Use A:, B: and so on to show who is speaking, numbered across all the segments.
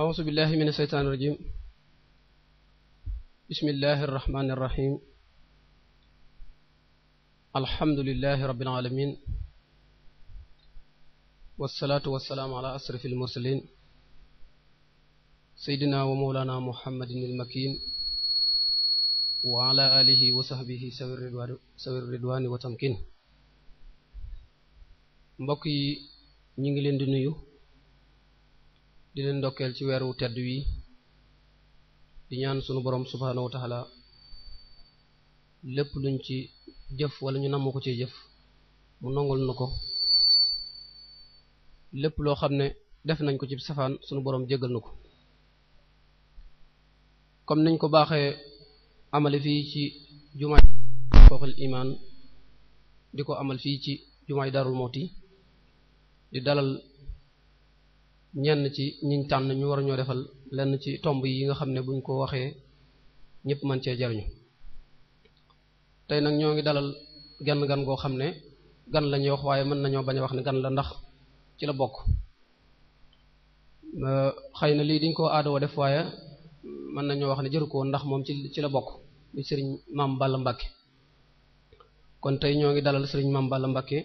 A: أعوذ بالله من الشيطان الرجيم بسم الله الرحمن الرحيم الحمد لله رب العالمين والصلاة والسلام على أشرف المرسلين سيدنا ومولانا محمد المكين وعلى آله وصحبه سوي الردوان وتمكين mbokk yi ñu ngi leen di nuyu di leen ndokkeel ci weeru wu tedd wi di ñaan sunu borom subhaanahu wa taala lépp luñ ci jëf wala ñu namoo ko cee jëf mu nongul nu ko lépp loo xam ne def nañ ko ci safaan sunu boroom jéggal nu ko comme niñ ko baaxee amale fii ci jumaay fooxal imaan di ko amal fii ci jumaay darul mooti di dalal ñenn ci ñiñ tànn ñu war ñoo defal lenn ci tomb yi nga xam ne buñ ko waxee ñëpp mën cee jariñu tey nag ñoo ngi dalal genn gan koo xam ne gan la wax waaye mën nañoo bañ a wax ne gan la ndax ci la bokk euh, xëy na lii diñ ko aadoo def waaye mën nañoo wax ne jëru ko ndax moom ci ci la bokk muy sëriñ Maam Balla Mbàkke kon tey ñoo ngi dalal sëriñ Maam Balla Mbàkke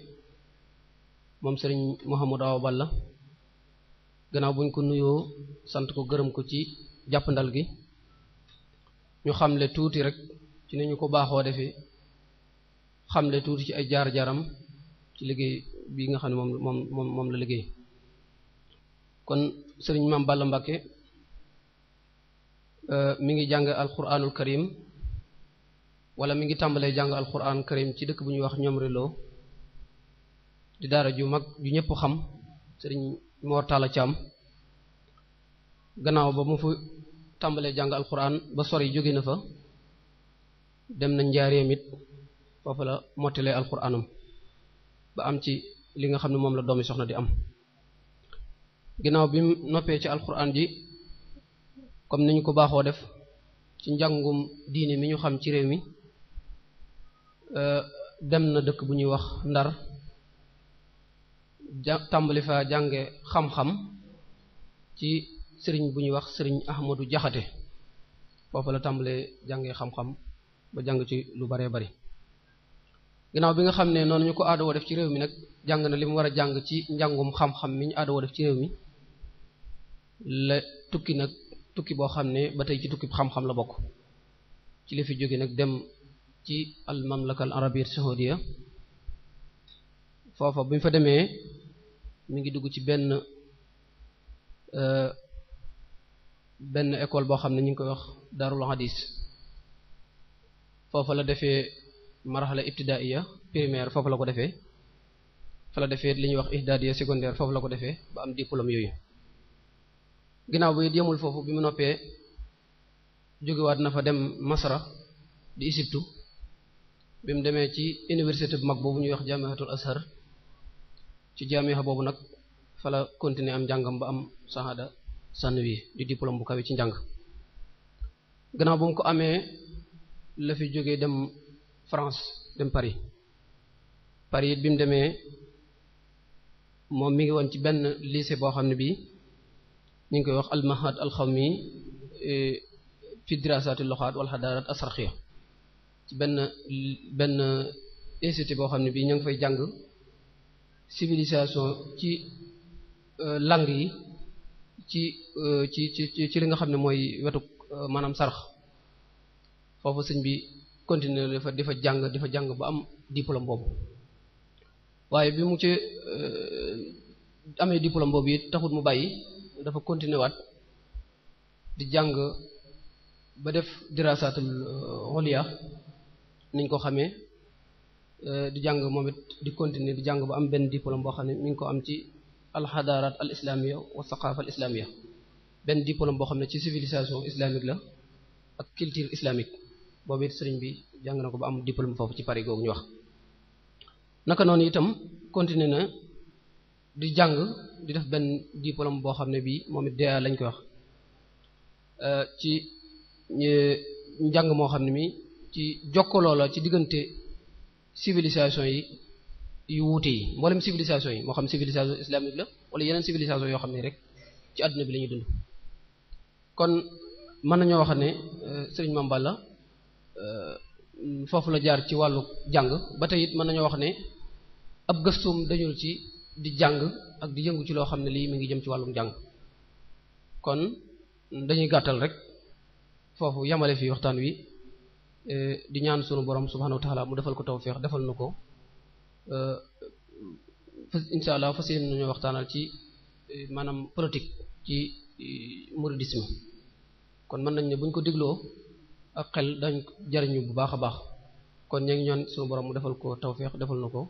A: moom sëriñ Mouhamadou Awa la gannaaw buñ ko nuyoo sant ko gërëm ko ci jàppandal gi ñu xamle tuuti rek ci ni ñu ko baaxoo defee xamle tuuti ci ay jaar-jaaram ci liggéey bi nga xam ne moom moom moom la liggéey kon sëriñ Maam Balla Mbakke euh, mi ngi jàng alquranul karim wala mi ngi tàmbalee jàng alquran karim ci dëkk bu ñuy wax ñoom reloo di daara ju mag ju ñëpp xam sëriñ Mor Talla Thiam gannaaw ba mu fa tàmbalee jàng alxuraan ba sori jóge na fa dem na njaareem mit foofu la mottilee alxuraanam ba am ci li nga xam ne moom la doomi soxna di am ginnaaw bi noppee ci alxuraan ji comme ni ñu ko baaxoo def ci njàngum diine mi ñu xam ci réew mi euh, dem na dëkk bu ñuy wax Ndar ja tàmbali faa jànge xam ci sëriñ bu ñuy wax sëriñ Ahmadu Jaxate foofu la tàmbalee jàngee xam ba jàng ci lu baree bari ginnaaw bi nga xam ne noonu ñu ko aadawoo def ci réew mi nag jàng na li mu war a jàng ci njàngum xam-xam mi ñu aadawoo def ci réew mi la tukki nag tukki boo xam ne ba tey ci tukki xam-xam la bokk ci li fi jóge nag dem ci al mamlaka al arabiyya saudiya foofa bu ñu fa demee mi ngi dugg ci benn euh, benn école boo xam ne ñu ngi koy wax darul hadis foofa la defee marxala ibtidaiya primaire foofu la ko defee fa la defee li ñuy wax ihdadiya secondaire foofu la ko defee ba am diplôme yooyu ginnaaw bi yemul foofu bi mu noppee jógewaat na fa dem masra di Isiptu bi mu demee ci université bu mag boobu ñuy wax jamiatul Azhar ci jaamiha boobu nag fala la am njàngam ba am sahada sanwi di diplôme bu kawe ci njàng gannaaw bu mu ko amee la fi jógee dem France dem Paris Paris it bi mu demee moom mi ngi woon ci benn lycée boo xam ne bii ñu ngi koy wax almahad alxawmi e, fi dirasati loxaat wal xadaarat asarxiya ci benn benn institut boo xam ne bii ñu ngi fay jàng civilisation ci euh, lang yi euh, ci ci ci ci li nga xam ne mooy wetu euh, maanaam sarx foofu sëñ bi continuer dafa dafa jàng dafa jàng ba am diplôme boobu waaye bi mu ci amee diplôme boobu taxut mu bàyyi dafa continuer waat di jàng ba def dirasaatul xoliya niñ ko xamee Euh, di jàng moom it di continuer di jàng ba am benn diplôme boo xam ne mi ngi ko am ci alxadarat al islamiya wa saqafa al islamiya benn diplôme boo xam ne ci civilisation islamique la ak culture islamique boobu it sëriñ bi jàng na ko ba am diplôme foofu ci Paris googu ñu wax naka noonu itam continuer na di jàng di def benn diplôme boo xam ne bii moom it DEA lañ koy wax euh, ci njàng moo xam ne mi ci jokkaloo la ci diggante civilisation yi yu wuute yi mboolem civilisation yi moo xam civilisation islamique la wala yeneen civilisation yoo xam ne rek ci àdduna bi la ñuy dund kon mën nañoo wax ne euh, sëriñ Mame Balla euh, foofu la jaar ci wàllu jàng ba tey it mën nañoo wax ne ab gëstuum dañul ci di jàng ak di yëngu ci loo xam ne lii mi ngi jëm ci wàllum jàng kon dañuy gàttal rek foofu yamale fi waxtaan wi Eh, di ñaan sunu borom subhanahu wa taala mu defal ko tawféex defal na ko eh, incha allah fas yéene nañu waxtaanal ci eh, maanaam politique ci mouridisme kon mën nañ ne buñ ko dégloo ak xel dañ jariñu bu baax a baax kon ñu ngi ñaan sunu borom mu defal ko tawféex defal na ko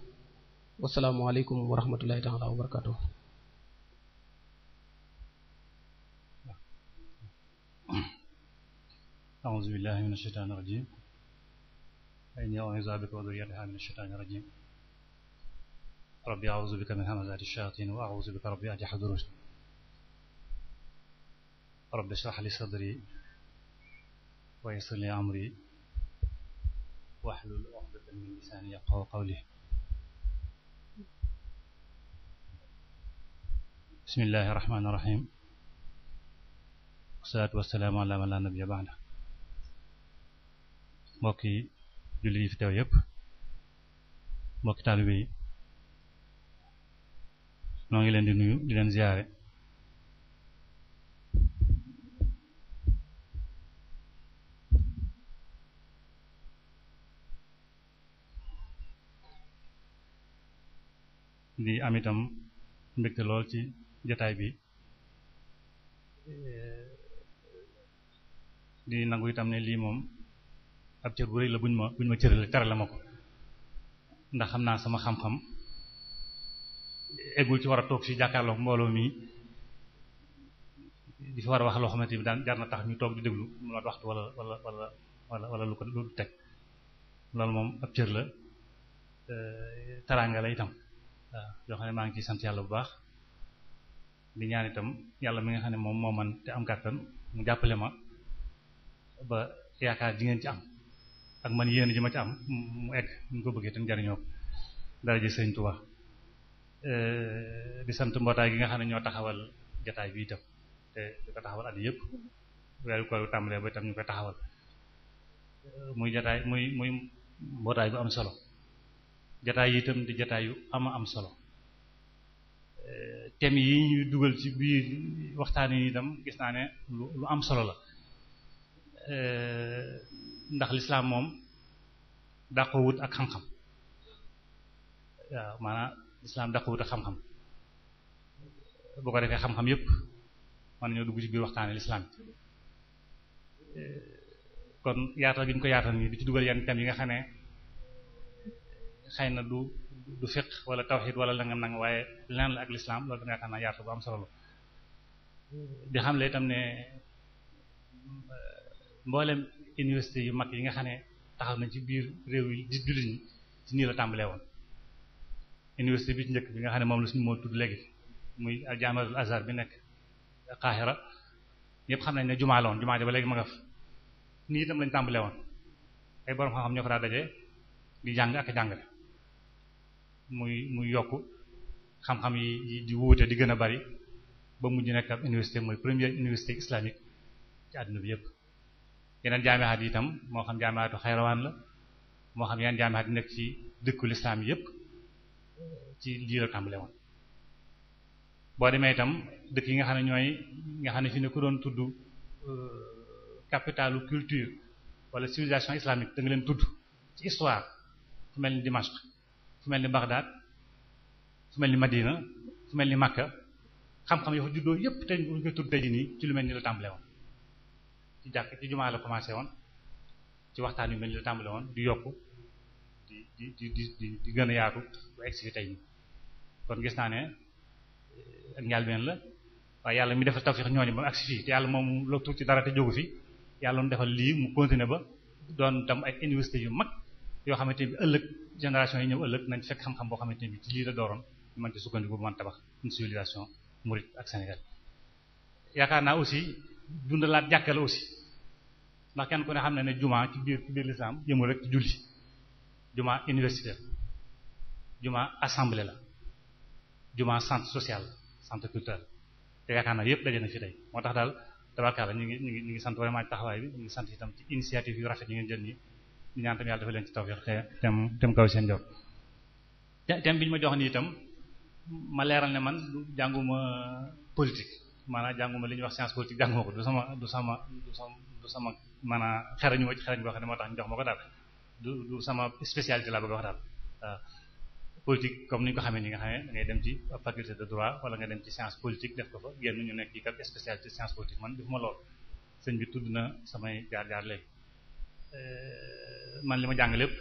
A: wasalaamualeykum wa rahmatullahi taala wa barakatuh
B: أعوذ بالله من الشيطان الرجيم فإني أعوذ بك وذريتها من الشيطان الرجيم ربي أعوذ بك من همزات الشياطين وأعوذ بك ربي أن يحضرون رب اشرح لي صدري ويسر لي أمري واحلل عقدة من لساني يفقهوا قولي بسم الله الرحمن الرحيم والصلاة والسلام على من لا نبي بعده mbokk yi julli yi fi teew yëpp mbokki taalibe yi noo ngi leen di nuyu di leen ziyaare di am itam mbégte lool ci jataay bi di nangu itam ne lii moom ab cër bu rëy la buñ ma buñ ma cëralee terale ma ko ndax xam naa sama xam-xam eggul ci war a toog si jàkkaarlook mbooloo mi di fi war a wax loo xamante ni daan jar na tax ñu toog déglu mu mat wala wala wala wala wala lu teg loolu moom ab cër la euh, taraanga la itam waaw yoo xam ne maa ngi ciy sant yàlla bu baax di ñaan itam yàlla mi nga xam ne moom moo man te am kàttan mu jàppale ma ba yaakaar ji ngeen ci am ak man yéen ji ma ci am mu egg ñu ko bëggee ten jariñoo ko dara ji sëñ Tuubaa di sant mbootaay gi nga xam ne ñoo taxawal jataay bi itam te taxawal at yëpp weeru koor tàmbalee am solo jataay yi tam di jataay yu ama am solo thèmes yi ñuy dugal ci biir waxtaan yi itam gis naa ne lu am solo la ndax lislaam moom dàqowut ak xam-xam waaw maanaam lislaam dàqowut ak xam-xam boo ko defee xam-xam yëpp mën nañoo dugg ci biir waxtaane lislaam kon yaatal gi ko yaatal nii di ci dugal yenn yi nga xam ne xëy na du du fiq wala tawxid wala nangam nangam waaye lenn la ak lislaam loolu danga yaakaar naa yaatu bu am solo di xam le itam ne mboolem université yu mag yi nga xam ne taxaw na ci biir réew yi di jullit ñi ci nii la tàmbalee woon université bi ci njëkk bi nga xam ne moom la suñu moo tudd léegi muy jaamiatul azhar bi nekk Qahira yépp xam nañ ne jumaa la woon jumaa ja ba léegi ma nga nii itam lañ tàmbalee woon ay borom xam-xam ñoo fa daa daje di jàng ak jàngale muy muy yokk xam-xam yi di wuute di gën a bari ba mujj nekk ab université mooy première université islamique ci àdduna bi yeneen jaamihaat yi itam moo xam jaamihaatu xayrawaan la moo xam yan jaamihaat yi nekk ci dëkku lislaam yépp ci lii la tàmbale boo demee itam dëkk yi nga xam ne ñooy nga xam ne fi ne ku doon tudd euh, capitalu culture wala civilisation islamique da nga leen tudd ci histoire fu mel ni Dimashq fu mel ni Baghdad fu mel ni Madina fu mel ni Makka xam-xam yoo fa juddoo yépp te ñu koy tudd tey jii nii ci lu mel ni la tàmbale ci jàkk ci jumaa la commencé woon ci waxtaan yu mel ni la tàmbale woon di yokk di di di di di gën a yaatu ba egsi fi gis naa ne eh, ak njaal la waaye yàlla mi defal tawfiix ñooñu ba mu agsi fii te moom loo tuuti ci dara te jógu fi yàlla mu defal lii mu continuer ba doon tam ay université yu mag yoo xamante ne bi ëllëg génération yi ñëw ëllëg nañ fekk xam-xam boo xamante ne bi ci lii la dooroon mën ci sukkandiku bu mën tabax une civilisation ak Sénégal yaakaar naa aussi dundalaat jàkka la aussi ndax kenn ku ne xam na ne jumaa ci biir ci biir lislaam jëmul rek ci julli jumaa université jumaa assemblée la jumaa centre social la centre culturel te yaakaar naa yëpp daje na fi tey moo tax daal tabarkaala ñu ngi ñu ngi sant vraiment ci taxawaay bi ñu ngi sant itam ci initiative yu rafet ñu ngeen jël nii ñu ñaan tam yàlla dafa leen ci tawfeex te tem tem kaw seen jor tem bi ñu ma jox nii itam ma leeral ne man jànguma politique maanaam jànguma li ñu wax science politique jànguma ko du sama du sama du sama du sama maanaam xarañu ma ci xarañ boo xam moo tax ñu jox ma ko daal du sama spécialité laa bëgg a wax daal euh, politique comme ni ñu ko xamee ni nga xam ne da dem ci faculté de droit wala nga dem ci science politique def ko fa génn ñu nekk ci kat spécialité science politique man defuma lool sëñ bi tudd na samay jaar-jaar léegi euh, man li ma jàng lépp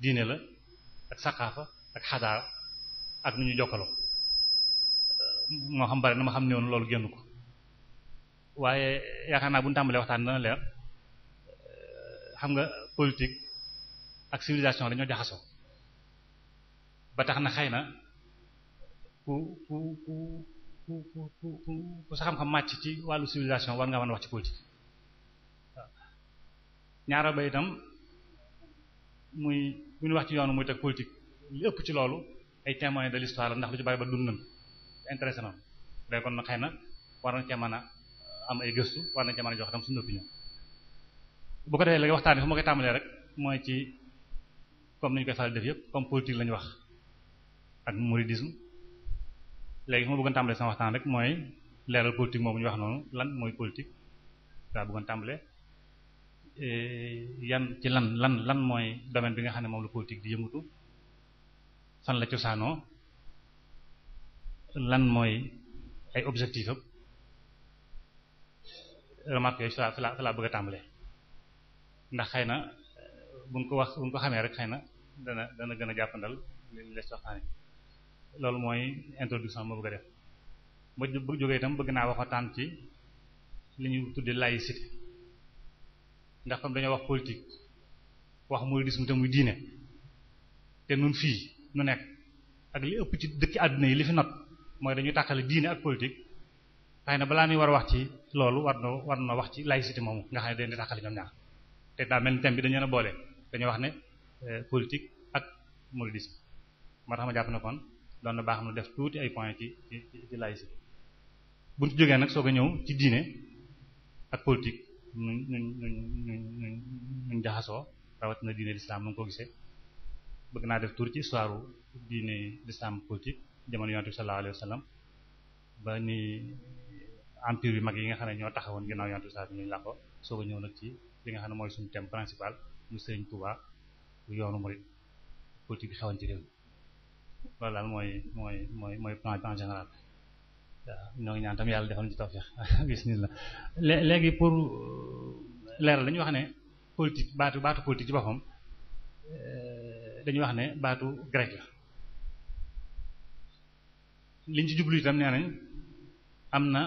B: diine la ak saqaafa ak xadaara ak nu moo xam bare na ma xam ne woon loolu génn ko waaye yaakaar naa bu ñu waxtaan dana leer euh, xam nga politique ak civilisation dañoo jaxasoo ba tax na xëy na ku
C: ku ku ku ku sa xam-xam màcc
B: ci wàllu civilisation war nga mën a wax ci politique waaw ñaareel ba itam muy bu ñu wax ci yoonu muy teg politique li ëpp ci loolu ay témoins de l'histoire la ndax lu ci bari ba dund nañ intéressé na day kon na xëy na war na cee a euh, am ay gëstu war na cee a jox tam suñu opinion bu ko defee léegi waxtaan bi fu koy tàmbalee rek mooy ci comme nañ ñu koy faral def yëpp comme politique la ñu wax ak mouridisme léegi fu ma bëggoon tàmbalee sama waxtaan rek mooy leeral politique moom ñu wax noonu lan mooy politique daa bëggoon tàmbalee euh, yan ci lan lan lan mooy domaine bi nga xam ne moom la politique di yëngatu fan la cosaanoo lan mooy ay objectif am remarque yooyu fa la bëgg a tàmbale ndax xëy na buñ ko wax buñ ko xamee rek xëy na dana dana gën a jàppandal li des waxtaane loolu mooy introduction ma bëgg a def ma bëgg bëgg naa wax waxtaan ci li ñu tudde laïcité ndax comme dañoo wax politique wax mouridisme te muy diine te nun fii nu nekk ak li ëpp ci dëkki àdduna yi li fi not mooy dañu tàqale diine ak politique xay na balaa ñuy war a wax ci loolu war na wax ci laïcité moomu nga xam ne dañuy tàqale ñoom ñaar te daa mel ni bi dañu leen a boole dañuy wax ne euh, politik ak mouridisme moo tax ma jàpp ne kon doon na baax na def tuuti ay points ci ci ci laïcité bu ñu jógee nag soo ko ñëw ci diine ak politique nuñ nuñ nuñ nuñ nuñ jaxasoo rawatina diine l'islam nu nga gisee bëgg naa def tuuti ci histoire diine l'islam politique. jamon yonent bi sallallahu alayhi wa ba ni empire yu mag yi nga xam ne ñoo taxawoon ginnaaw yonent bi sallallahu alayhi wa sallam ñu làqoo ñëw nag ci li nga xam ne mooy suñu thème principal mu Sëriñ Tuubaa yoonu murid politique bi xewoon ci réew mooy mooy mooy mooy plan en général ñoo ngi yàlla defal ñu ci tawfeex bismillah léegi pour euh, leeral dañuy wax ne politique baatu baatu politique ci boppam euh, dañuy wax ne baatu grec la li ci jublu itam nee nañ am na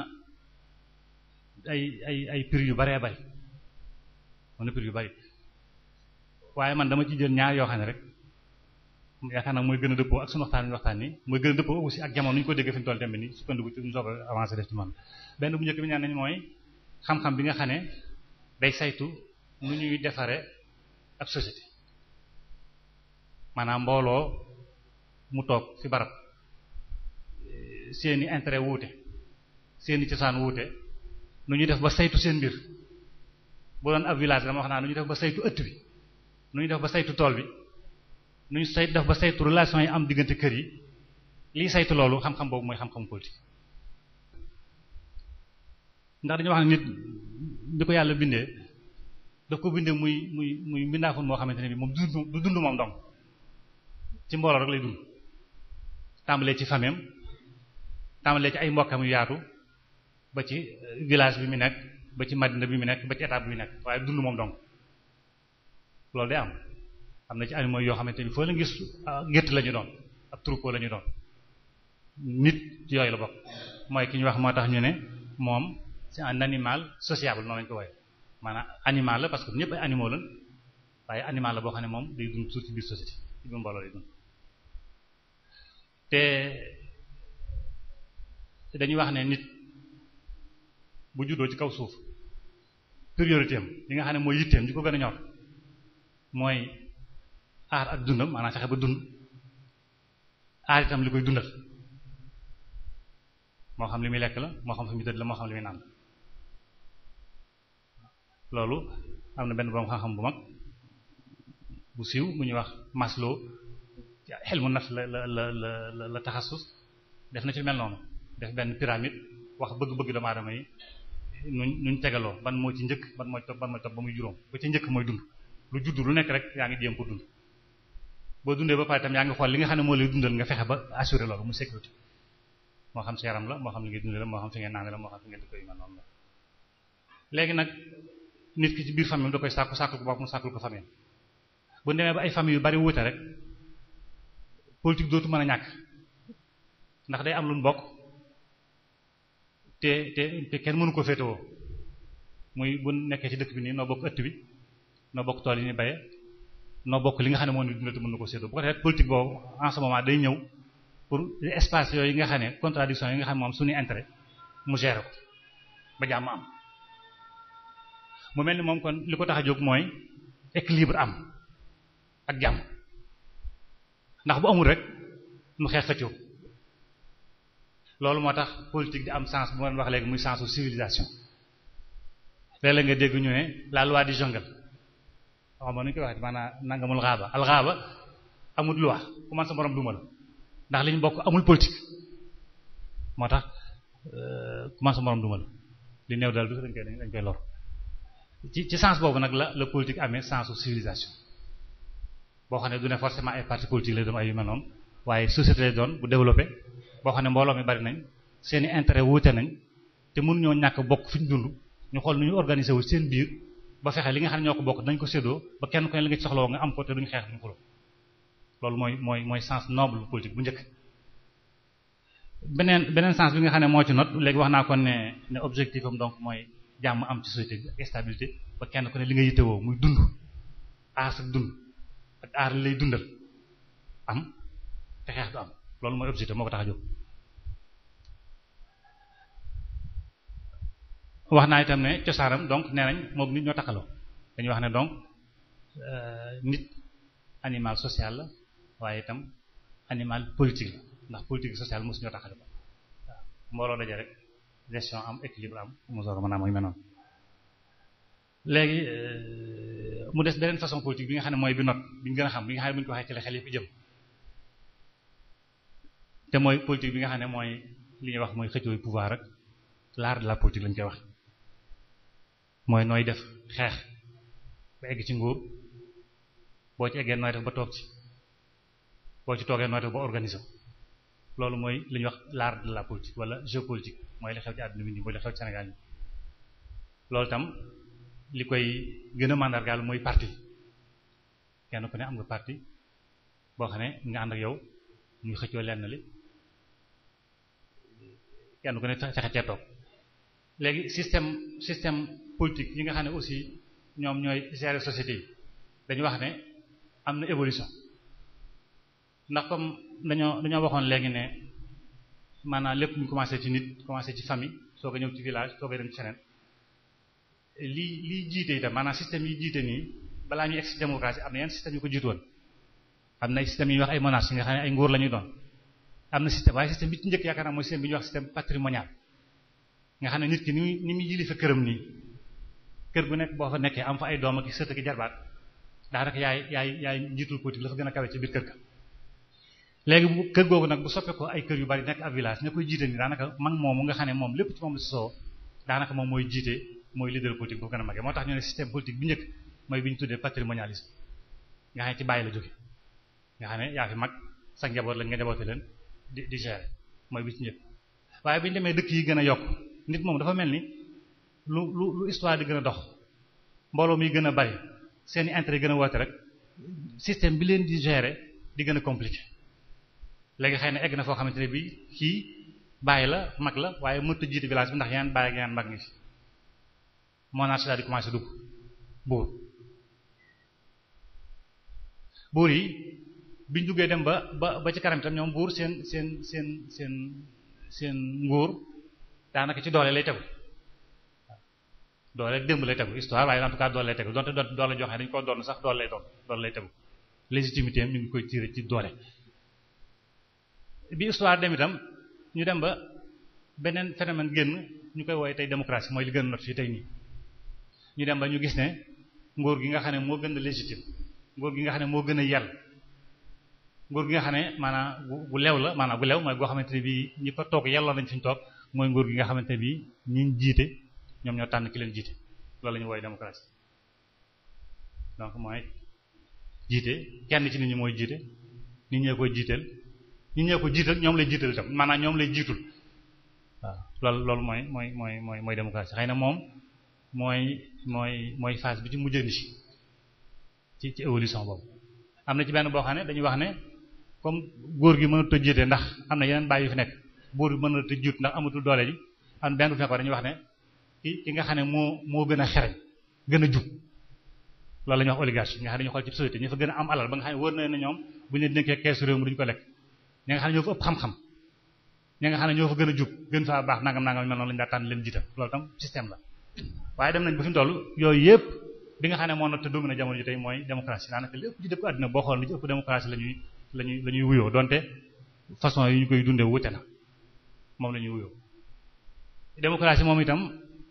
B: ay ay ay prix yu baree bari am na prix yu bari waaye man dama ci jël ñaar yoo xam ne rek yaakaar naa mooy gën a dëppoo ak suñu waxtaan ni waxtaan ni mooy gën a dëppoo aussi ak jamono ñu ko déggee fi ñu toll dem bi ni sukkandiku ci ñu soog a avancé def ci man benn bu njëkk bi ñaan nañ mooy xam-xam bi nga xam ne day saytu nu ñuy defare ab société maanaam mbooloo mu toog fi barab seeni intérêt wuute seeni cosaan wuute nu ñuy def ba saytu seen mbir bu doon ab village dama wax naa nu ñuy def ba saytu ëtt bi nu ñuy def ba saytu tool bi nu ñu saytu def ba saytu relation yi am diggante kër yi lii saytu loolu xam-xam boobu mooy xam-xam politique ndax dañu wax ne nit bi ko yàlla bindee daf ko bindee muy muy muy mbindaafoon moo xamante ne bi moom du dund moom dong ci mbooloo rek lay dund tàmbalee ci famem tàmbalee ci ay mbokkam yu yaatu ba ci village bi mu nekk ba ci madina bi mu nekk ba ci état bi mu nekk waaye dund moom dong loolu day am am na ci animaux yoo xamante ni foo la gis ah, gétt la ñu doon ab troupeau la ñu doon nit yooyu la bokk mooy ki ñu wax moo tax ñu ne moom c'est un animal sociable noonu lañu ko wooye maanaam animal la parce que ñëpp ay animaux lañ waaye animal la boo xam ne moom day dund suuf ci biir société ci biir mbooloo lay dund te dañuy wax ne nit bu juddoo ci kaw suuf priorité am li nga xam ne mooy yitteem di ko gën a ñor mooy aar ak dundam maanaam fexe ba dund aar itam li koy dundal moo xam li muy lekk la moo xam fi muy tëdd la moo xam li muy naan loolu am na benn borom xam-xam bu mag bu siiw bu ñuy wax Maslow xel mu nat la la la la la taxasus def na ci mel noonu def benn pyramide wax bëgg-bëgg doomu aadama yi nuñ nuñ tegaloo ban moo ci njëkk ban mooy topp ban mooy topp ba muy juróom ba ci njëkk mooy dund lu judd lu nekk rek yaa ngi jéem ko dund boo dundee ba pare tam yaa ngi xool li nga xam ne moo lay dundal nga fexe ba assuré loolu mu sécurité moo xam sa yaram la moo xam li ngay dundee moo xam fi ngay naan la moo xam fi ngay dëkk léegi nag nit ki ci biir famille da koy sàkku sàkkul ko bopp mu sàkkul ko famille bu demee ba ay yu bari wuute rek politique dootu a ñàkk ndax day te te te kenn mënu ko féetewoo muy bu nekkee ci dëkk bi nii noo bokk ëtt bi noo bokk tool yi ñuy baye noo bokk li nga xam ne moom ñu dundal te mën na ko séddoo bu ko defee politique boobu day ñëw pour espace yooyu nga xam ne contradiction yi nga xam ne moom suñu intérêt mu gérer ko ba jàmm am mu mel ni moom kon li ko tax a jóg mooy équilibre am ak jàmm ndax bu amul rek mu xeex xëccoo loolu moo tax politique di am sens bu ma leen wax léegi muy sensu civilisation léeg la nga dégg ñu ne la loi du jungle xam nga nu ñu koy waxee maanaam nangamul xaaba alxaaba amul loi ku man sa morom duma la ndax li bokk amul politique moo tax euh, ku man sa morom duma la li néew daal du dañ koy dañ koy lor ci ci sens boobu nag la la politique amee sensu civilisation boo xam ne du ne forcément ay parti politique lay doon ay yu mel waaye société lay doon bu développé. boo xam ne mbooloo mi bari nañ seen i intérêt wuute nañ te mënuñoo ñàkk bokk fi ñu dund ñu xool nu ñu organiser wu seen biir ba fexe li nga xam ne ñoo ko bokk dañ ko séddoo ba kenn ku ne li nga ci soxlawoo am ko te duñu loolu mooy mooy mooy sens noble politique bu njëkk. beneen beneen sens nga xam ne moo ci not léegi wax naa kon ne ne objectif am donc mooy jàmm am ci société ba kenn ku ne li nga yittewoo muy dund aar sa dund ak aar li lay dundal am te xeex du am loolu mooy objectif moo ko tax a jóg. wax naa itam ne cosaanam donc nee nañ moom nit ñoo takkaloo dañuy wax ne donc euh, nit animal social la waaye itam animal politique la ndax politique sociale mosu ñoo taxale ko waaw mbooloo daje rek gestion am équilibre am mu soog a mën a mooy menoon léegi euh, mu des beneen façon politique bi nga xam ne mooy bi not bi ñu gën xam bi nga xam ne bu ñu ko waxee ci la xel yëpp jëm te mooy politique bi nga xam ne mooy li ñuy wax mooy xëccooy pouvoir ak l'art de la politique lañ koy wax mooy nooy def xeex ba egg ci nguur boo ci eggee nooy def ba toog ci boo ci toogee nooy def ba organiser loolu mooy li wax l'art de la politique wala jeu politique mooy li xew ci àdduna bi nii mooy li xew ci Sénégal nii loolu tam li koy gën a màndargaal mooy parti kenn ku ne am nga parti boo xam ne nga ànd ak yow ñu xëccoo lenn li kenn ku ne fexe ce toog léegi système système politique yi nga xam ne aussi ñoom ñooy gérer société yi dañu wax ne am na évolution ndax comme dañoo dañoo waxoon léegi ne maanaam lépp ñu commencé ci nit commencé ci famille soo ko ñëw ci village soo ko dem ci feneen lii lii jiite itam maanaam système yi jiite nii balaa ñuy egg ci démocratie am na yenn système yu ko jiitoon am na ay systèmes yu ñuy wax ay monarchies nga xam ne ay nguur la ñuy doon am na système waaye système bi ci njëkk yaakaar naa mooy système bi ñuy wax système patrimonial nga xam ne ni kër gu nekk boo fa nekkee am fa ay doom ak sët ak jarbaat daanaka yaay yaay yaay njiitul politique la fa gën a kawe ci biir kër ga léegi bu kër googu nag bu soppeekoo ay kër yu bari nekk ab village ña koy jiite ni daanaka mag mu nga xam ne moom lépp ci moom la sosoo daanaka moom mooy jiite mooy leader politique bu gën a magee moo tax ñu ne système politique bi njëkk mooy bi ñu tuddee patrimonialisme nga xam ne ci bàyyi la jóge nga xam ne yaa fi mag sa njaboot lañ nga njaboote leen di mooy bi ci njëkk bi ñu dëkk yi gën a yokk nit moom ni lu lu lu histoire di gën a dox mbooloo mi gën a bari seen i intérêt gën a woote rek système bi leen di geere di gën a compliqué léegi xëy na egg na foo xamante ne bii kii bàyyi la mag la waaye mënut a jiite village bi ndax yeneen bàyyi ak yeneen mag ngi fi monarchie daal di commencé dugg buur buur yi bi duggee dem ba ba ba ci kanam itam ñoom buur seen seen seen seen seen nguur daanaka ci doole lay tegu doole démb lay tegu histoire waaye en tout cas doole lay tegu donte doole joxe dañu koo doon sax doole lay doon doole lay tegu légitimité ñu ngi koy tiire ci doole. bi histoire dem itam ñu dem ba beneen phénomène génn ñu koy woowee tey démocratie mooy li gën a not fii tey nii ñu dem ba ñu gis ne nguur gi nga xam ne moo gën a légitime nguur gi nga xam ne moo gën a yàlla nguur gi nga xam ne maanaam gu lew la maanaam gu lew mooy goo xamante ne bii ñi fa toog yàlla nañ fi ñu toog mooy nguur gi nga xamante ne bii ñi jiite. ñoom ñoo tànn ki leen jiite loolu la woy wooye démocratie donc mooy jiite kenn ci nit ñi mooy jiite nit ñee koy jiiteel nit ñee ko jiital ñoom lay jiital itam maanaam ñoom lay jiitul waaw loolu lool mooy mooy mooy mooy mooy xay na moom mooy mooy mooy phase bi ci mujjandi ci ci évolution boobu am na ci benn boo xam ne dañuy wax ne comme góor gi mënut a jiite ndax am na yeneen bàyyi yu fi nekk góor gi mënut a jiit ndax amatul doole benn bu fi nekk dañuy wax ki ki nga xam ne moo moo gën a xereñ gën a jub loolu la ñuy wax oligarchie nga xam ne ñu xool ci société ñu fa gën a am alal ba nga xam ne wër na ne ñoom bu ñu nekkee keesu réew mi duñu ko lekk ñi nga xam ne ñoo fa ëpp xam-xam ñi nga xam ne ñoo fa gën a jub gën faa baax nangam nangam mel noonu lañu daa tànn leen jiita loolu tam système la waaye dem nañ ba fi mu yooyu yëpp bi nga xam ne moo na te domine jamono ji tey mooy démocratie daanaka lépp ci dëkk àddina boo xool li ci lañuy la ñuy wuyoo donte façon yi ñu koy dundee wute na moom la ñuy wuyoo démocratie moom itam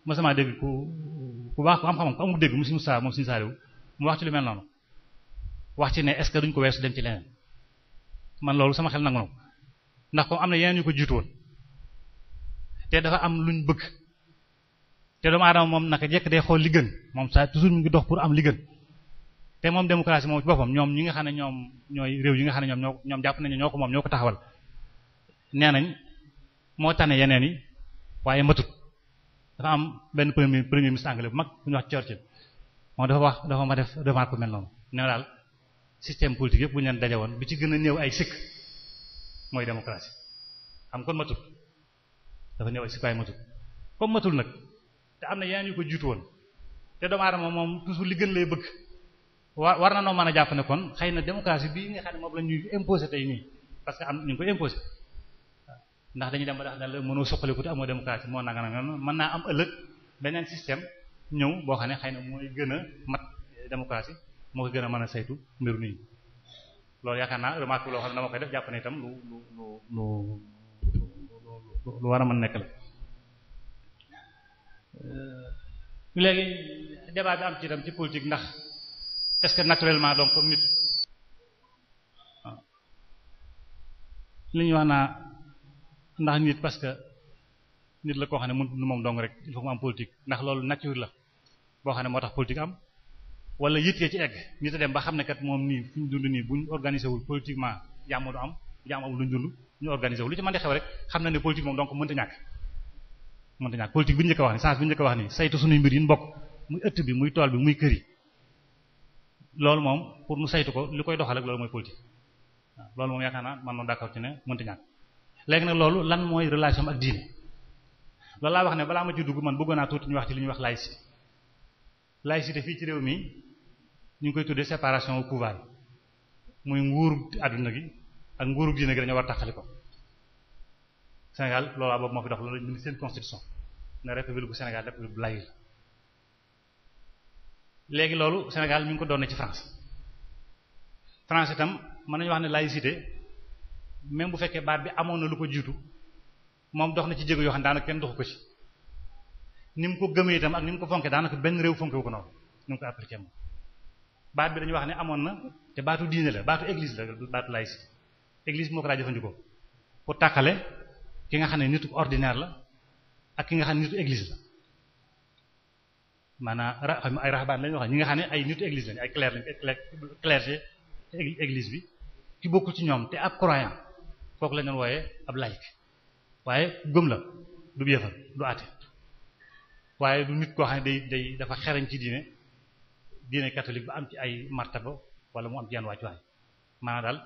B: mosuma dégg ku ku baax ku xam-xamam ku amul dégg mu suñu saa moom si saaliwu mu wax ci lu mel noonu wax ci ne est ce que duñ ko weesu dem ci leneen man loolu sama xel nangu na ko ndax comme am na yeneen ñu ko jiitu woon te dafa am luñ bëgg te doomu moom naka jekk day xool li moom saa toujours mu ngi dox pour am li gën te moom démocratie ñoom ñi nga xam ne ñoom ñooy réew yi nga xam ne ñoom ñoo ñoom jàpp nañu ñoo ko moom ñoo ko taxawal nee nañ moo tane yeneen yi waaye matut dafa am benn premier premier ministre anglais bu mag bu ñuy wax Churchill moom dafa wax dafa ma def remarque bu mel noonu ne daal système politique yëpp bu ñu leen daje woon bi ci gën a néew ay sikk mooy démocratie xam kon matul dafa néew ay sikk waaye matul comme matul nag te am na yeneen yu ko jiitu woon te doomu aadama moom toujours li gën lay bëgg wa war na noo mën a jàpp ne kon xëy na démocratie bii nga xam ne moom la ñuy imposé tey nii parce am ñu ngi koy ndax dañuy dem ba tax dal mënoo suqaliku te amoo démocratie moo nanga nanga mën naa am ëllëg beneen système ñëw boo xam ne xëy na mooy gën a mat démocratie moo ko gën mën a saytu mbiru nii loolu yaakaar naa remarque loo xam ne jàpp ne itam lu lu lu a nekk la euh, léegi débat bi am ci itam ci politique ndax est que naturellement donc comme nit li ñu wax naa ndax nit parce que nit la koo xam ne mënut moom dong rek il faut mu am politique ndax loolu nature la boo xam ne moo tax politique am wala yittee ci egg nit a dem ba xam ne kat moom nii fi ñu dund nii buñ organisé wul politiquement jàmm du am jàmm am luñ dund ñu organisé wul lu ci mën di xew xam na ne politique moom donc mënta ñàkk mënta ñàkk politique bi ñu njëkk wax ni sens bi ñu njëkk a wax ni saytu suñuy bi muy tool bi muy kër yi loolu moom pour mu saytu ko li koy doxal loolu mooy politique waaw loolu ñàkk léegi nag loolu lan mooy relation ak diine loolu laa wax ne balaa ma ci dugg man bëggoon naa tuuti ñu wax ci li ñuy wax laïcité laïcité fii ci réew mi ñu ngi koy tuddee séparation au pouvoir muy nguuru àdduna gi ak nguur diine gi dañoo war a taxali ko Sénégal loolu a moo fi dox loolu ñu seen constitution ne république bu Sénégal république bu laïque la léegi loolu Sénégal ñu ngi ko doon ci France France itam mën nañu wax ne laïcité même bu fekkee baat bi amoon na lu ko jiitu moom dox na ci jéego yoo xam ne daanaka kenn doxu ko ci ni mu ko gëmee itam ak ni ko fonkee daanaka benn réew fonkewu ko noonu ni mu ko appliqué moom baat bi dañuy wax ne amoon na te baatu diine la baatu église la baatu laïcité église moo ko daa jëfandikoo pour tàkkale ki nga xam ne nitu ordinaire la ak ki nga xam ne nitu église la maanaam ay raxabaan lañu wax ñi nga xam ne ay nitu église lañu ay clerc lañu clergé église bi ki bokkul ci ñoom te ab croyant kooku lañ doon wooyee ab laïc waaye gëm la du yéefar du àtte waaye du nit koo xam ne day dafa xerañ ci diine diine catholique ba am ci ay martaba wala mu am ci yan wàccuwaay maanaam daal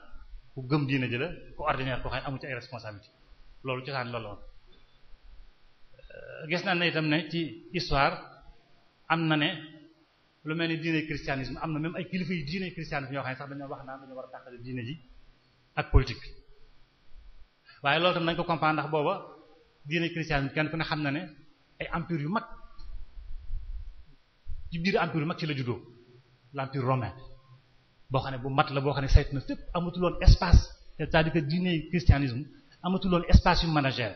B: ku gëm diine ji la ku ordinaire koo xam ne amu ci ay responsabilité loolu cosaan loolu gis naa ne itam ne ci histoire am na ne lu mel ni diine christianisme am na même ay kilifa yu diine christianisme xam ne sax dañoo wax naan dañoo war a tàqale diine ji ak politique waaye loolu tam nañ ko comprendre ndax booba diine chrétien bi kenn ku ne xam na ne ay empire yu mag ci biir empire yu mag ci la juddoo l'empire romain boo xam ne bu mat la boo xam ne saytu na fépp amatuloon espace c'est-à-dire que diine christianisme amatuloon espace yu ménagère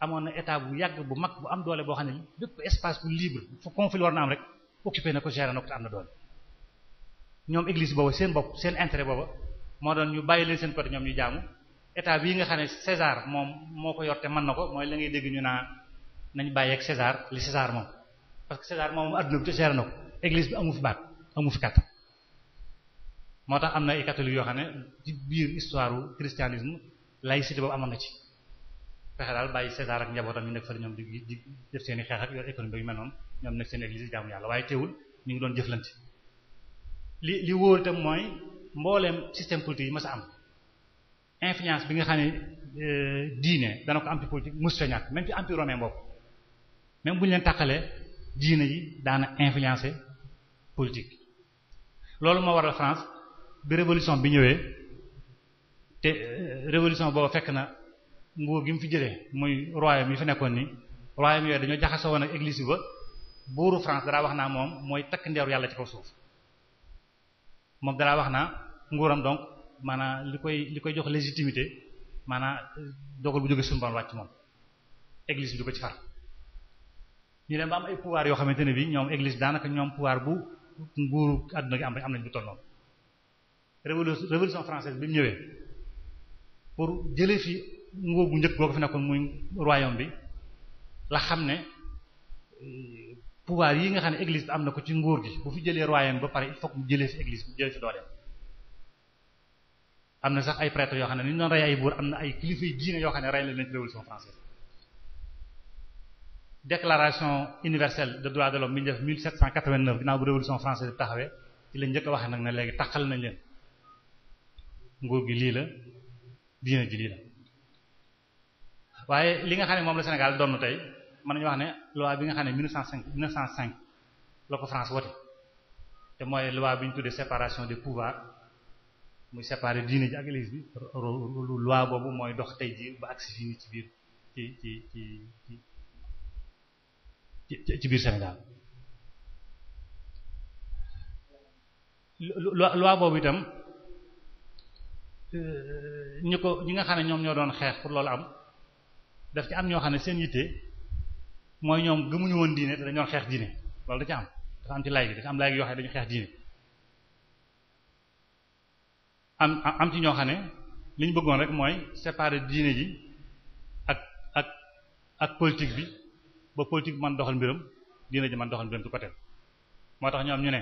B: amoon na état bu yàgg bu mag bu am doole boo xam ne bépp espace bu libre fu conflit war na am rek occupé na ko géré na ko am na doole ñoom église boobu seen bopp seen intere booba moo doon ñu bàyyi leen seen côté ñoom ñu jaamu état bii nga xam ne César moom moo ko yor te man na ko mooy la ngay dégg ñu naa nañ bàyyeeg César li César moom parce que César moom adduna bi te seer na ko église bi amu baat amu fi moo tax am na ay catholiques yoo xam ne ci biir histoire u christianisme laïcité amoon na ci fexe daal bàyyi César ak njabootam ñu nekk fa ñoom di di def seen i xeex ak yor économie yu mel noonu ñoom nekk seen église jaamu yàlla waaye teewul ñu ngi doon jëflante li li wóor itam mooy mbooleem système politique yi ma sa am influence bi nga xam ne euh, diine dana ko am ci politique mës fa ñàkk même ci empire romain boobu même bu ñu leen tàqalee diine yi daana influencer politique loolu moo waral France bi révolution bi ñëwee te euh, révolution boobu fekk na nguur gi mu fi jëlee muy royaume yi fi nekkoon ni royaume yooyu dañoo jaxasoo woon ak église bi ba buuru France daraa wax naa moom mooy takk ndeeru yàlla ci kaw suuf moom daraa wax naa nguuram donc maanaam li koy li koy jox légitimité maanaam dogal bu jógee suñu borom wàcc moom église bi du ko ci far ñu dem ba am ay pouvoir yoo xamante ne bi ñoom église daanaka ñoom pouvoir bu nguuru àdduna am am nañ bu toll noonu bi mu ñëwee pour jëlee fi nguur gu njëkk boo ko fi bi la xam ne pouvoir yi nga xam ne église am na ko ci nguur gi bu fi jëlee royaume ba pare il faut jëlee fi église mu jëlee fi dooleem am na sax ay prêtre yoo xam ne ni ñu doon rey ay buur am na ay kilifa yu diine yoo xam ne rey la leen ci révolution française déclaration universelle de droit de l'homme bi ñu def 1789 ginnaaw bu révolution française bi taxawee ci la njëkk a waxee nag ne léegi taxal nañ leen nguur gi lii la diine ji lii la waaye li nga xam ne moom la Sénégal doon tey mën nañu wax ne loi bi nga xam ne 1905 1905 la France wote te mooy loi bi ñu tuddee séparation des pouvoirs muy séparé diine ji ak église bi loi boobu mooy dox tey ji ba agsi fii nii ci biir ci ci ci ci biir Sénégal loi boobu itam euh, ñi ko ñi nga xam ne ñoom ñoo doon xeex pour loolu am daf ci am ñoo xam ne seen yitte mooy ñoom gëmuñu woon diine te dañu doon xeex diine loolu da ci am dafa am ci lay bi dafa am lay yoo xeex diine am am ci ñoo xam ne li ñu bëggoon rek mooy séparer diine ji ak ak ak politique bi ba politique bi mën doxal mbiram diine ji man doxal mbiram ko côté moo tax ñoom ñu ne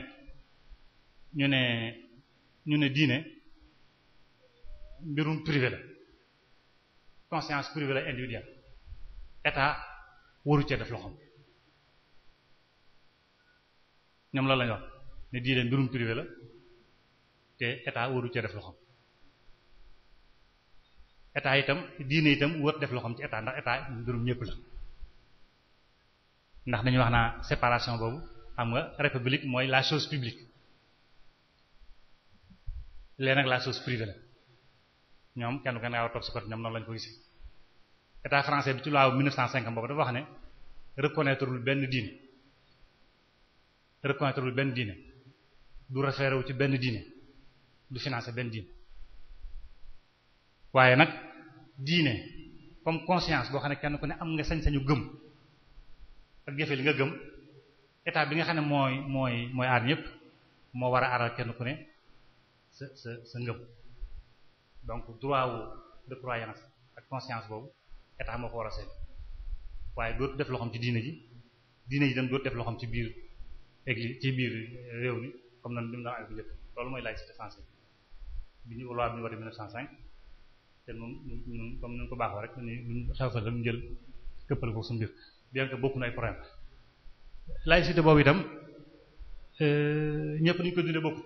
B: ñu ne ñu ne diine mbirum privé la conscience privée la individuelle état waru cee def loxoom ñoom la ñu wax ne diine mbirum privé la. te état waru ca def loxoom état itam diine itam war def loxoom ci état ndax état mbirum ñëpp la ndax dañu wax naa séparation boobu xam nga république mooy la sos publique leen ak la chose privée la ñoom kenn kenn ngaa war toog si côté ñoom lañu ko gisee état français bi ci loi 1905 boobu dafa wax ne reconnaître lu benn diine reconnaître benn diine du référé wu ci benn diine du financer benn diine waaye nag diine comme conscience boo xam ne kenn ku ne am nga sañ-sañu gëm ak jëfe li nga gëm état bi nga xam ne mooy mooy mooy aar ñëpp moo war a a kenn ku ne sa sa ngëm donc droit wu de croyance ak conscience boobu état moo ko war a seen waaye dootu def loo ci diine ji diine ji dem dootu def loo ci biir église ci biir réew mi comme na li mu daan am bu loolu mooy laaj laïcité française bi ñu loi bi ñu wote 1905 te ñun ñun comme ni ñu ko baaxoo rek ñu ñu xew-xew mu jël këppale ko suñu mbir bien bokk na ay problème laïcité boobu itam euh, ñëpp ñu ko dundee bokk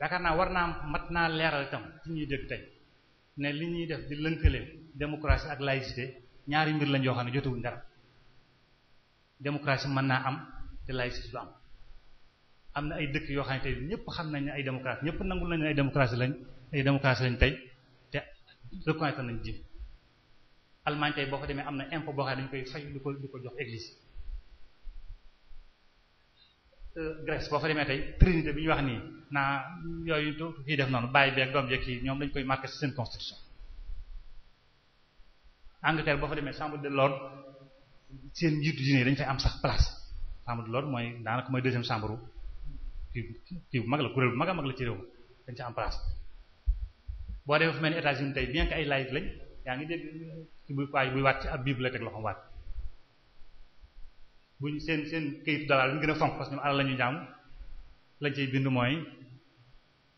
B: yaakaar naa war naa mat naa leeral itam ci ñuy dégg tey ne li ñuy def di lënkale démocratie ak laïcité ñaari mbir lañ yoo xam ne jotewuñ dara démocratie mën naa am te laïcité du am. am na ay dëkk yoo xam ne tey ñëpp xam nañ ne ay démocratie ñëpp nangul nañ ne ay démocratie lañ ay démocratie lañ tey te reconnaître nañ ji Allemagne tey boo fa demee am na impôt boo xam ne dañ koy fay di ko di ko jox église euh, Grèce boo fa tey trinité bi ñu wax nii naa yooyu kii def noonu bàyyi beeg doom jeeg yi ñoom dañ koy marqué ci seen constitution Angleterre boo fa demee chambre de lord seen njiitu diine dañ fay am sax place chambre de lord mooy daanaka mooy deuxième chambre kii kii bu mag la kuréel bu mag a mag la ci réew mi dañ ci am place boo demee fu mel ni États-Unis tey bien que ay laïc lañ yaa ngi dégg ci buy waay buy waat ci ab bible la teg loxoom waat buñ seen seen këyitu dalal lañu gën a fonk parce que ñoom alal la ñuy lañ ciy bind mooy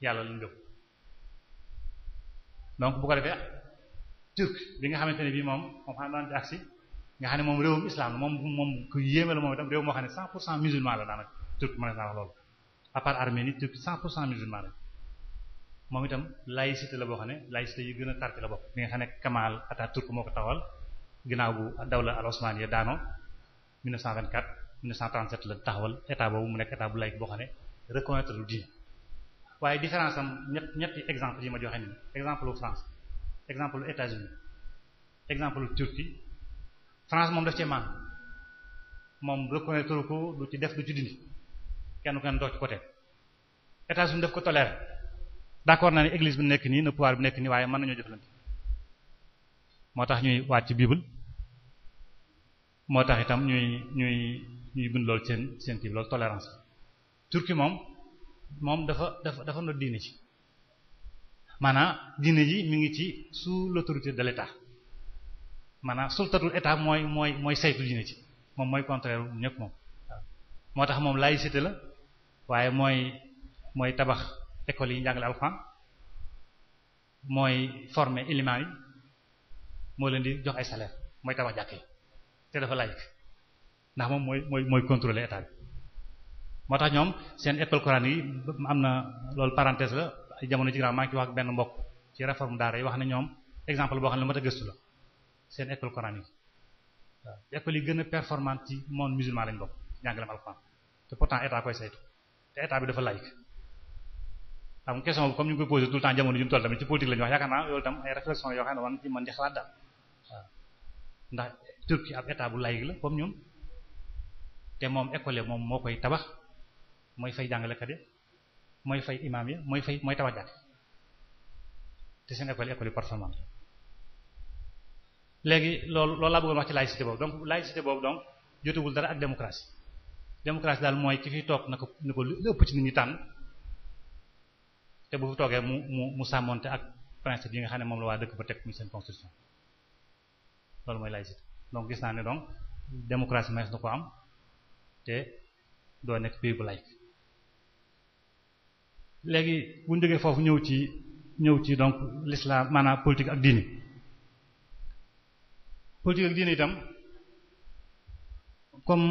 B: yàlla lañ gëm donc bu ko defee turc bi nga bii moom moom xam naa ci agsi nga xam ne moom réewum islam moom moom moo xam ne 100 daanaka turc mën na loolu à part Arménie Turquie 100 pour cent musulman moom itam laïcité la boo xam ne laïcité yi gën a tarte la bokk bi nga xam ne Kamal Atatürk moo ko taxawal ginnaaw bu dawla al Osmaniya daanoo la taxawal état boobu mu nekk état bu laïc boo xam ne reconnaître lu diine waaye différence am ñett ñetti exemple yi ma joxe nii exemple lu France exemple lu États-Unis exemple lu Turquie France moom daf cee maan moom reconnaître ko du ci def du ci dindi kenn ku ne doo ci côté États-Unis daf ko tolère d'accord naa ne église bi nekk nii na pouvoir bi nekk nii waaye mën nañoo jëflante moo tax ñuy waat ci bible moo tax itam ñuy ñuy ñuy bind seen seen kii loolu moom moom dafa dafa dafa no maanaam diine ji mi ngi ci sous l'autorité de l'État maanaam sultatul État mooy mooy mooy saytu ci moom mooy contraire ñëpp moom moo tax moom laïcité la waaye mooy mooy tabax école yi ñu jàngale alxuraan mooy former élément yi moo leen di jox ay salaire mooy tabax jàkk yi te dafa laaj ndax moom mooy mooy mooy contrôler état bi moo tax ñoom seen école coranique yi am na loolu parenthèse la jamono ci ginnaaw maa wax ak benn mbokk ci réforme daara yi wax na ñoom exemple boo xam ne mat a gëstu la seen école coranique yi école yi gën a performante ci monde musulman lañ bokk jàngaleem alxuraan te pourtant te état bi dafa laïque xam question bi comme ñu ngi koy posé tout le temps jamono ju mu toll tamit ci politique la ñu wax yaakaar naa loolu tam ay réflexion yoo xam ne war na di xalaat daal ndax Turquie ab état bu laïque la comme ñun te moom école moom moo koy tabax mooy fay jàngalekat ya mooy fay imaam ya mooy fay mooy tabax jàkk te seen école école yu performante léegi loolu loolu laa bëggoon wax ci laïcité boobu donc laïcité boobu donc jotewul démocratie daal mooy ki fi toog na ko na ko lu ëpp ci nit ñi tànn te bu fi toogee mu mu mu sàmmonte ak principe yi nga xam ne moom la waa dëkk ba teg muy seen constitution loolu mooy laïcité donc gis naa ne donc démocratie mees na ko am te doo nekk pays bu laïc léegi bu ñu jógee foofu ñëw ci ñëw ci donc l'islam maanaam politique ak diini politique ak diini itam comme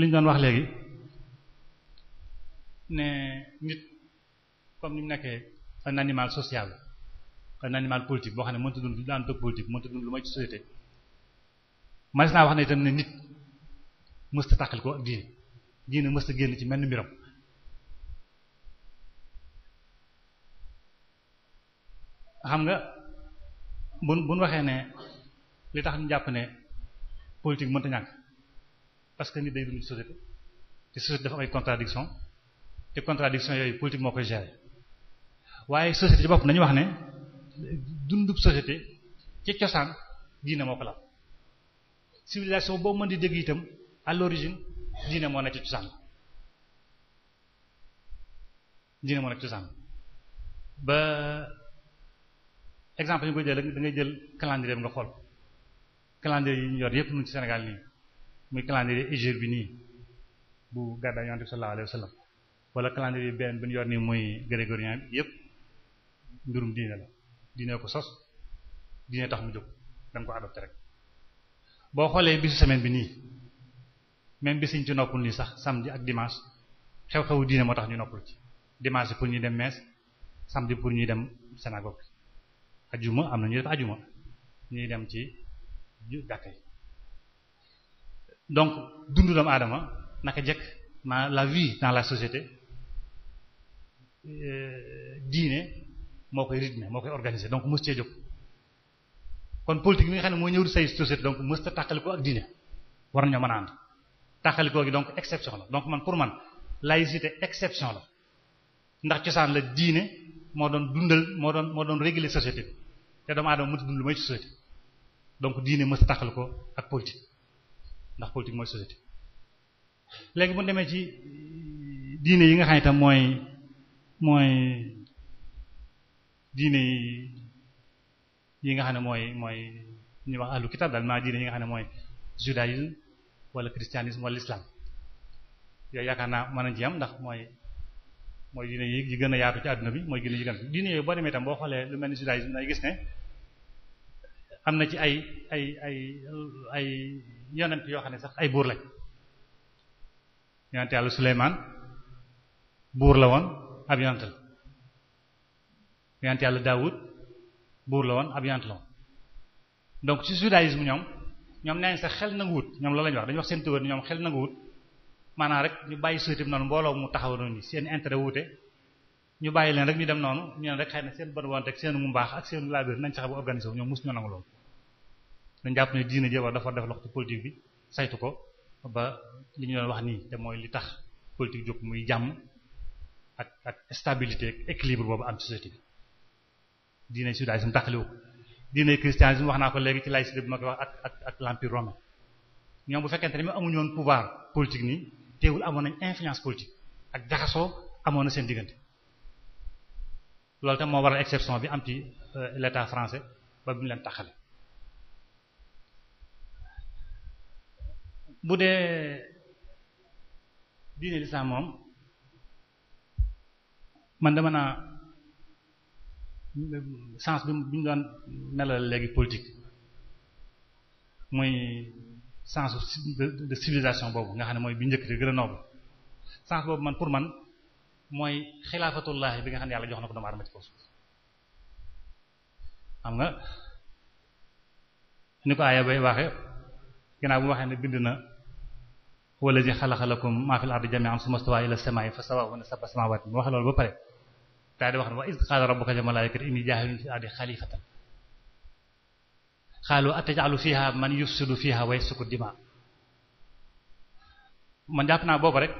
B: li ñu doon wax léegi ne nit comme ni mu nekkee un animal social un animal politique boo xam ne mënta dund lu daan dëkk politique mënta dund lu may ci société manis wax ne itam ne nit mësta tàqal ko ak diine diine mësta génn ci mel ni mbiram xam nga bu bu waxee ne li tax ñu jàpp ne politique mënta ñàkk parce que nit day dund société te société dafa am ay contradiction te contradiction yooyu politique moo koy gérer waaye société ci bopp nañu wax ne dundub société ci cosaan diine moo ko la civilisation boo mën di dégg itam à l'origine diine moo nekk ci cosaan diine moo nekk ci cosaan ba exemple ñu koy jël da ngay jël calendrier bi nga xool calendrier yi ñu yor yépp ñu ci Sénégal nii muy calendrier hégire bi nii bu gàddaay yonent bi sallallahu alayhi wa sallam wala calendrier benn bu ñu yor nii muy grégorien bi yëpp mbirum diine la diine ko sos diine tax mu jóg dañ ko adopté rek boo xoolee bisu semaine bi nii même bisiñ ci noppul nii sax samedi ak dimanche xew-xewu diine moo tax ñu noppul ci dimanche pour ñuy dem messe samedi pour ñuy dem synagogue bi ajuma am na ñuy def ajuma ñuy dem ci jàkka yi donc dundu doomu aadama naka jekk ma la vie dans la société euh, diine moo koy moo koy organiser donc mës cee kon politique bi xam ne moo ñëw di say donc mës ta tàqalikoo ak diine war nañoo mën a ànd tàqalikoo gi donc exception la donc man pour man laïcité exception la ndax cosaan la diine moo doon dundal moo doon moo doon réguler société bi te doomu aadama mënta dund lu may société donc diine mës ta tàqalikoo ak politique ndax politique mooy société léegi bu demee ci diine yi nga xam ne tam mooy mooy yi yi xam ne mooy mooy ñu wax ahlu kitaab daal maa diine yi nga xam ne mooy judaïsme wala christianisme wala islam yooyu yaakaar naa mën nañ ci am ndax mooy mooy diine yi gën a yaatu ci àdduna bi mooy gën a yëgal diine yooyu boo xoolee lu mel ni judaïsme day gis ne am na ci ay ay ay ay yonent yoo xam ne sax ay buur lañ yonent yàlla Suleymaan buur la woon ab yonent la yonent yàlla Daawud buur la woon ab yonent la woon donc ci judaïsme ñoom ñoom nee nañ sax xel nangu wut ñoom loolu lañu wax dañu wax seen tubaab ñoom xel nangu wut maanaam rek ñu bàyyi sëytam noonu mbooloo mu taxaw noonu seen intere wuute ñu bàyyi leen rek ñu dem noonu ñu ne rek xëy na seen bon wante ak seen mu mbaax ak seen laabir nañ sax bu organisé dañ jàpp ne diine ji war dafa def loxo ci bi saytu ko ba li ñu doon wax nii te mooy li tax politique jóg muy jàmm ak ak stabilité ak équilibre boobu am société bi diine judaïsme taxaliwu ko diine christianisme wax naa ko léegi ci laïcité bi ma koy wax ak ak ak l'empire ñoom bu fekkente ne mi amuñoon woon pouvoir politique nii teewul amoon nañ influence politique ak jaxasoo amoon na seen diggante loolu tam moo waral exception bi am ci euh, l'état français ba bi mu leen taxale bu dee diine lislaam moom man dama naa sens bi bi ñu doon léegi politique muy sens de civilisation boobu nga xam ne mooy bi njëkk di gën a noobu sens boobu man pour man mooy xilaafatullaahi bi nga xam ne yàlla jox na ko doomu aadama ci kaw suuf xam nga ni ko aaya bay waxee ginnaaw bu ma waxee ne bind na wala ji xalaxalakum maa fil ardi jami'an summa stawaa ila samaa'i fasawwahunna sab'a samaawaat mu wax loolu ba a daal di wax ne wa iz qaala rabbuka lil malaa'ikati inni jaa'ilun fil ardi xalifatan xaalu ataj'alu fiihaa man yufsidu fiihaa wa yasfiku dimaa man jàpp naa boobu rek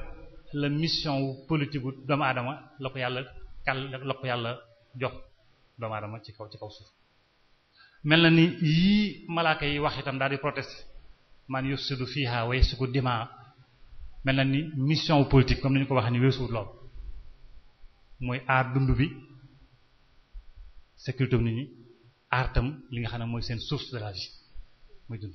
B: la mission wu politique gu doomu aadama la ko yàlla kàll la ko yàlla jox doomu aadama ci kaw suuf mel na ni yii malaaka yi wax itam daal di protester man yufsidu fiha wa yasfiku dimaa mel na ni mission politique comme ni ñu ko waxee ni weesuwut lool mooy aar dund bi sécurité bi nit ñi aar tam li nga xam ne mooy seen source de la vie mooy dund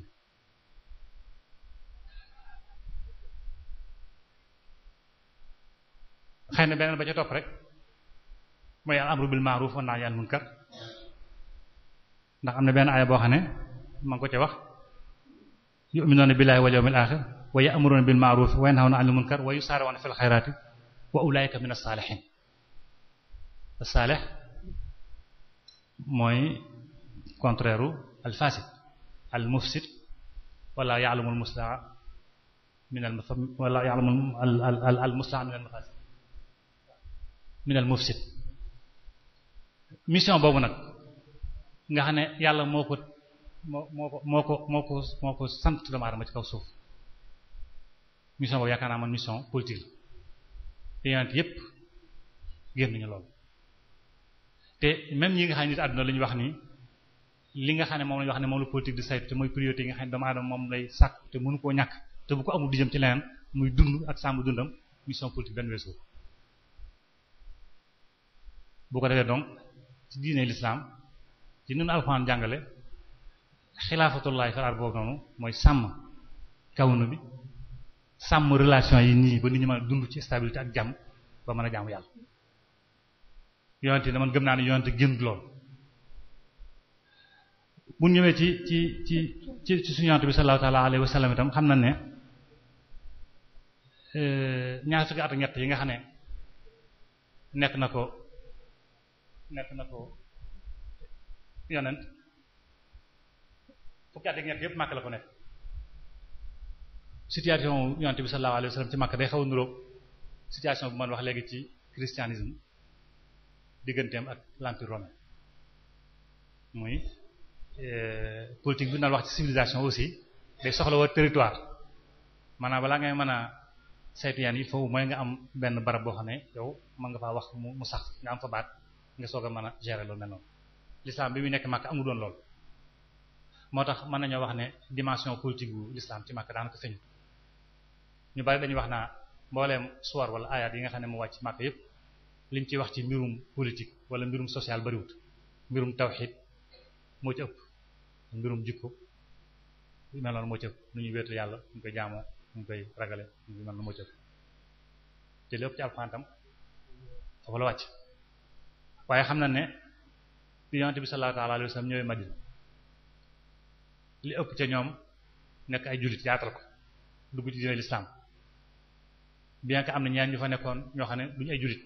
B: xëy na beneen ba ca topp rek mooy ndax am na benn aaya boo xam ne ma ko ca wax yu'minuuna billaahi wal yawmil aaxir wa ya'muruuna bil ma'ruufi wa yanhawna 'anil munkar wa yusaari'uuna fil xayraati wa ulaa'ika mina saalihiin saalih mooy contraire al fasid al mufsid wala ya'lamu al muslaha min al wala ya'lamu al al muslaha min al mafasid min al mufsid mission boobu nag nga xam ne yàlla moo ko moo moo ko moo ko moo ko moo ko sant doomu aadama ci kaw suuf mission boobu yaakaar naa man mission politique la yonent yépp génn nañu loolu te même ñi nga xam ne nit àdduna la ñu wax ni li nga xam ne moom la wax ne moom la politique di mooy priorité nga xam ne doomu moom lay sàkk te mënu koo ñàkk te bu ko amul di jëm ci leneen muy dund ak sàmm dundam mission politique benn weesu bu ko defee donc ci diine l'islam ci ni nu alxuraan jàngale xilaafatullaay xalaat boobu noonu mooy sàmm kawnu bi sàmm relation yi nii ba nit ñi mën a dund ci stabilité ak jàmm ba mën a jaamu yàlla yonente ne man gëm naa ne yonente génn lool bu ñëwee ci ci ci ci ci suñu yonente bi sallallahu taala alayhi wa itam xam na ne euh, ñaar fukki at ak ñett yi nga xam ne nekk na ko nekk na ko yonent fukki at ak ñett yëpp Makka la ko nekk situation yonent bi sallallahu alayhi wasallam ci Makka day xaw a niróo situation bu man wax léegi ci christianisme digganteem ak l'empire romain muy euh, politique bi ñu wax ci aussi day soxla woo territoire maanaam balaa ngay mën a saytu yaan il faut mooy nga am benn barab boo xam ne yow mën nga faa wax mu sax nga am fa baat nga soog a mën a gérer loolu mel noonu bi muy nekk Makka amu doon lool moo tax mën nañoo wax ne dimension politique bu l'islam ci Makka daanaka feeñ ñu bari dañuy wax naa mbooleem suwar wala ayat yi nga xam ne mu wàcc Makka yépp liñ ciy wax ci mbirum politique wala mbirum social bariwut mbirum tawxid moo ci ëpp mbirum jikko yu mel moo ci ëpp nu ñuy wéetal yàlla ñu koy jaamoo ñu koy ragale ñu mel noonu moo ci ëpp te lépp ci alxuraan tam la wàcc waaye xam na ne bi yonent bi sallallahu alayhi wasallam ñëwee Madina li ëpp ca ñoom nekk ay jullit yaatal ko dugg ci diine lislaam bien que am nañ ñeneen ñu fa nekkoon ñoo xam ne duñu ay jullit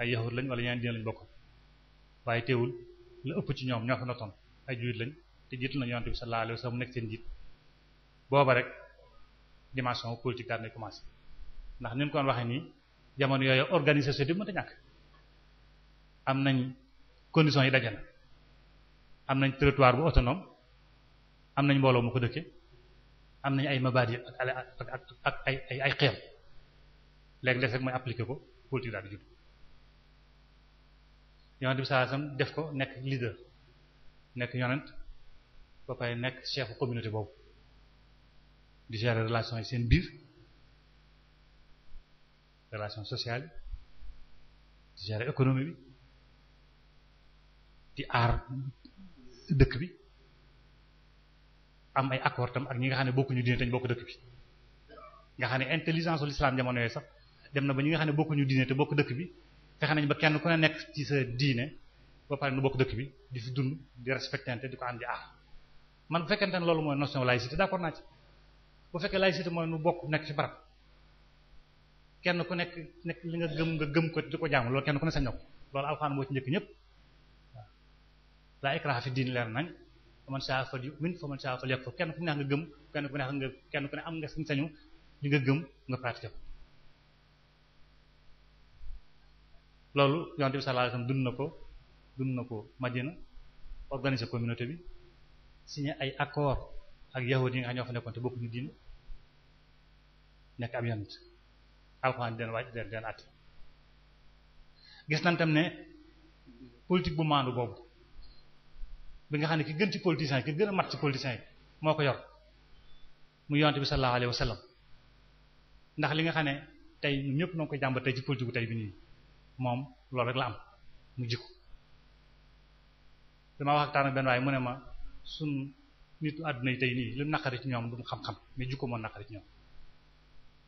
B: ay yahud lañ wala ñeneen diine lañ bokk waaye teewul lu ëpp ci ñoom ñoo fa notoon ay jullit lañ te jiitu na yonent bi sallallahu alayhi wasallam mu nekk seen jiit booba rek dimension politique daal nay commencé ndax ni mu koon waxee nii jamono yooyu organiser société bi mënta ñàkk am nañ condition yi daje am nañ territoire bu autonome am nañ mbooloo mu ko dëkke am nañ ay mabaadi ak ak ak ay ay ay xeem léegi mooy appliqué ko politique daal di judd yonent bi saasam def ko nekk leader nekk yonent ba pare nekk chefu communauté boobu di gérer relation yi seen biir relation sociale di gérer économie bi di aar dëkk bi am ay accord tam ak ñi nga xam ne bokkuñu diine te bokk dëkk bi nga xam ne intelligence ul islam jamono yooyu sax dem na ba ñi nga xam ne bokkuñu diine te bokk dëkk bi fexe nañ ba kenn ku ne nekk ci sa diine ba pare nu bokk dëkk bi di fi dund di respectante di ko am di aar man bu ne loolu mooy notion laïcité d'accord naa ci bu fekkee laïcité mooy nu bokk nekk ci barab kenn ku nekk nekk li nga gëm nga gëm ko di ko jaamu loolu kenn ku ne sañ na ko loolu alxuraan moo ci njëkk ñëpp waaw laa ikraha fi diin leer nañ faman saa fal yu'min faman saa fal yakfur kenn ku ne nga gëm kenn ku ne nga kenn nga sañ-sañu li nga gëm nga pratiqué ko loolu yonent bi sallallahu alayhi wasallam dund na ko dund na ko Madina organiser communauté bi signé ay accord ak yahudi yi nga xam ñoo fa nekkoon te bokkuñu diine nekk ab yonent alxuraan den wàcc den den at gis nañ tam ne politique bu maandu boobu bi nga xam ne ki gën ci politiciens yi ki gën a mat ci politiciens yi moo ko yor mu yonent bi sallallahu alayhi wa ndax li nga xam ne tey ñëpp noo koy jàmbat tey ci politique tey bi nii moom loolu rek la am mu jikko dama wax ak taan mu ne ma suñ nit àdduna yi tey nii li naqari ci ñoom du mu xam-xam mais jikko moo naqari ci ñoom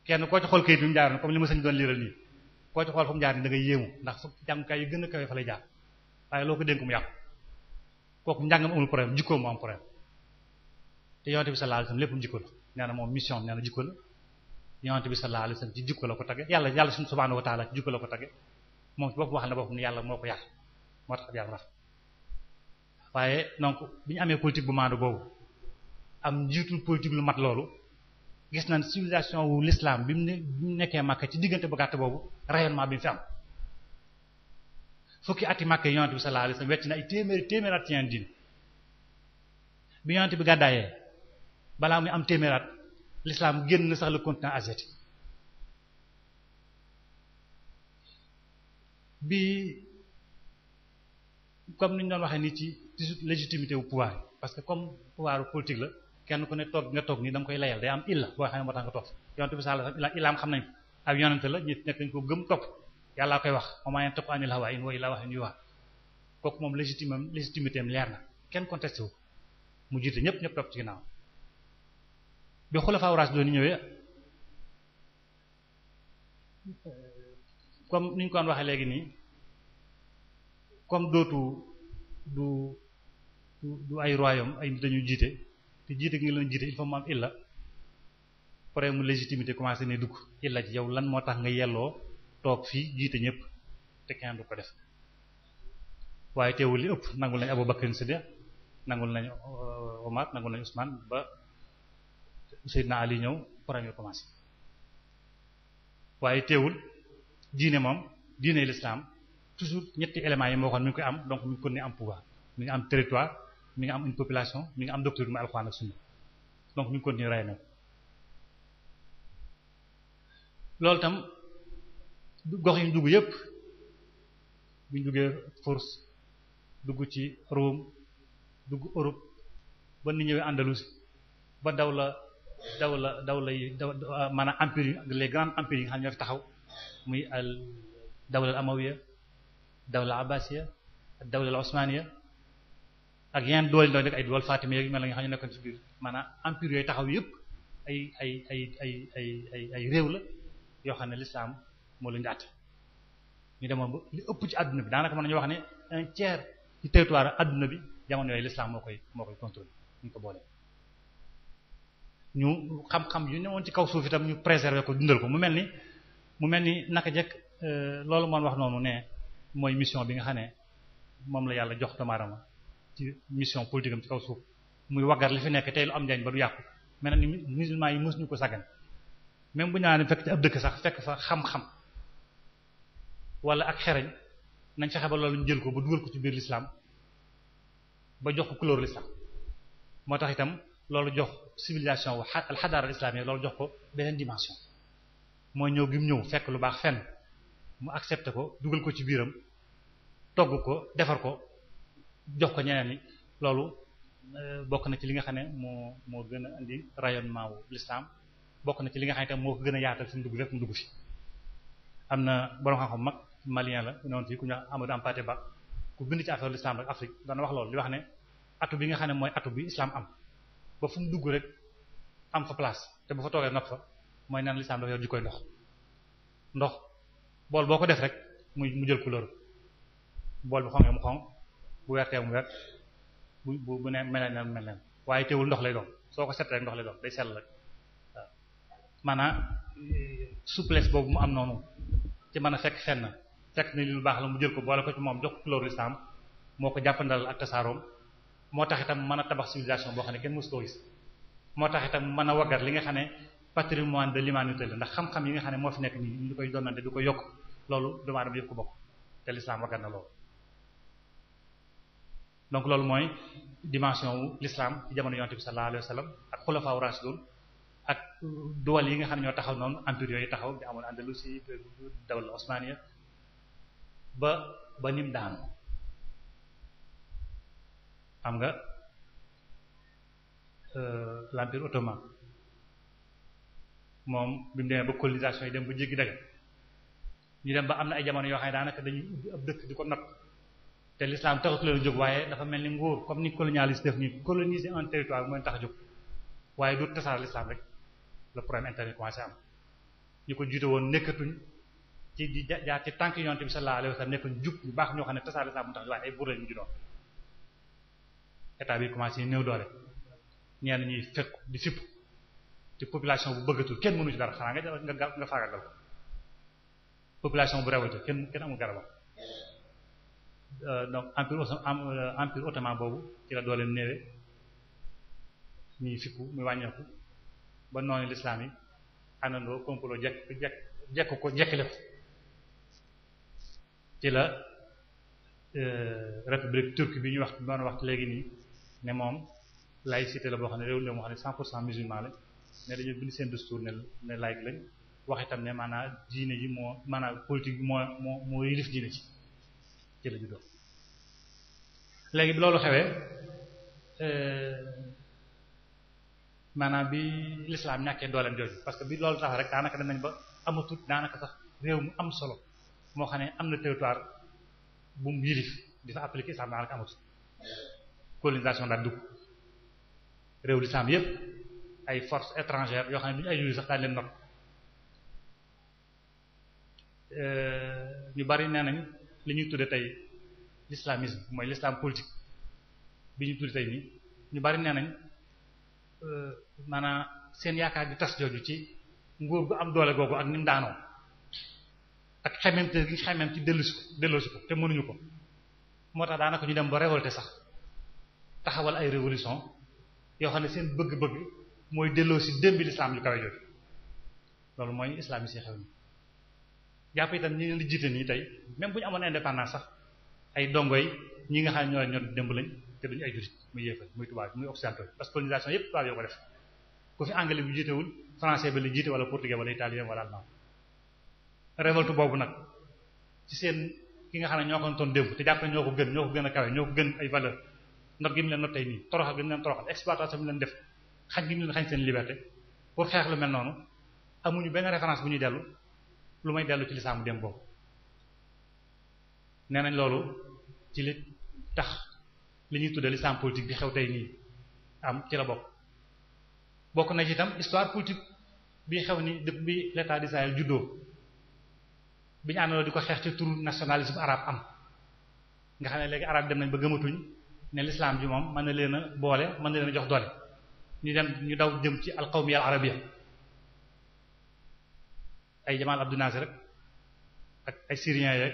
B: kenn koo ci xool kayit bi mu jaaroon comme li ma sëñ doon liiral nii koo ci xool fu mu jaar nii da yéemu ndax su jàngukaay yi gën a kawe fa lay jaar waaye loo ko dénk mu yàqu kooku njàngam amul problème jikkoom moo am problème te yonent bi sallallahu alayhi wasallam lépp jikko la nee moom mission nee na jikko la yonent bi sallallahu alayhi wasallam ci jikko la ko tagge yàlla yàlla suñu subhanahu wa ta'ala ci jikko la ko tagge moom ci bopp wax na boppam ne yàlla moo ko yar moo tax yàlla waaye donc bi ñu amee politique bu maandu boobu am njiitul politique lu mat loolu gis nañ civilisation wu l'islam bi mu ne bi mu nekkee Makka ci diggante bu gàtt boobu rayonnement fukki ati Makka yonent bi sa alayhi wasallam wecc na ay téeméeri téeméeri at ci yeneen diine bi yonent bi gàddaayee balaa muy am téeméeri at l'islam génn na sax le continent asiatique bi comme ni ñu doon waxee nii ci ci légitimité wu pouvoir yi parce que comme pouvoir politique la kenn ku ne toog nga toog nii da koy layal day am illa boo xam ne moo tax nga toog yonent bi sallallahu alayhi wasallam illaam xam nañ ko ak yonent la nekk dañ ko gëm topp yàllaa koy wax wa maa yantiqu anil hawaa la huwa illaa wahyun yuuhaa kooku moom légitime am légitimité am leer na kenn contesté wu mu jiite ñëpp ñëpp topp ci ginnaaw bi xulafaa raasidiin ñëwee comme ni ko doon waxee léegi nii comme dootu du du ay royaume ay nit dañuy jiite te jiite gi nga leen jiite il faut mu am illa problème mu légitimité commencé ne dugg illa ci yow lan moo tax nga yelloo toog fii jiite ñëpp te kenn du ko def waaye teewul li ëpp nangul nañu Abu Bakr Siddiq nangul nañu euh, Omar nangul nañu Ousmane ba Seydina Ali ñëw premier commencé waaye teewul diine moom diine l'islam toujours ñetti éléments yi moo waxoon mi ngi koy am donc mi ngi ko ne am pouvoir mi ngi am territoire mi ngi am une population mi ngi am docteur mu alxuraan ak donc mi ngi ko ne ray na loolu tam gox yi ñu dugg yëpp bu ñu duggee Furs dugg ci Rome dugg Europe ba ni ñëwee Andalousie ba daw la dawla la daw maanaam empire les grands empires yi nga xam ne fi taxaw muy al dawla al amawiya la abbasiya dawla al osmaniya ak yeneen doole doole rek ay dool Fatima yeeg mel na nga xam ne nekkoon ci biir maanaam empire yooyu taxaw yëpp ay ay ay ay ay ay réew la yoo xam ne l'islam moo leen di àtte ñu demoon ba li ëpp ci àdduna bi daanaka mën nañu wax ne un tiers ci territoire àdduna bi jamono yooyu l'islam moo koy moo koy contrôler ñu ko boole. ñu xam-xam yu newoon ci kaw suuf itam ñu préserver ko dundal ko mu mel ni mu mel ni naka jekk euh, loolu moon wax noonu ne mooy mission bi nga xam ne moom la yàlla jox damaarama ci mission politique am ci fi nekk tey lu am njariñ yàqu musulman yi mësuñu ko sàggan même bu ñu naan fekk ci ab dëkk sax fekk fa xam-xam wala ak xereñ nañ fexe ba loolu ñu jël ko ba dugal ko ci biir lislaam ba jox ko couleur lislaam moo tax itam loolu jox civilisation wa alxadaara islaamiya loolu jox ko beneen dimension mooy ñëw gi ñëw fekk lu baax fenn mu accepté ko dugal ko ci biiram togg ko defar ko jox ko ñeneen loolu euh, bokk na ci li nga xam ne moo moo gën a indi rayonnement wu l'islam bokk na ci li nga xam ne tam moo ko gën a yaatal fi mu dugg rek mu dugg fi am na borom xam-xam mag malien la noonu fii ku ñu wax Amadou Hampâté Bâ ku bind ci affaire l'islam rek Afrique dana wax loolu di wax ne atu bi nga xam ne mooy atu bi islam am ba fu mu dugg rek am fa place te bu fa toogee nopp fa mooy naan l'islam dafa yor koy ndox ndox bool boo ko def rek muy mu jël couleur bool bi xonqee mu xonq bu wertee mu wert bu bu bu ne mel ne mel ne waaye teewul ndox lay doon soo ko set rek ndox lay doon day sell rek waaw maanaam souplesse boobu mu am noonu ci mën a fekk fenn fekk na lu baax la mu jël ko boole ko ci moom jox ko couleur l'islam moo ko jàppandal ak tasaaroom moo tax itam mën a tabax civilisation boo xam ne kenn mësu koo gis moo tax itam mën a waggar li nga xam ne patrimoine de l'humanité la ndax xam-xam yi nga xam ne moo fi nekk nii ñu koy donnante du ko yokk loolu doomu aadama yëpp ko bokk te l'islam waggar na loolu donc loolu mooy dimension wu ci jamono yonte bi sallallahu alayhi wa ak xulafaa rashidun ak duwal yi nga xam ne ñoo taxaw noonu empire yooyu taxaw di amoon Andalousie dawla Osmaniya ba ba nim daanu xam nga euh, l'empire ottoman moom bi mu demee ba colonisation yi dem ba jéggi daga ñu dem ba am na ay jamono yoo xam ne daanaka dañuy ubbi ab dëkk di ko natt te l'islam taxatu leen jóg waaye dafa mel ni nguur comme ni colonialiste def ni coloniser un territoire mooy tax jóg waaye du tasaar l'islam rek le problème interne commencé am ñu ko jiite woon nekkatuñ ci di jaar ci tànk yonent bi sallallahu alayhi wasallam nekk njub baax ñoo xam ne tasaare saa mu tax waaye ay buur lañu di doon état bi commencé néew doole ñenn ñuy fekk di fipp bu bëggatul kenn mënu ci dara xanaa nga nga ko population bu rewatu kenn kenn amul garabam euh, donc empire euh, empire boobu ci la dooleem néewee ñuy fippu muy wàññeeku ba noonu lislaam yi àndandoo complot jekk jekk jekk ko ci la euh, république turque bi ñu wax doon wax léegi nii ne moom laïcité la boo xam ne réew la moo xam ne 100 pour cent musulman la ne dañoo bind seen destour ne ne laïque lañ wax itam ne maanaam diine ji moo maanaam politique bi moo moo moo yilif ci ci la juddoo léegi bi loolu xewee euh, maanaam bi l'islam ñàkkee dooleem jooju parce que bi loolu tax rek daanaka dem nañ ba amatut daanaka sax réew mu am solo moo xam ne am na territoire bu mu yilif di fa appliquer islam daanaka amatu colonisation daal dugg réew lislaam yépp ay forces étrangères yoo xam ne du ñu ay jullit sax daal leen not euh, ñu bari nee nañ li ñuy tudd tey l'islamisme mooy l'islam politique bi ñu tudde tey nii ñu bari nee nañ euh, maanaam seen yaakaar di tas jooju ci nguur gu am doole googu ak ni mu daanoo ak xememte gi xemem ci dellusi ko delloosi ko te mënuñu ko moo tax daanaka ñu dem ba révolté sax taxawal ay révolution yoo xam ne seen bëgg-bëgg mooy delloosi démbi lislaam yu kawe jooju loolu mooy ñu islam yi si xew ñu jàpp itam ñi leen di jiite nii tey même sax ay dongo yi ñi nga xam ne ñoo ñoo démb lañ te duñu ay jurit muy yéefal muy tubaab muy occidentaux parce colonisation yépp tubaab yoo ko def ku fi anglais bi jiitewul français bi la jiite wala portugais wala italien wala allemand révolte boobu nag ci seen ki nga xam ne ñoo ko doon démb te jàpp ne ñoo ko gën ñoo ko gën a kawe ñoo ko gën ay valeur not gi mu leen not tey nii toroxal gi mu leen toroxal exploitation bi mu leen def xaj gi mu leen xañ seen liberté pour xeex lu mel noonu amuñu benn référence bu ñuy dellu lu may dellu ci lisaamu dem boobu nañ loolu ci li tax li ñuy tuddee lislaam politique bi xew tey nii am ci la bokk bokk na ci itam histoire politique bi xew ni depuis bi l'état d'Israël juddoo bi ñu àndandoo di ko xeex ci turu nationalisme arabe am nga xam ne léegi arabe dem nañ ba gëmatuñ ne l'islam ji moom mën na leen a boole mën na leen a jox doole ñu dem ñu daw jëm ci alqawmiya al arabiya ay Jamal Abdou rek ak ay syriens yeeg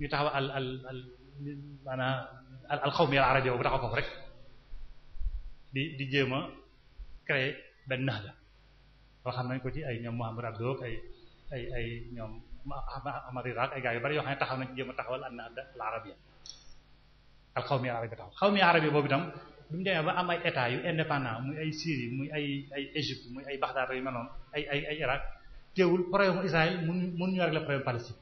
B: ñu taxaw al al al maanaam al alqawmiya al arabiya bu taxaw foofu rek di di jéem a créer benn nax la boo xam nañ ko ci ay ñoom Mouhamed Abdou ay ay ay ñoom. Ahmad Iraq ay gars yu bari yoo xam ne taxaw nañ ci jéem a taxawal an na al arabia al xawmi arabia taxaw xawmi arabia boobu itam bu ñu demee ba am ay état yu indépendant muy ay Syrie muy ay ay Égypte muy ay Bagdad yu mel noonu ay ay ay Irak teewul problème Israël mënuñu mënuñu régler problème Palestine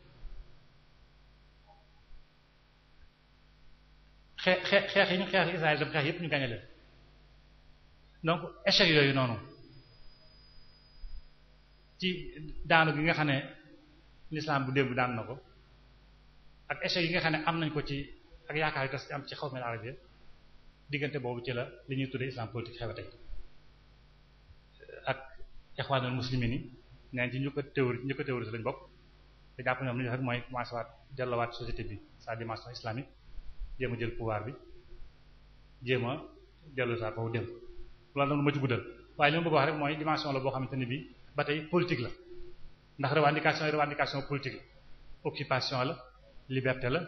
B: xee xee xeex yi ñu xeex Israël dem xeex yëpp ñu gagné donc échec yooyu noonu ci daanu gi nga xam ne l'islam bu démb daan na ko ak échec yi nga xam ne am nañ ko ci ak yaakaar yu tas ci am ci xaw mel arabia diggante boobu ci la li ñuy tuddee islam politique xew tey ak ixwaanul muslimin yi neen ci ñu ko théorie ñu ko théorie bokk te jàpp ñoom li ñu def mooy commencé waat jàllawaat société bi sa dimension islamique jéem jël pouvoir a jàllu saa foofu dem loolu nag lu ma ci guddal waaye li ma bëgg wax rek mooy dimension la boo xamante ne bi ba tey politique la ndax revendication yi revendication politique la occupation la liberté la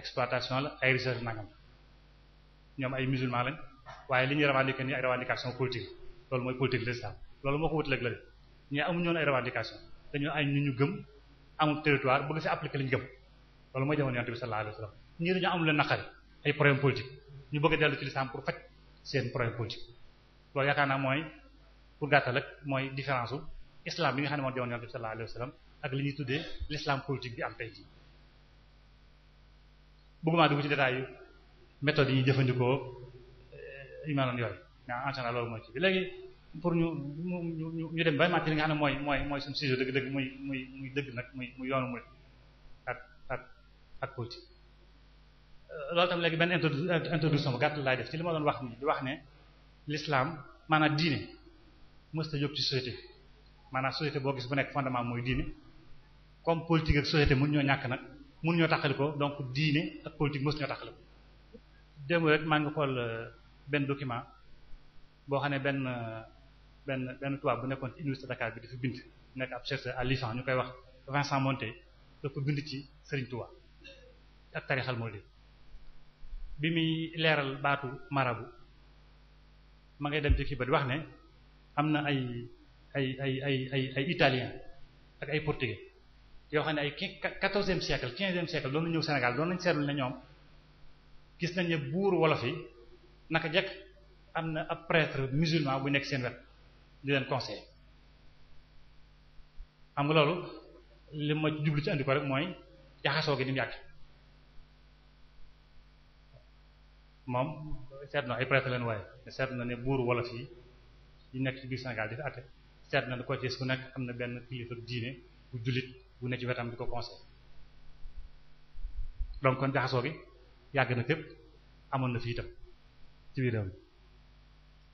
B: exploitation la ay recherche nangam ñoom ay musulman lañ waaye li ñuy revendiquer nii ay revendication politique loolu mooy politique de l'islam loolu moo ko wutaleeg la de ñu amuñu ñu ñu gëm amul territoire bëgg ci appliquer li ñu gëm loolu mooy jamono yonent bi sallallahu alayhi wasallam ñii dañoo amul leen naqari ay problème politique ñu bëgg a dellu ci l'islam pour faj seen problème politique loolu yaakaar naa mooy pour gàttal rek mooy différence islam bi nga xam ne moo doon yonent bi sallallahu alayhi li ñuy tuddee l'islam politique bi am tey jii bëgguma dugg yi ñuy jëfandikoo euh, yu mel noonu yooyu mais pour ñu ñu ñu dem vraiment ci li mooy mooy mooy suñu dëgg-dëgg muy dëgg nag muy muy yoonu muy ak ak ak politique. Euh, loolu tam léegi benn introduction bu gàtt laay def ci li ma doon wax nii di wax ne l'islam maanaam diine mësta yóbbu ci société. maanaam société boo gis bu nekk fondement mooy diine comme politique ak société mun ñoo ñàkk nag mun ñoo taxali ko donc diine ak politique mos ñoo taxali ko démb rek maa ngi xool euh, benn document boo xam ne benn euh, benn benn bu nekkoon ci université Dakar bi dafa bind nekk ab chercheur à licence ñu koy wax Vincent Monteil dafa bind ci Serigne Touba ak tarixal moo lii bi muy leeral baatu marabu ma ngay dem ci kii ba di wax ne am na ay ay ay ay ay ay italien ak ay portugais yoo xam ne ay quatorzième siècle quinzième siècle doon nañu ñëw Sénégal doon nañ seetlu ne ñoom gis nañ ne buur wolof yi naka jekk am na ab prêtre musulman bu nekk seen wet leen conseiller xam loolu li jublu ci andi mooy jaxasoo gi ni mu yàgg na ay prêtre leen waaye seet na ne buur wolof yi yi nekk ci biir Sénégal di fi seet na ko ci ku nekk am na benn kilifa diine bu jullit bu ne ci wetam di ko conseil donc kon jaxasoo gi yàgg na fépp amoon na fii itam ci biir réew mi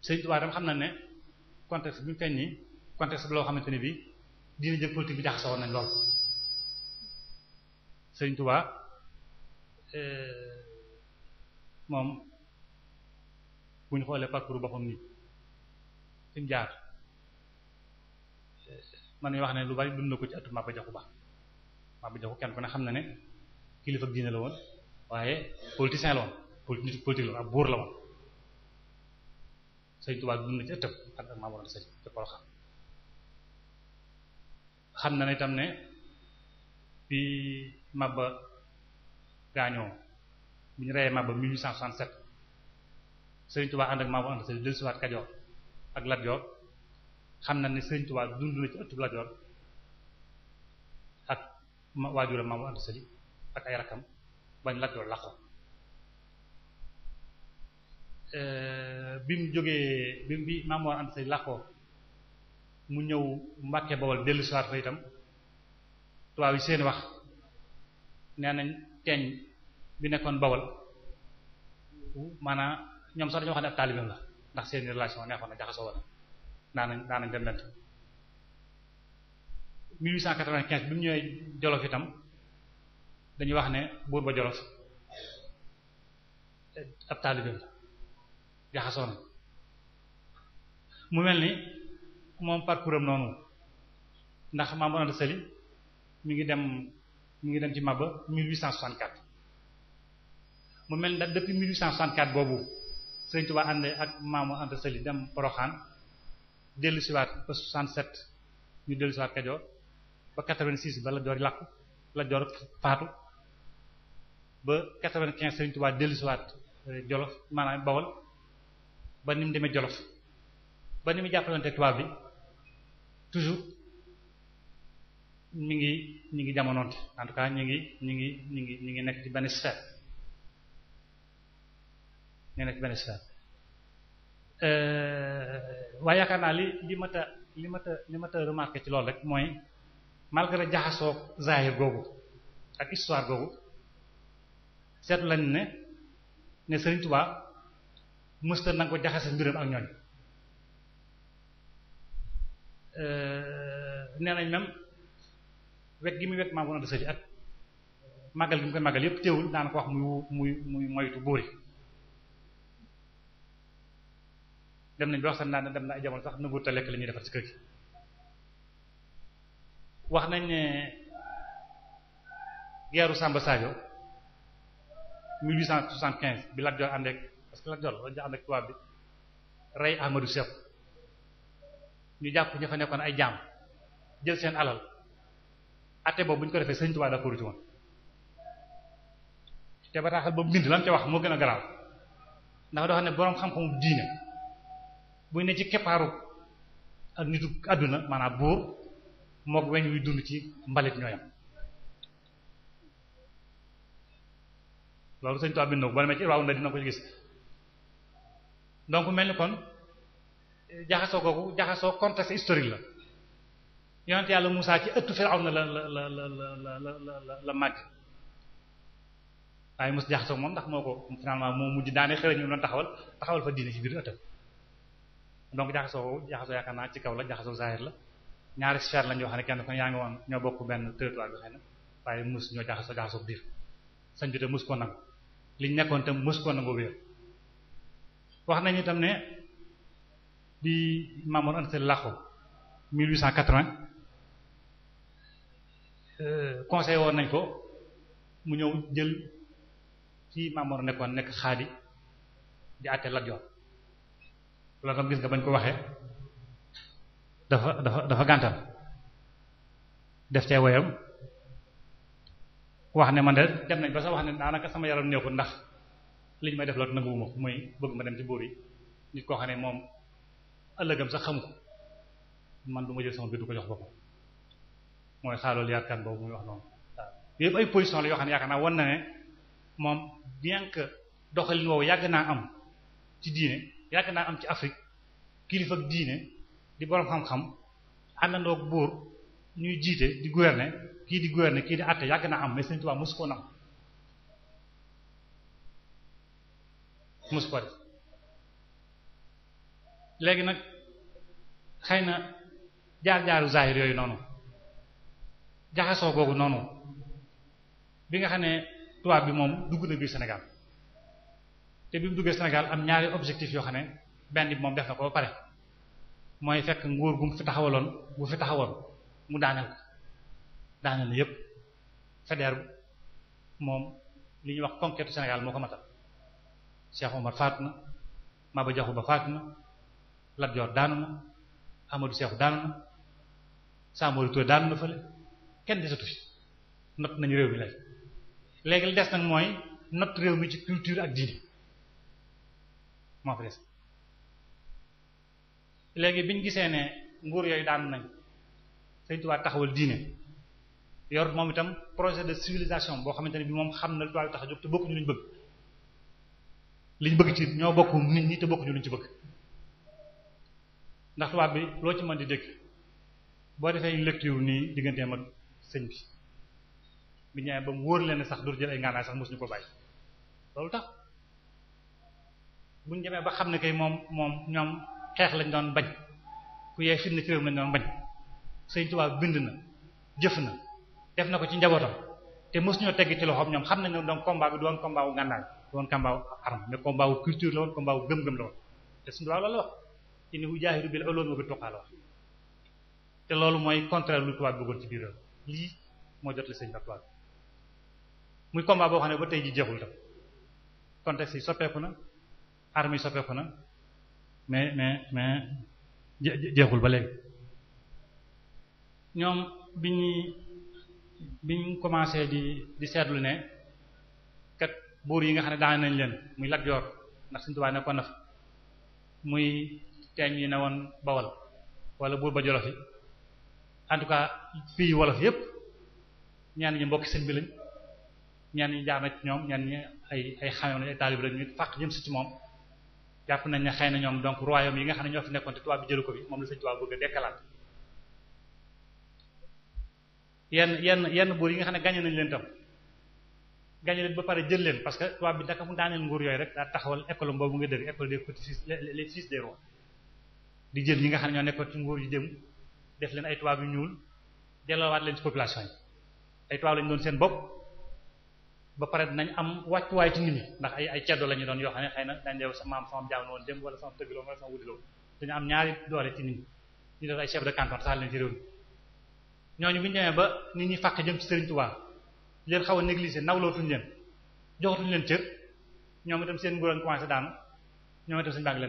B: Sëriñ xam na ne contexte bi mu feeñ nii contexte bi loo xamante ne bii diine jëkk politique bi jaxasoo woon nañ lool Sëriñ Tuubaa euh, moom bu ñu xoolee parcours boppam nii fi jaar man mi wax ne lu bari dund na ko ci atu Maba Jaxu Ba Maba Jaxu kenn ku ne xam na ne kilifa diine la woon waaye politicien la woon nit politique buur la woon Sëriñ Tuubaa dund na ci ëttam ak ak Maam Sëriñ ci Porokhane xam na ne itam ne bi Maba gaañoo bi ñu reyee Maba 1867 Sëriñ Tuubaa ànd ak Maam Mor Kajoor ak Lat xam na ni Sëriñ Tuubaa dund na ci ëttub Lat Joor ak waajuram Maam Mor Anta ak ay rakam bañ Lat Joor euh, bi mu jógee bi bi Maam Mor Anta Sali laqoo mu ñëw Mbàkke Bawol dellu si waat fa itam tubaab yi seen wax nee nañ teeñ bi nekkoon Bawol maanaam ñoom sax dañoo xam ne ab taalibeem la ndax seen relation neexoon na jaxasoo woon daanañ daanañ demlante 1895 bi mu ñëwee Jolof itam dañuy wax ne buur ba Jolof ab taalibe la mu mel ni moom parcours noonu ndax Maam Mor Anta Sali ngi dem mi ngi dem ci Maba 1864 mu mel ni depuis 1864 boobu Sëriñ Tuubaa ànd ak Maam Mor Anta Sali dem Poroxaan dellu siwaat ba 67 ñu dellu siwaat Kajoor ba 86 ba Lat Joor làqu Lat Joor faatu ba 95 Sëriñ Tuubaa dellu siwaat eh, Jolof maanaam Bawol ba ni mu demee Jolof ba ni mu jàppalante tubaab bi toujours ñu ngi ñu ngi jamonoonte en tout ñu ngi ñu ngi ñu ngi ñu ngi nekk ci benn sphère ñu nekk ci benn Euh, waa yaakaar naa li li mat a li mat a li mat a ci loolu rek mooy malgré jaxasoo zahir googu ak histoire googu seetu lañ ne ne Sëriñ Tuubaa mësta na ko jaxase biram ak ñooñ euh, nee nañ même wet gi muy wet maa ngi woon ak màggal gi mu koy màggal yëpp teewul daan ko wax muy muy muy moytu buur dem nañ ba wax sax naan dem na ay jamono sax nanguut a lekk la defar ci kër gi wax nañ ne yaru Samba Sadio 1875 bi Lat Joor ànd ak parce que Lat Joor la ñu ànd ak tubaab bi rey Ahmadou Seck ñu jàpp ña fa nekkoon ay jaam jël seen alal ate boobu buñ ko defee Sëriñ Tuubaa d'accord ci woon te bataaxal boobu bind la ca wax moo gën a garaaw ndax doo xam ne boroom xam-xamu diine buy ne ci keppaaru ak nitu àdduna maanaam buur mook weñ wuy dund ci mbalit ñooyam loolu sëñ tubaab bind na ko boo ci irwaawu na dina ko ci gis donc mel ni kon jaxasoo googu jaxasoo contexte historique la yonent yàlla Moussa ci ëtt Firawna la la la la la waaye mos jaxasoo moom ndax moo ko finalement moo mujj daane xëy ñu taxawal taxawal fa diine ci biir ëttam donc jaxasoo jaxasoo yaakaar naa ci kaw la jaxasoo zahir la ñaari sphère lañ yoo xam ne kenn ko yaa ngi woon ñoo bokk benn territoire bi xëy na waaye mus ñoo jaxasoo jaxasoo biir sañ bi te mus ko nangu liñ nekkoon tam mus ko nangu wéer wax nañu itam ne bi Mamour Anta Sall laxu euh, conseil woon nañ ko mu ñëw jël ci Mamour nekkoon nekk xaadi di àtte Lat Joor loolu kon gis nga bañ ko waxee dafa dafa dafa gàntal def cee woyam wax ne man de dem nañ ba sax wax ne daanaka sama yaram neexul ndax liñ may def loolu nanguwuma ko muy bëgg ma dem ci buur yi nit koo xam ne moom ëllëgam sax xamu man du ma jël sama biir du ko jox boppam mooy xaaloolu yaatkaan boobu muy wax noonu waaw yëpp ay position la yoo xam ne yaakaar naa wan na ne moom bien que doxalin woowu yàgg naa am ci diine yàgg naa am ci Afrique kilifa ak diine di borom xam-xam àndandoo ak buur ñuy jiite di gouverner kii di gouverner kii di àtte yàgg naa am mais Sëriñ Tuubaa mosu koo nam mosu ko def léegi nag xëy na jaar-jaaru zahir yooyu noonu jaxasoo googu noonu bi nga xam ne tubaab bi moom dugg na biir Sénégal te bi mu duggee Sénégal am ñaari objectif yoo xam ne benn bi moom def na ko ba pare mooy fekk nguur gu mu fi taxawaloon bu fi taxawoon mu daaneel ko daaneel na yépp fédère moom li ñuy wax conquête Sénégal moo ko matal Cheikh Omar faatu na Maba Diakhou Ba faatu na Lat Dior daanu na Amadou Cheikh daanu na Samori Touré daanu na fële kenn desatu fi not nañu réew mi léegi léegi li des nag mooy not réew mi ci culture ak diine moo fi léegi bi biñ gisee ne nguur yooyu daan nañ Sëriñ Tuubaa taxawal diine yor moom itam projet de civilisation boo xamante ne bi moom xam na lu tubaab tax a jóg te bokkuñu luñ bëgg liñ bëgg ci ñoo bokk nit ñi te bokkuñu luñ ci bëgg ndax tubaab bi loo ci man di dégg boo defee lecture nii digganteem ak sëñ bi bi ñëwee ba mu wóor leen sax dur jël ay ngànnaay sax mosuñu ko bàyyi loolu tax bu ñu demee ba xam ne kay moom moom ñoom xeex lañ doon bañ ku yee fitna ci réew mi lañ doon bañ Sëriñ Tuubaa bind na jëf na def na ko ci njabootam te mës ñoo tegg ci loxoom ñoom xam nañ donc combat bi du woon combat wu ngànnaay du woon combat culture la woon combat wu gëm-gëm la woon te Sëriñ Tuubaa loolu la wax innahu jaahidu bil ulumi loolu mooy contraire lu Tuubaa bëggoon ci biir lii moo jot li Sëriñ Tuubaa muy combat boo xam ne ba tey ji jeexul tam contexte yi soppeeku na armes yi soppeeku na mais mais mais jeexul ba léegi ñoom bi ñuy bi ñu commencé di di seetlu ne kat buur yi nga xam ne daan nañ leen muy Lat Joor ndax Sëriñ Tuubaa nekkoon na muy teeñ yi ne woon Bawol wala buur ba Jolof yi en fii wolof yépp ñaan ñi mbokki sëñ bi lañ ñaan ñi jaar na ci ñoom ñaan ñi ay xamee taalib lañ fàq jëm si ci moom jàpp nañ ne xëy na ñoom donc royaume yi nga xam ne ñoo fi nekkoon te tubaab bi jëlu ko bi moom la sëñ tubaab bëgg a dekkalaat yenn yenn yenn buur yi nga xam ne gàñe nañ leen tam gàñe leen ba pare jël leen parce que tubaab bi naka mu daaneel nguur yooyu rek daa taxawal école boobu nga dëgg école des petits fils les fils des rois di jël yi nga xam ne ñoo nekkoon ci nguur yu jëm def leen ay tubaab yu ñuul delloowaat leen ci population yi ay tubaab lañ doon seen bopp ba pare dinañ am wàccuwaay ci nit ñi ndax ay ay ceddo la ñu doon yoo xam ne xëy na dañ sa maam sama jaam woon dem wala sama tëggiloo wala sama wutiloo dañu am ay chef de canton taxal leen ci réew mi ñooñu bu ñu ba nit ñi fàq jëm ci Serigne Touba leen xaw a négliger nawlootuñ leen joxatuñ leen cër ñoom itam seen nguur commencé daanu ñoom itam seen baa ngi leen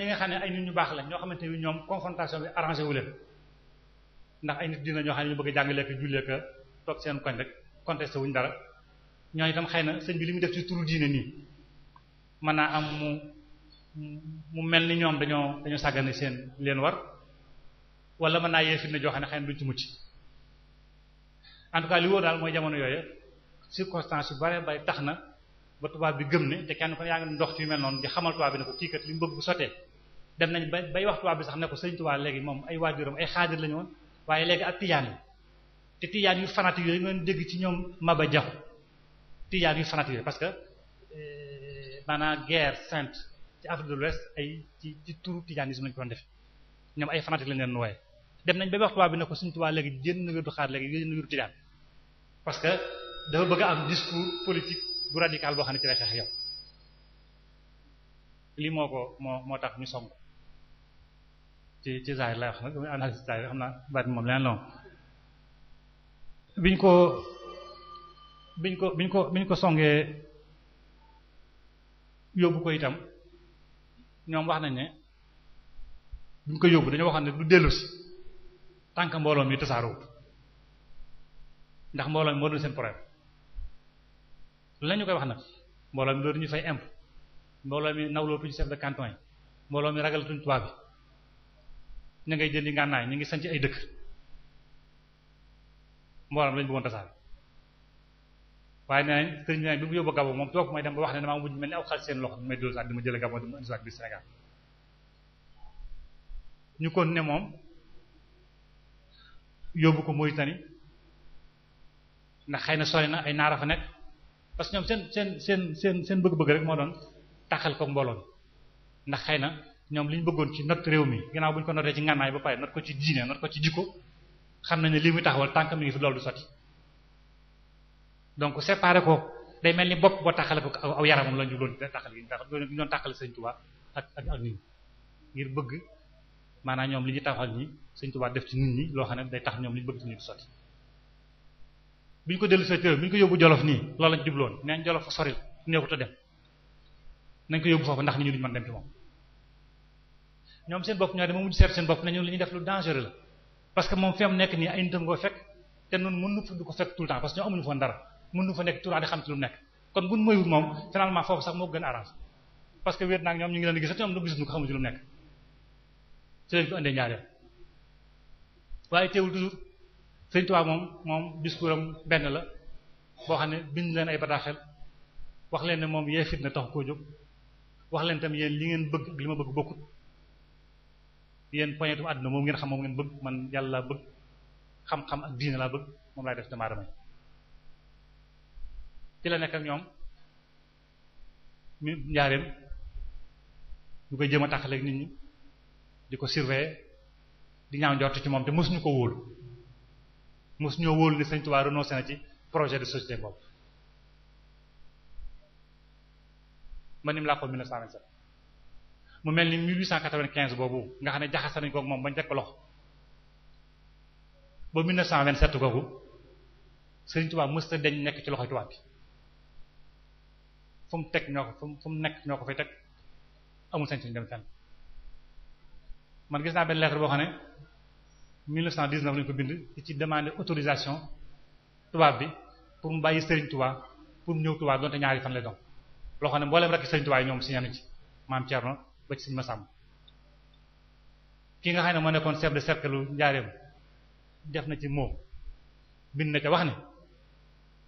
B: ñi nga xam ne ay nit ñu baax lañ ñoo xamante ni ñoom confrontation bi arrangé wu leen ndax ay nit dina ñoo xam ne ñu bëgg a jàngale ko jullee toog seen koñ rek contesté wuñ dara ñooñu tam xëy na sëñ bi li mu def ci turu diine nii mën naa am mu mu mel ni ñoom dañoo dañoo sàggane seen leen war walla man naa yee fitna joo ne xëy na duñ ci mucc en tout li wóor daal mooy jamono yooyu circonstance yu bare bare tax na ba tubaab bi gëm ne te kenn ko yaa ngi ndox ci mel noonu di xamal tubaab bi ne ko kii li mu bu sotee dem nañ bay wax tubaab bi sax ne ko sëñ tubaab léegi moom ay waajuram ay xaadir lañu waaye léegi ak tijaan te tijaan yu fanatique yooyu ngeen dégg ci ñoom Maba Jaxu tijaan yu fanatique yooyu parce que euh, maanaam guerre sainte ci Afrique de l'Ouest ay ci ci turu tijanisme lañu ko doon def ñoom ay fanatique la leen wooye dem nañ ba wax tubaab bi ne ko suñu tubaab léegi jënd na wirdu xaar léegi jënd na wirdu tijaan parce que dafa bëgg a am discours politique bu radical boo xam ne ci lay xeex lii moo moo tax ñu song ci ci zaahir lay wax xam naa baat moom leneen la biñ ko biñ ko biñ ko biñ ko songee yóbbu ko itam ñoom wax nañ ne buñ ko yóbbu dañoo waxoon ne du dellu si tànk mbooloo mi tasaaroo ndax mbooloo mi moo doon seen problème lan koy wax nag mbooloo mi dootuñu fay imp mbooloo mi nawlootuñu chef de canton yi mbooloo mi ragalatuñu tubaab bi ña ngay jëndi ngànnaay ñu ngi sanc ay dëkk. mboolam lañ bëggoon tasaare waaye nee nañ sëriñ bi nee bi mu yóbbu Gabon moom toog may dem ba wax ne damaa mujj mel ni aw xal seen loxo may dóor saat dama jële Gabon dama indi saat bi Sénégal ñu ko ne moom yóbbu ko Mauritanie ndax xëy na sori na ay naara fa nekk parce que ñoom seen seen seen seen seen bëgg-bëgg rek moo doon taxal ko mbooloon ndax xëy na ñoom li ñu bëggoon ci not réew mi ginnaaw bu ñu ko notee ci ngànnaay ba pare not ko ci diine not ko ci jikko xam nañ ne lii muy taxawal tànk mi ngi fi loolu du sotti donc séparé ko day mel ni bopp boo taxale ko aw yaramam la ñu doon taxal gi ñu doon taxal Sëriñ Tuubaa ak ak ak nit ngir bëgg maanaam ñoom li ñu taxal ñi Sëriñ Tuubaa def ci nit ñi loo xam ne day tax ñoom li ñu bëgg ci ñu sotti bi ñu ko dellu sottiwul bi ñu ko yóbbu Jolof nii loolu lañ jubloon neen Jolof fa soril neexut a dem nañ ko yóbbu foofu ndax ni ñu duñ man dem ci moom ñoom seen bopp ñoo dem ba mujj seet seen bopp nañu li ñuy def la parce que moom fi am nekk nii ay nitam ngoo fekk te noonu mënuñu fa du ko fekk tout le temps parce que ñoo amuñu fa dara mënuñu fa nekk tout di xam ci lu nekk kon buñ moyul moom finalement foofu sax moo gën arrange parce que wéet naag ñoom ñu ngi leen di gis te ñoom lu ko xamuñu lu nekk ci leen ko indee ñaareel waaye teewul toujours Sëriñ moom moom discours benn la boo xam ne bind leen ay bataaxel wax leen ne moom yee fitna tax koo jóg wax leen tam yéen li ngeen ma bëgg bokkut yéen poñetum àdduna moom ngeen xam moom ngeen bëgg man yàlla laa bëgg xam-xam ak diine laa bëgg moom laay def dama damay ci la nekk ñoom mi njaareem ñu koy jëm a tàqaleeg nit ñi di ko surveiller di ñaaw jot ci moom te mësuñu ko wóolu mësuñoo wóolu ni Sëriñ Tuubaa renoncé na ci projet de société boobu man nim laa ko 1927 mu mel ni 1895 boobu nga xam ne jaxase nañ koog moom bañ teg ko loxo ba 1927 googu Sëriñ Tuubaa mësta deñ nekk ci loxoy tubaab bi fu mu teg ñoo ko fu mu nekk ñoo ko fay teg amul sañ sañ dem fenn man gis naa benn lettre boo xam ne 1919 lañ ko bind di ci demande autorisation tubaab bi pour mu bàyyi Sëriñ Tuubaa pour mu ñëw Tuubaa donte ñaari fan lay loo xam ne mboolem rek Sëriñ ñoom si ci maam ba ci sëñ Masamba ki nga xam ne moo nekkoon chef de cercle njaareem def na ci moo bind na ca wax ne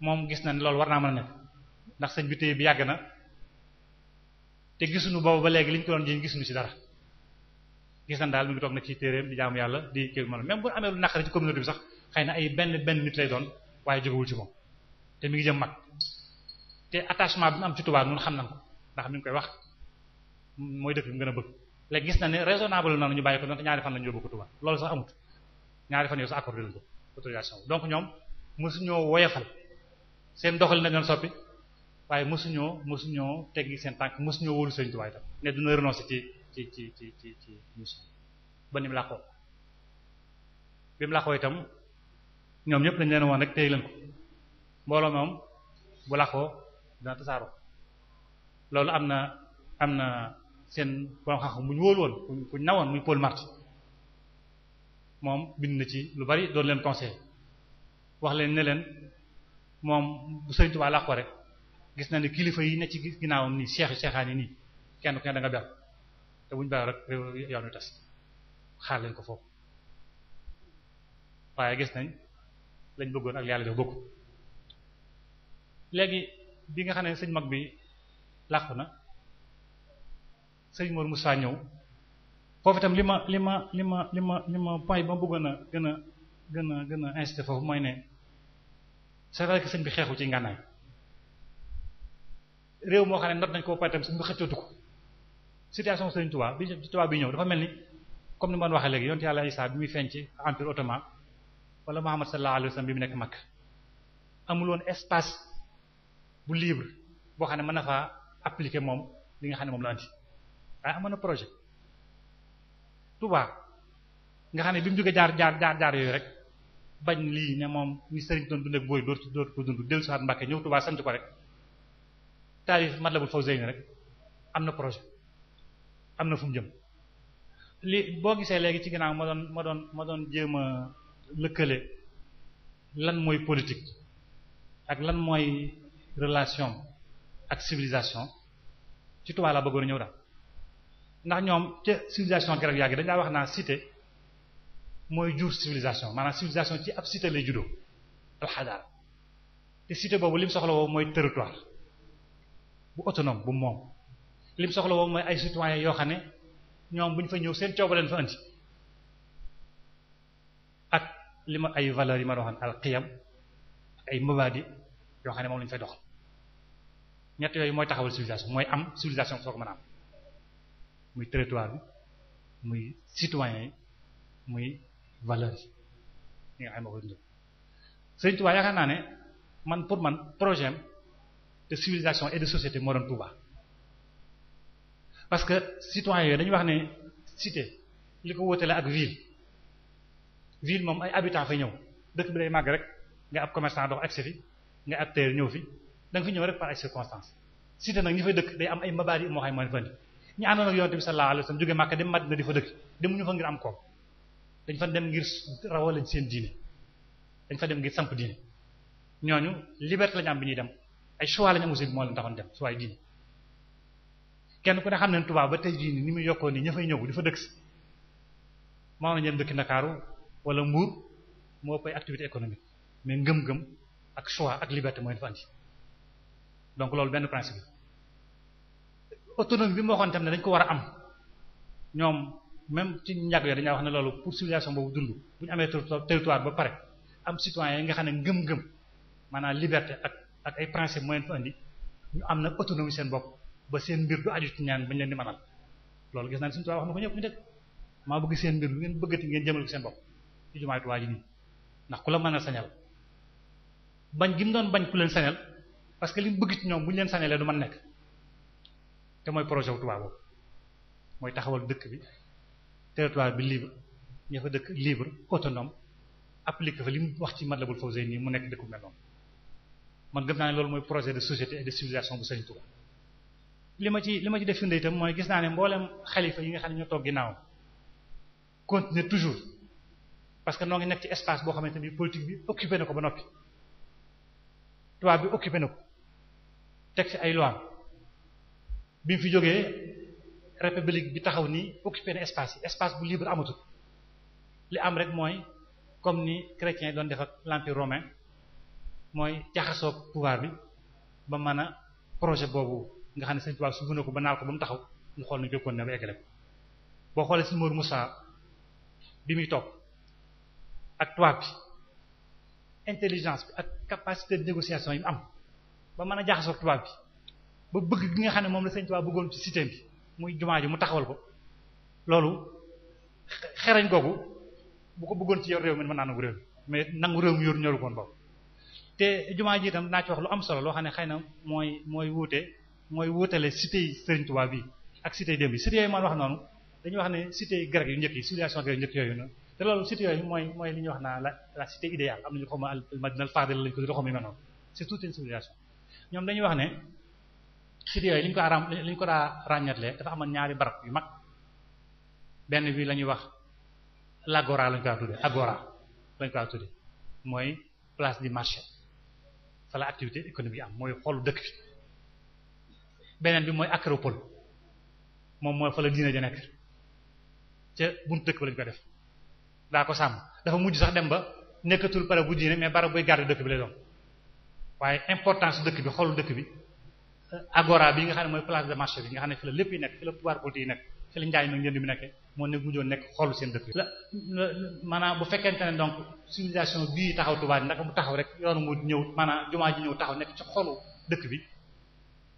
B: moom gis na loolu war naa mën a nekk ndax sëñ bi tey bi yàgg na te gisuñu boobu ba léegi liñ ko doon jiñ gisuñu ci dara gis nañ daal mu ngi toog na ci téeréem di jaamu yàlla di kii mën même bu amee lu naqari ci communauté bi sax xëy na ay benn benn nit lay doon waaye jógewul ci moom te mi ngi jëm mag te attachement bi mu am ci Touba ñun xam ko mooy dëkk bi mu bëgg léegi gis na ni raisonnable na ñu bàyyi ko donte ñaari fan la ñu yóbbu ko Touba loolu sax amut ñaari fan yow sax accordé lañ ko autorisation donc ñoom mosuñoo woyafal seen doxal nañ doon soppi waaye mosuñoo mosuñoo teggi seen tànk mosuñoo wóolu Sëriñ Touba itam ne dina renoncer ci ci ci ci ci ci mission ba ni mu làqoo bi mu làqoo itam ñoom ñëpp dañ leen woon rek téye leen ko mbooloo moom bu làqoo dina tasaaroo loolu am na am na seen borom xam-xam ñu wóolu woon ku ñu nawoon muy Paul Marty moom bind na ci lu bari doon leen conseil wax leen ne leen moom bu Sëriñ Tuubaa làq rek gis na ne kilifa yi ne ci ginnaawam nii seexi seexaan yi nii kenn ku ne da nga ber te bu ñu beroo rek réew yoon wi tas xaar leen ko foofu waaye gis nañ lañ bëggoon ak yàlla jox bokku léegi bi nga xam ne sëñ mag bi làqu na sëñ mu saa ñëw foofu itam li ma li ma li ma li ma li ma point ba ma bëggoon a gën a gën a gën a incité foofu mooy ne c'est vrai bi xeexu ci ngànnaay réew moo xam ne not nañ koo pare tam sëñ bi xëccootu ko situation sëñ Touba bi Touba bi ñëw dafa mel ni comme ni ma waxee léegi yonent Yàlla Isaa bi muy feeñ ci empire ottoman wala Muhammad sallallahu alayhi wa sallam bi mu nekk Makka amul espace bu libre boo xam ne mën na faa appliquer moom li nga xam ne moom la andi waaye ah, amoon na projet Touba nga xam ne bi mu jógee jaar jaar jaar jaar yooyu rek bañ lii ne moom ni sëriñ doon dund booy dootu dootu ko dund dellu siwaat Mbàkke ñëw Touba sant ko rek taarif Matlabul Fawzayni rek am na projet am na fu mu jëm li boo gisee léegi ci ginnaaw ma doon ma doon ma doon jéem a lëkkale lan mooy politique ak lan mooy relation ak civilisation ci Touba laa bëggoon ñëw daal ndax ñoom ca civilisation grecque yàgg dañ laa wax naa cité mooy jur civilisation maanaam civilisation ci ab cité lay juddoo alxadaar te cité boobu lim soxla woo mooy territoire bu autonome bu moom lim soxla woo mooy ay citoyen yoo xam ne ñoom buñ fa ñëw seen cooba leen fa andi ak li ma ay valeurs yi ma doon waxoon alqiyam ay mabadi yoo xam ne moom lañ fay doxal ñett yooyu mooy taxawal civilisation mooy am civilisation soo ko mën a am muy territoire bi muy citoyens yi muy valeur yi nga xam ne naa ne man pour man projet de civilisation et de société moo doon Touba parce que citoyens yooyu dañuy wax ne cité li ko wóotale ak ville ville moom ay habitants fay ñëw dëkk bi day màgg rek nga am commerçant dox accès fi nga ab terre ñëw fi da nga fi ñëw rek par ay circonstances cité nag ñi fay dëkk day am ay mabaadi moo xam ne moo ñu àndoon ak yonent bi sallallahu alayhi wasallam jóge Makka dem Madina di fa dëkk demuñu fa ngir am koom dañ fa dem ngir rawale seen diine dañ fa dem ngir samp diine ñooñu liberté lañu am bi ñuy dem ay choix lañu am aussi moo leen taxoon dem choix yi diine kenn ku ne xam ne tubaab ba tey jii ni muy yokkoo nii ña fay ñëw di fa dëkk si moo na ñeen dëkki Ndakaaru wala Mbuur moo koy activité économique mais ngëm-ngëm ak choix ak liberté mooy dafa loolu benn principe autonomie bi mu waxoon tam ne dañ ko war a am ñoom même ci njàgg yo dañaa wax ne loolu pour civilisation boobu dund bu ñu amee territoire ba pare am citoyen yi nga xam ne ngëm-ngëm maanaam liberté ak ak ay principe moyen fa indi ñu am na autonomie seen bopp ba seen mbir du aju ci ñaan bañ leen di manal loolu gis naa ne suñu tubaab wax na ko ñëpp ñu dégg maa bëgg seen mbir bu ngeen bëggati ngeen jëmal ko seen bopp ci jumaay tubaab ji nii ndax ku la mën a sañal bañ gi mu doon bañ ku leen sañal parce que li mu bëgg ci ñoom bu ñu leen sañalee du mën nekk te mooy projet wu Touba mooy taxawal dëkk bi territoire bi libre ña fa dëkk libre autonome appliqué fa li mu wax ci Matlabul Fawzayni mu nekk dëkku mel noonu man gëm naa ne loolu mooy projet de société et de civilisation bu Serigne Touba li ma ci li ma ci def firnde itam mooy gis naa ne mboolem xalifa yi nga xam ne ñoo toog ginnaaw continuer toujours parce que noo ngi nekk ci espace boo xamante ni politique bi occupé na ko ba noppi tubaab bi occupé na ko teg ci ay lois bi mu fi jógee république bi taxaw ni occupé na espace espace bu libre amatul li am rek mooy comme ni chrétien yi doon def ak l'empire romain mooy jaxasoo pouvoir bi ba mën a projet boobu nga xam ne Sëriñ Tuubaa subu na ko ba naal ko ba mu taxaw ñu xool nañu ko kon ne ba eggale boo xoolee si Mor Moussa bi muy topp ak tubaab bi intelligence bi ak capacité de négociation yi mu am ba mën a jaxasoo tubaab bi ba bëgg gi nga xam ne moom la Sëriñ Tuubaa bëggoon ci cité bi muy jumaa ji mu taxawal ko loolu xereñ googu bu ko bëggoon ci yor réew mi ma naa nangu réew mais nangu réew mi yor ñoru koon boobu te jumaa ji tam naa ci wax lu am solo loo xam ne xëy na mooy mooy wuute mooy wuutale cité yi Sëriñ bi ak cité yi démb yi cité yooyu man wax noonu dañuy wax ne cité yi yu njëkk yi civilisation grec yu njëkk yooyu na te loolu cité yooyu mooy mooy li ñuy wax naa la la cité am nañu xaw ma ko di ma mel noonu c'est toute une civilisation ñoom dañuy wax ne site yooyu li ñu ko daa ràññatlee dafa amoon ñaari barab yu mag benn bi la ñuy wax l'agora la ñu ko tudde agora mooy place du marché fa la activité économique am mooy xolu dëkk bi beneen bi mooy acropole moom mooy fa la diine ja nekk ca buntu dëkk ba la ñu def daa ko sàmm dafa mujj sax dem ba nekkatul barab bu diine mais barab buy garder dëkk bi lay doon waaye importance dëkk bi xool dëkk bi agora bi nga xam ne mooy place de marché bi nga xam ne fi la lépp yi nekk fi la pouvoir politique yi nekk fi la njaay ma njënd mi nekke moo ne nekk xoolu seen dëkk maanaam bu fekkente ne donc civilisation bii taxaw Touba ndaka mu taxaw rek yoonu mu ñëw maanaam jumaa ji ñëw taxaw nekk dëkk bi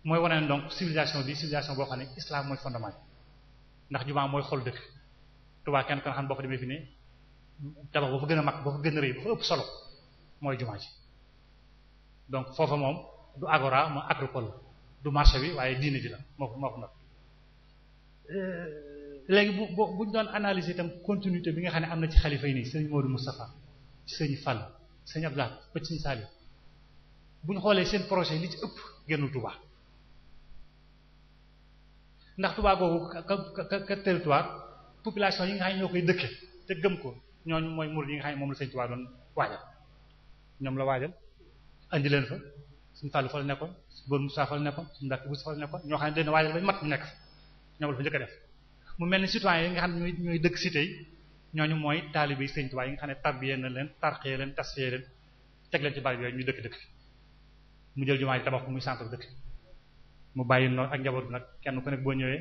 B: mooy wane donc civilisation bi civilisation boo xam ne islam mooy fondement bi ndax jumaa mooy xolu dëkk Touba kenn ko xam boo fa demee fi ne tabax boo fa gën a mag boo fa gën a rëy boo fa ëpp solo mooy jumaa ji donc foofa moom du agora mooy agropole du marché bi waaye diine ji la moo moo ko nag euh, léegi bu buñ doon analyser itam continuité bi nga xam ne am na ci xalifa yi nii sëñ Modou Moustapha ci sëñ Fall sëñ Abdou Lahad ba bu ñu xoolee seen projet li ci ëpp génnul Touba ndax Touba googu ka ka territoire population yi nga xam ñoo koy dëkke te gëm ko ñooñu mooy murid yi nga xam ne moom la sëñ Touba doon waajal ñoom la waajal andi leen fa suñu Fallou fa la nekkoon suñu Bon Moussa fa la nekkoon suñu Mbacke fa la nekkoon ñoo xam ne dañu waajal ba mat nekk ñoom la fa njëkk def mu mel ni citoyen yi nga xam ne ñooy dëkk cité yi ñooñu mooy taalibe yi Sëriñ Tuubaa nga xam ne tarbiyee na leen tarxee leen tasfiyee leen teg leen ci barab yooyu ñu dëkk dëkk mu jël jumaa ji tabax ko muy centre dëkk mu bàyyi noonu ak njaboot nag kenn ku nekk boo ñëwee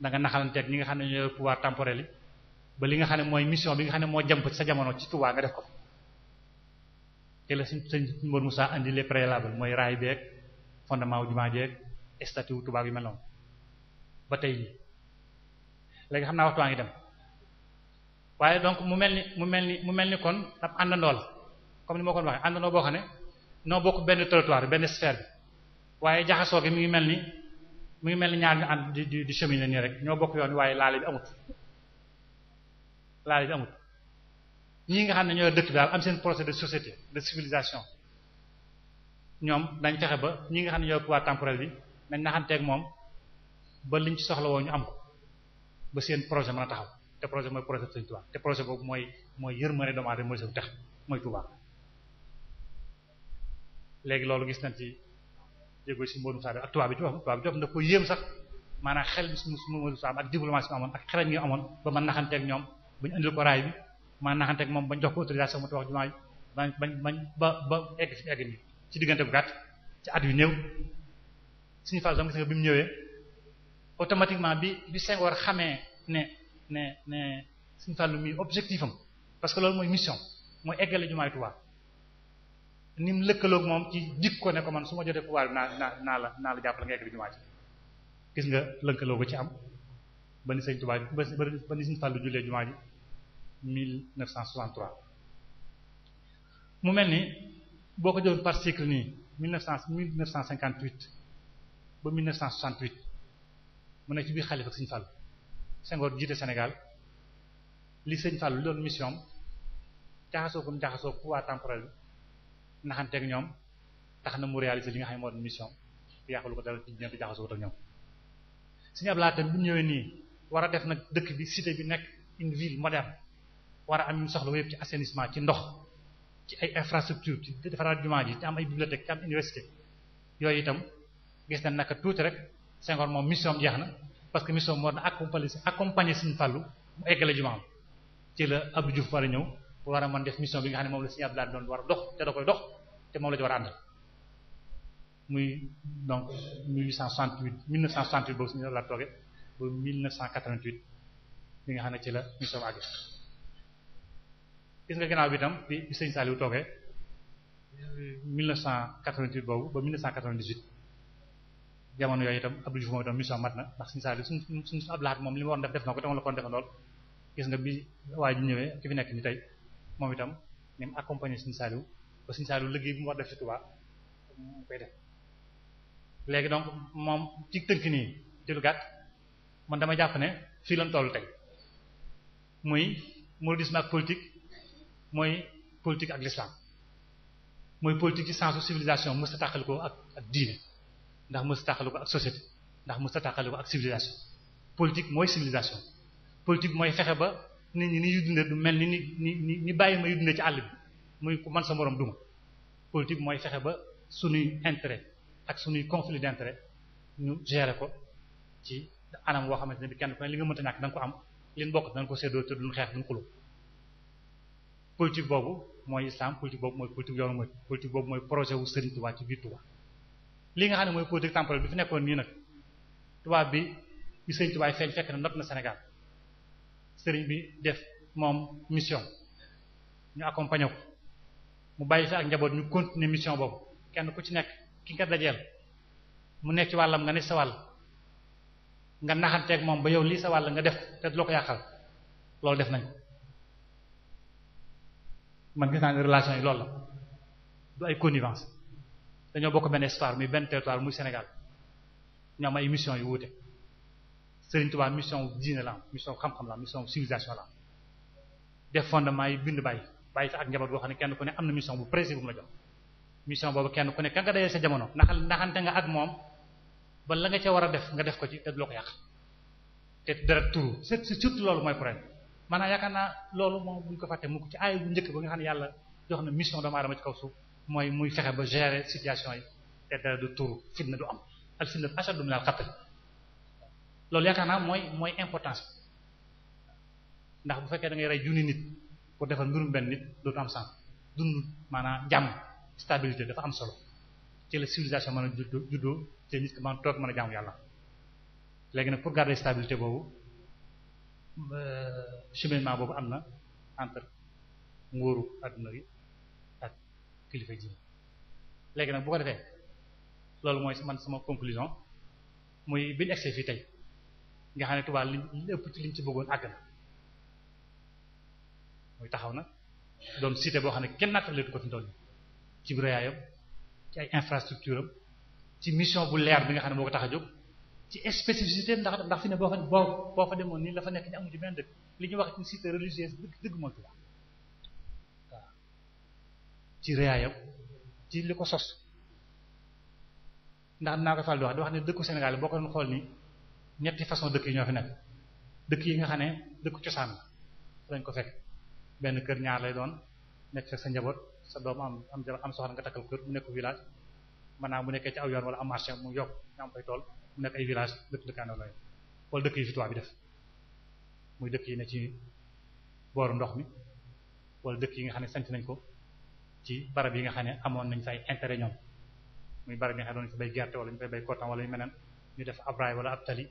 B: da nga naxalanteeg ñi nga xam ne ñooy pouvoir temporel yi ba li nga xam ne mooy mission bi nga xam ne moo jëm ci sa jamono ci Tuubaa nga def ko te la suñ sëñ Mor Moussa andi les préalables mooy raay beeg fondement wu jumaa jeeg statut tubaab yi mel noonu ba tey jii léegi xam naa waxtu waa ngi dem waaye donc mu mel ni mu mel ni mu mel ni kon ab àndandoo la comme ni ma ko waxee àndandoo boo xam ne noo bokk benn territoire benn sphère bi waaye jaxasoo gi mi ngi mel ni mi ngi mel ni ñaar ñu ànd di di di nii rek ñoo bokk yoon waaye laale bi amut laale bi amut. ñii nga xam ne ñoo dëkk daal am seen projet de société de civilisation ñoom dañ fexe ba ñi nga xam ne ñoo pouvoir temporel bi nañ naxanteeg moom ba liñ ci soxla woo ñu am ko ba seen projet mën a taxaw te projet mooy projet Sëriñ Tuubaa te projet boobu mooy mooy yërmande doomu aadama mooy sa tax mooy Tuubaa loolu gis nañ ci jéego si Mbodou Moussa ak bi ci boppam Tuubaa bi ci boppam daf ko yéem sax maanaam xel bi suñu suñu Mbodou Moussa ak développement bi amoon ak xel ñu amoon ba mën naxanteeg ñoom ba ñu andil ko raay bi maa naxanteeg moom bañ jox ko autorisation mu tabax jumaa bañ bañ ba ba egg fi egg ni ci diggante bu gàtt ci at yu néew suñu fal bi mu ñëwee automatiquement bi bi Senghor xamee ne ne ne objectif am parce que loolu mooy mission mooy eggale jumaay Tuubaa ni mu lëkkaloog moom ci jikko ne ko man su ma jotee naa naa la naa la jàppale nga gis nga lëkkaloo ko ci am ba ni sëñ Tuubaa ba ni suñu fàllu jullee jumaa ji 1963 mu mel ni boo ko jëloon par cycle nii 1958 ba 1968 mu nekk ci biir xalifa ak Sëñ Fallu Senghor jiite Sénégal li Sëñ Fallu li doon mission jaxasoo ko jaxasoo pouvoir temporel bi naxanteeg ñoom tax na mu réaliser li nga xam ne moo doon mission bi ko dara ci ñëpp jaxasoo ko ak ñoom Sëñ Abdou Lahad bu ñëwee nii war def nag dëkk bi cité bi nekk une ville moderne war a am ñu soxla yëpp ci assainissement ci ndox ci ay infrastructure ci defaraat jumaa ji ci am ay bibliothèque ci am université yooyu itam gis na naka tuuti rek Senghor moom mission jeex na parce que mission war na accompagner accompagner Serigne Fallou ci la Abdou Diouf war a ñëw pour war a mën def mission bi nga xam ne moom la Serigne Abdoulaye doon war a dox te da donc dox te moom la ci war a àndal muy donc 1868 1968 boobu Serigne Abdoulaye tooge ba nga xam ne ci la mission àgg gis nga gannaaw bi itam bi bi sëñ Saliou toogee 1988 boobu ba 1998 jamono yooyu itam Abdou Diouf moom itam mission mat na ndax sëñ Saliou suñ suñ suñ Abdou Lahad moom li mu waroon def def na bi waa ji ñëwee ki fi nekk moom itam ni mu accompagné sëñ Saliou ba sëñ Saliou liggéey bi mu war def léegi donc moom ci tënk nii ci lu gàtt man dama jàpp ne fii lañ toll tey muy mouridisme ak politique mooy politique ak l'islam mooy politique ci sensu civilisation mës a tàqali ko ak ak diine ndax mës a tàqali ak société ndax mës a tàqali ak civilisation politique mooy civilisation politique mooy fexe ba ni ñi ni ñuy dundee du mel ni ni ni ni bàyyi ma yu dundee ci àll bi muy ku man sa moroom duma politique mooy fexe ba suñuy intérêt ak suñuy conflit d'intérêt ñu gérer ko ci anam woo xamante ne bi kenn ku ne li nga mënta ñàkk da ko am li bokk da nga ko séddoo te duñ xeex duñ politique boobu mooy islam politique boobu mooy politique yoonu mooy politique boobu mooy projet wu Serigne Touba ci biir Touba li nga xam ne mooy politique temporelle bi fi nekkoon nii nag tubaab bi bi Serigne Touba feeñ fekk na not na Sénégal Serigne bi def moom mission ñu accompagner ko mu bàyyi fi ak njaboot ñu continuer mission boobu kenn ku ci nekk ki nga dajeel mu nekk ci wàllam nga ne sa wàll nga naxanteeg moom ba yow lii sa wàll nga def te du la ko yàqal loolu def nañ ko man gis naa ne relation yi loolu la du ay connivence dañoo bokk benn histoire muy benn territoire muy Sénégal ñoom ay mission yu wuute Serigne Touba mission diine la am mission xam-xam la am mission civilisation la yi bind bàyyi bàyyi fi ak njaboot boo xam ne kenn ku ne am na mission bu précis bu mu la jox mission boobu kenn ku ne ka nga sa jamono naxa naxante nga ak moom ba la nga ca war a def nga def ko ci te du la ko yàq te dara turu c'est surtout loolu mooy problème maanaam yaakaar naa loolu moom buñ ko fàtte mukk ci aay bu njëkk ba nga xam ne yàlla jox na mission doomu aadama ci kaw suuf mooy muy fexe ba gérer situation yi te dara du turu fitna du am al fitna ashaddu min al qatl loolu yaakaar naa mooy mooy importance ndax bu fekkee da ngay rey junni nit pour defal mbirum benn nit dootu am sens dund maanaam jàmm stabilité dafa am solo ci la civilisation mën a juddoo juddoo te nit ki mën toog mën a jàmm yàlla boobu cheminement boobu am na entre nguuru adduna bi ak kilifa ji léegi nag bu ko defee loolu mooy man sama conclusion mooy bi ñu egsee tey nga xam ne Tuubaa li ëpp ci liñ ci bëggoon àgg na muy taxaw na doon cité boo xam ne kenn nattaleetu ko fi doon ci biir yaayam ci ay infrastructure ci mission bu leer bi nga xam ne moo ko tax a jóg ci spécificité ndax ndax fi ne boo fa boo boo fa demoon nii la fa nekk ñu amu ci benn dëkk li ñuy wax ci cité religieuse dëgg dëgg mooy Tuubaa ci réyaayam ci li ko sos ndax naa ko fal di wax di wax ne dëkku Sénégal boo ko doon xool nii ñetti façon dëkk yi ñoo fi nekk dëkk yi nga xam ne dëkku cosaan la dañ ko fekk benn kër ñaar lay doon nekk fekk sa njaboot sa doom am am jabar am soxna nga takkal kër mu nekk village maanaam mu nekkee ci aw yoon wala am marché mu yokk ñu am fay tool nekk ay village dëkk dëkkaandaw la wala dëkk yi bi def muy dëkk yi ne ci booru ndox mi wala dëkk yi nga xam ne sant nañ ko ci barab yi nga xam ne amoon nañ fa ay intérêt ñoom muy barab yi nga xam ne doon ñu fa gerte wala ñu fay bay coton wala ñu def ab raay wala ab tali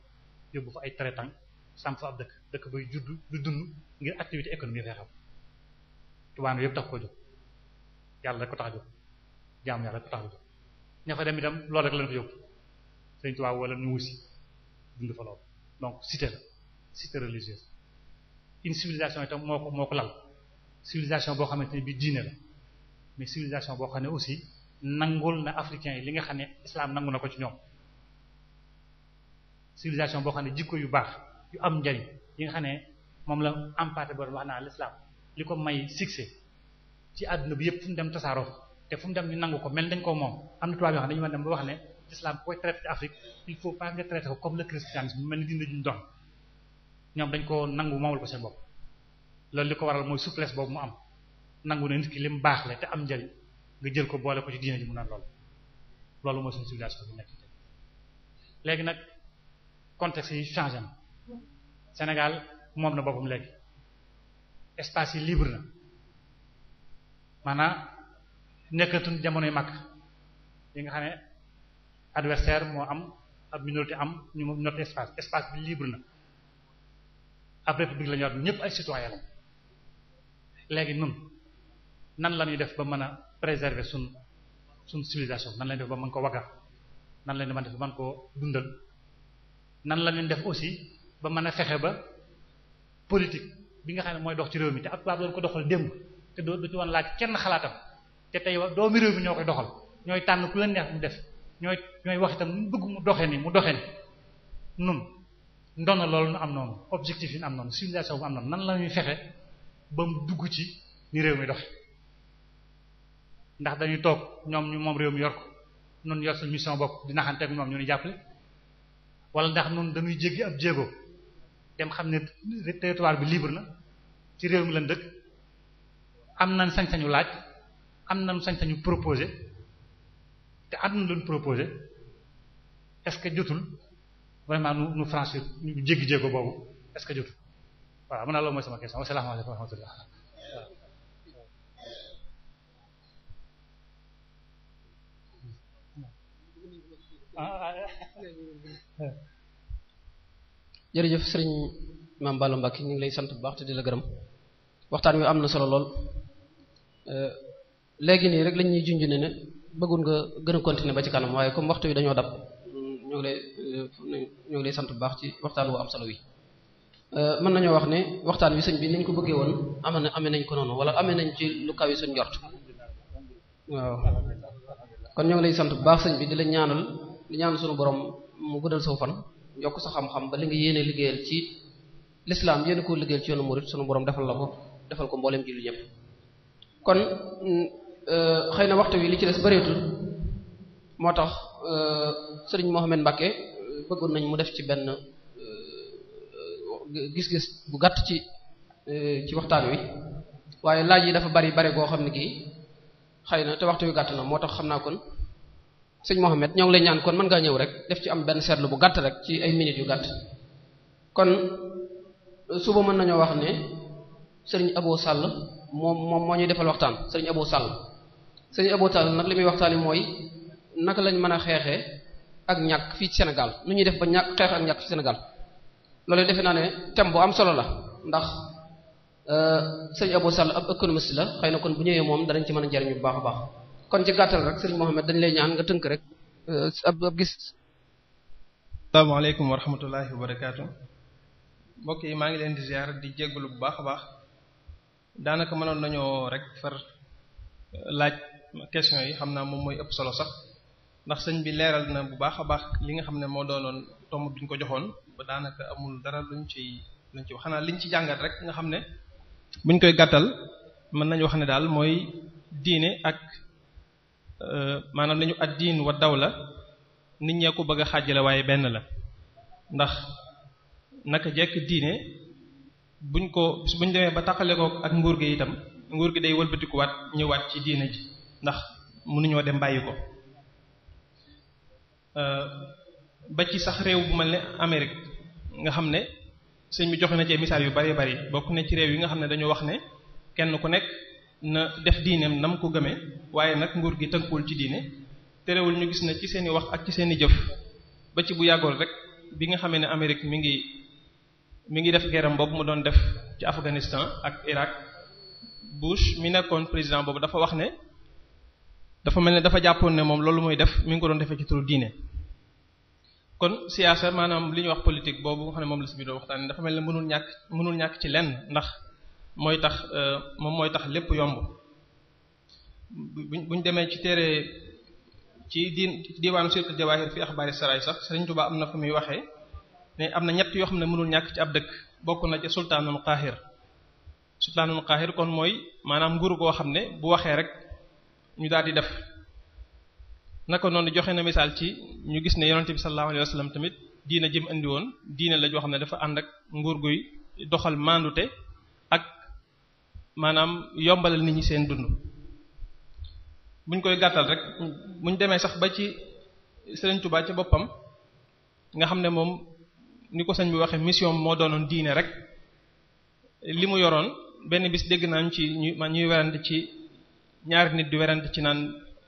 B: yóbbu fa ay traitant samp fa ab dëkk dëkk buy judd du dund ngir activité économique fay xam tubaab tax ko jóg yàlla rek ko tax a jóg jaamu yàlla rek ko tax a jóg ña fa dem itam loolu rek lañ ko yóbbu sëñ Tuubaa walla ñu wusi dund fa loolu donc cité la cité religieuse une civilisation itam moo ko moo ko lal civilisation boo xamante ne bi diine la mais civilisation boo xam ne aussi nangul na africain yi li nga xam ne islam nangu na ko ci ñoom civilisation boo xam ne jikko yu baax yu am njariñ yi nga xam ne moom la empaté bor wax naa l'islam li ko may succès ci àdduna bi yëpp fu mu dem tasaaroo te fu mu dem ñu nangu ko mel dañ ko moom am na tubaab yoo xam ne dañu wax ne l'islam koy traité Afrique il faut pas nga traité ko comme le christianisme mel ni dina juñ doon ñoom dañ ko nangu moomul ko seen bopp loolu li ko waral mooy souplesse boobu mu am nangu ne nit ki lim baax la te am njëriñ nga jël ko boole ko ci diine ji mu loolu loolu mooy suñu civilisation bi nekk léegi nag contexte yi changé Sénégal moom na boppam léegi espace yi libre na maanaam nekkatuñ jamonoy mag yi nga xam ne adversaire moo am ab minorité am ñu not espace espace bi libre na ab république la ñu war ñëpp ay citoyen la léegi nun nan la ñuy def ba mën a préserver suñ suñ civilisation nan la ñuy def ba mën ko wagga nan la ñuy mën def ba mën ko dundal nan la ñuy def aussi ba mën a fexe ba politique bi nga xam ne mooy dox ci réew mi te ak baab ko doxal démb te doo du ci woon laaj kenn xalaatam te tey doomi réew mi ñoo koy doxal ñooy tànn ku leen neex mu def ñooy ñooy wax itam lu ñu mu doxe ni mu doxe ni nun na loolu nu am noonu objectif yi nu am noonu civilisation bu am noonu nan la ñuy fexe ba mu dugg ci ni réew mi doxe ndax dañuy toog ñoom ñu moom réew mi yor ko nun mission bopp di naxante ak ñoom ni jàppale wala ndax nun dañuy jéggi ab jéego dem xam ne territoire bi libre na ci réew mi lañ dëkk am na sañ-sañu laaj am na sañ-sañu proposé te àdduna doon proposé est-ce que jotul vraiment nu nu franchir ñu jéggi jéego boobu est-ce que jotul waaw mën naa loolu mooy sama question wasalaamaaleykum wa rahmatullah
A: jërëjëf ñu ngi lay sant bu baax te di la gërëm waxtaan wi am na solo lool euh, léegi nii rek lañuy junj ne bëggoon nga gën a continuer ba ci kanam waaye comme waxtu wi dañoo dab ñoo ngi lay ñoo ngi lay sant bu baax ci waxtaan woo am solo wi euh, mën nañoo wax ne waxtaan wi sëñ bi niñ ko bëggee woon ama na amee nañ ko noonu wala amee nañ ci lu kaw yi suñ njort waaw kon ñoo ngi lay sant bu baax sëñ bi di la ñaanal di ñaan suñu borom mu guddal saw fan yokk sa xam-xam ba li nga yéene liggéeyal ci l'islam yéene koo liggéeyal ci yoonu murid sunu borom defal la ko defal ko mbooleem ji Euh, xëy na waxtu wi li ci des bëreetul moo tax euh, sëriñ Mohamed Mbacke euh, bëggoon nañ mu def ci benn gis-gis bu gàtt ci ci waxtaan wi waaye laaj yi dafa bari bari goo xam ne kii xëy na te waxtu wi gàtt na moo tax xam naa kon sëñ Mohamed ñoo ngi lay ñaan kon mën ngaa ñëw rek def ci am benn seetlu bu gàtt rek ci ay minutes yu gàtt kon suba mën nañoo wax ne sëriñ Abo sàll moom moom moo ñuy defal waxtaan sëriñ Abo sàll sëñ Abou nag li muy waxtaani mooy naka lañ mën a xeexe ak ñàkk fii ci Sénégal nu ñuy def ba ñàkk xeex ak ñàkk fii Sénégal loolu defe naa ne thème bu am solo la ndax euh, sëñ Abou Sall ab économiste la xëy na kon bu ñëwee moom danañ ci mën a jariñu bu baax a baax kon ci gàttal rek sëñ Mohamed dañ lay ñaan nga tënk rek euh, ab ab gis.
C: asalaamaaleykum wa rahmatullahi wa barakaatu. mbokk yi maa ngi leen di ziar di jégalu bu baax a baax daanaka mënoon nañoo rek far euh, question yi xam naa moom mooy ëpp solo sax ndax sëñ bi leeral na bu baax a baax li nga xam ne moo doonoon tomb bi ñu ko joxoon ba daanaka amul dara luñ ci luñ ci wax xanaa liñ ci jàngat rek nga xam ne buñ koy gàttal mën nañu wax ne daal mooy diine ak euh, maanaam lañu ad diin wa la nit ñee ko bëgg a xaajale waaye benn la ndax naka jekk diine buñ ko buñ demee ba taqalee ko ak nguur gi itam nguur gi day wëlbatikuwaat ñëwaat ci diine ji ndax mënuñoo dem bàyyi ko euh, ba ci sax réew bu mel ne amerique nga xam ne sëñ bi joxe na ci misaal yu bari bari bokk na ci réew yi nga xam ne dañoo wax ne kenn ku nekk na def diineem nam ko gëmee waaye nag nguur gi tënkuwul ci diine terewul ñu gis na ci seeni wax ak ci seeni jëf ba ci bu yàggoon rek bi nga xamee ne amerique mi ngi mu ngi def guerre boobu mu doon def ci Afghanistan ak Irak Bush mi nekkoon président boobu dafa wax ne dafa mel ne dafa jàppoon ne moom loolu muy def mu ngi ko doon defee ci turu diine kon siyaasa maanaam li ñuy wax politique boobu nga xam ne moom la si biir waxtaan dafa mel ne mënul ñàkk mënul ñàkk ci lenn ndax mooy tax euh, moom mooy tax lépp yomb buñ buñ demee ci téere ci diin diwaanu surtout jawaahir fi axbaari saraay sax Sëriñ Tuubaa am na fu muy waxee ne am na ñett yoo xam ne mënul ñàkk ci ab dëkk bokk na ci sultaanul qaahir sultaanul qaahir kon mooy maanaam nguur goo xam ne bu waxee rek ñu daal di def naka noonu joxe na misaal ci ñu gis ne yonente bi sallallahu alayhi wasallam tamit diina jëm indi woon diine la joo xam ne dafa ànd ak nguur guy doxal mandute ak maanaam yombalal nit ñi seen dund buñ koy gàttal rek buñ demee sax ba ci Sëriñ Tuubaa ci boppam nga xam ne moom ni ko sëñ bu waxee mission moo doonoon diine rek li mu yoroon benn bis dégg naa ñu ci ñu ma ñuy werante ci ñaari nit di werante ci naan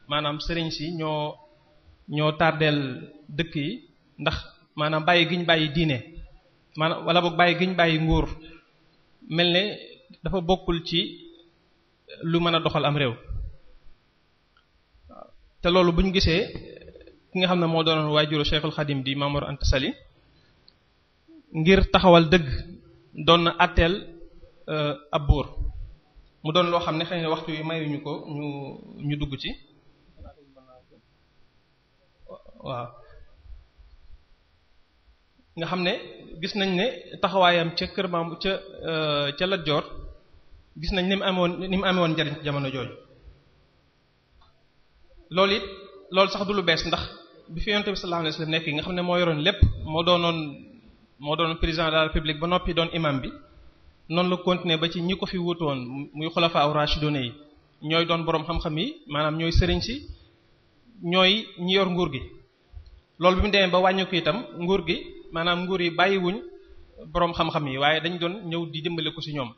C: maanaam sëriñ si ñoo ñoo tardeel dëkk yi ndax maanaam bàyyi giñ bàyyi diine maanaam wala boog bàyyi giñ bàyyi nguur mel ne dafa bokkul ci lu mën a doxal am réew te loolu bu gisee ki nga xam ne moo doon waajuru Cheikhul Khadim di Mamour Anta Sali ngir taxawal dëgg doon na àtteel euh, ab buur mu doon loo xam ne xëy na waxtu yi mayuñu ko ñu dugg ci waaw nga xam ne gis nañ ne taxawaayam ca kër maam ca euh, ca Lat Joor gis nañ ni mu amoon ni mu amoon njariñ ci jamono jooju loolu it loolu sax du lu bees ndax bi fi yonent bi sallallahu alayhi wasallam nekk yi nga xam ne moo yoroon lépp moo doonoon moo doonoon président de la ba noppi doon imam bi noonu la continuer ba ci ñi ko fi wutoon muy xulafaa rashidun yi ñooy doon boroom xam-xam yi maanaam ñooy sëriñ si ñooy ñi yor nguur gi loolu bi mu demee ba wàññi itam nguur gi maanaam nguur yi bàyyiwuñ boroom xam-xam yi waaye dañ doon ñëw di dimbale ko ci ñoom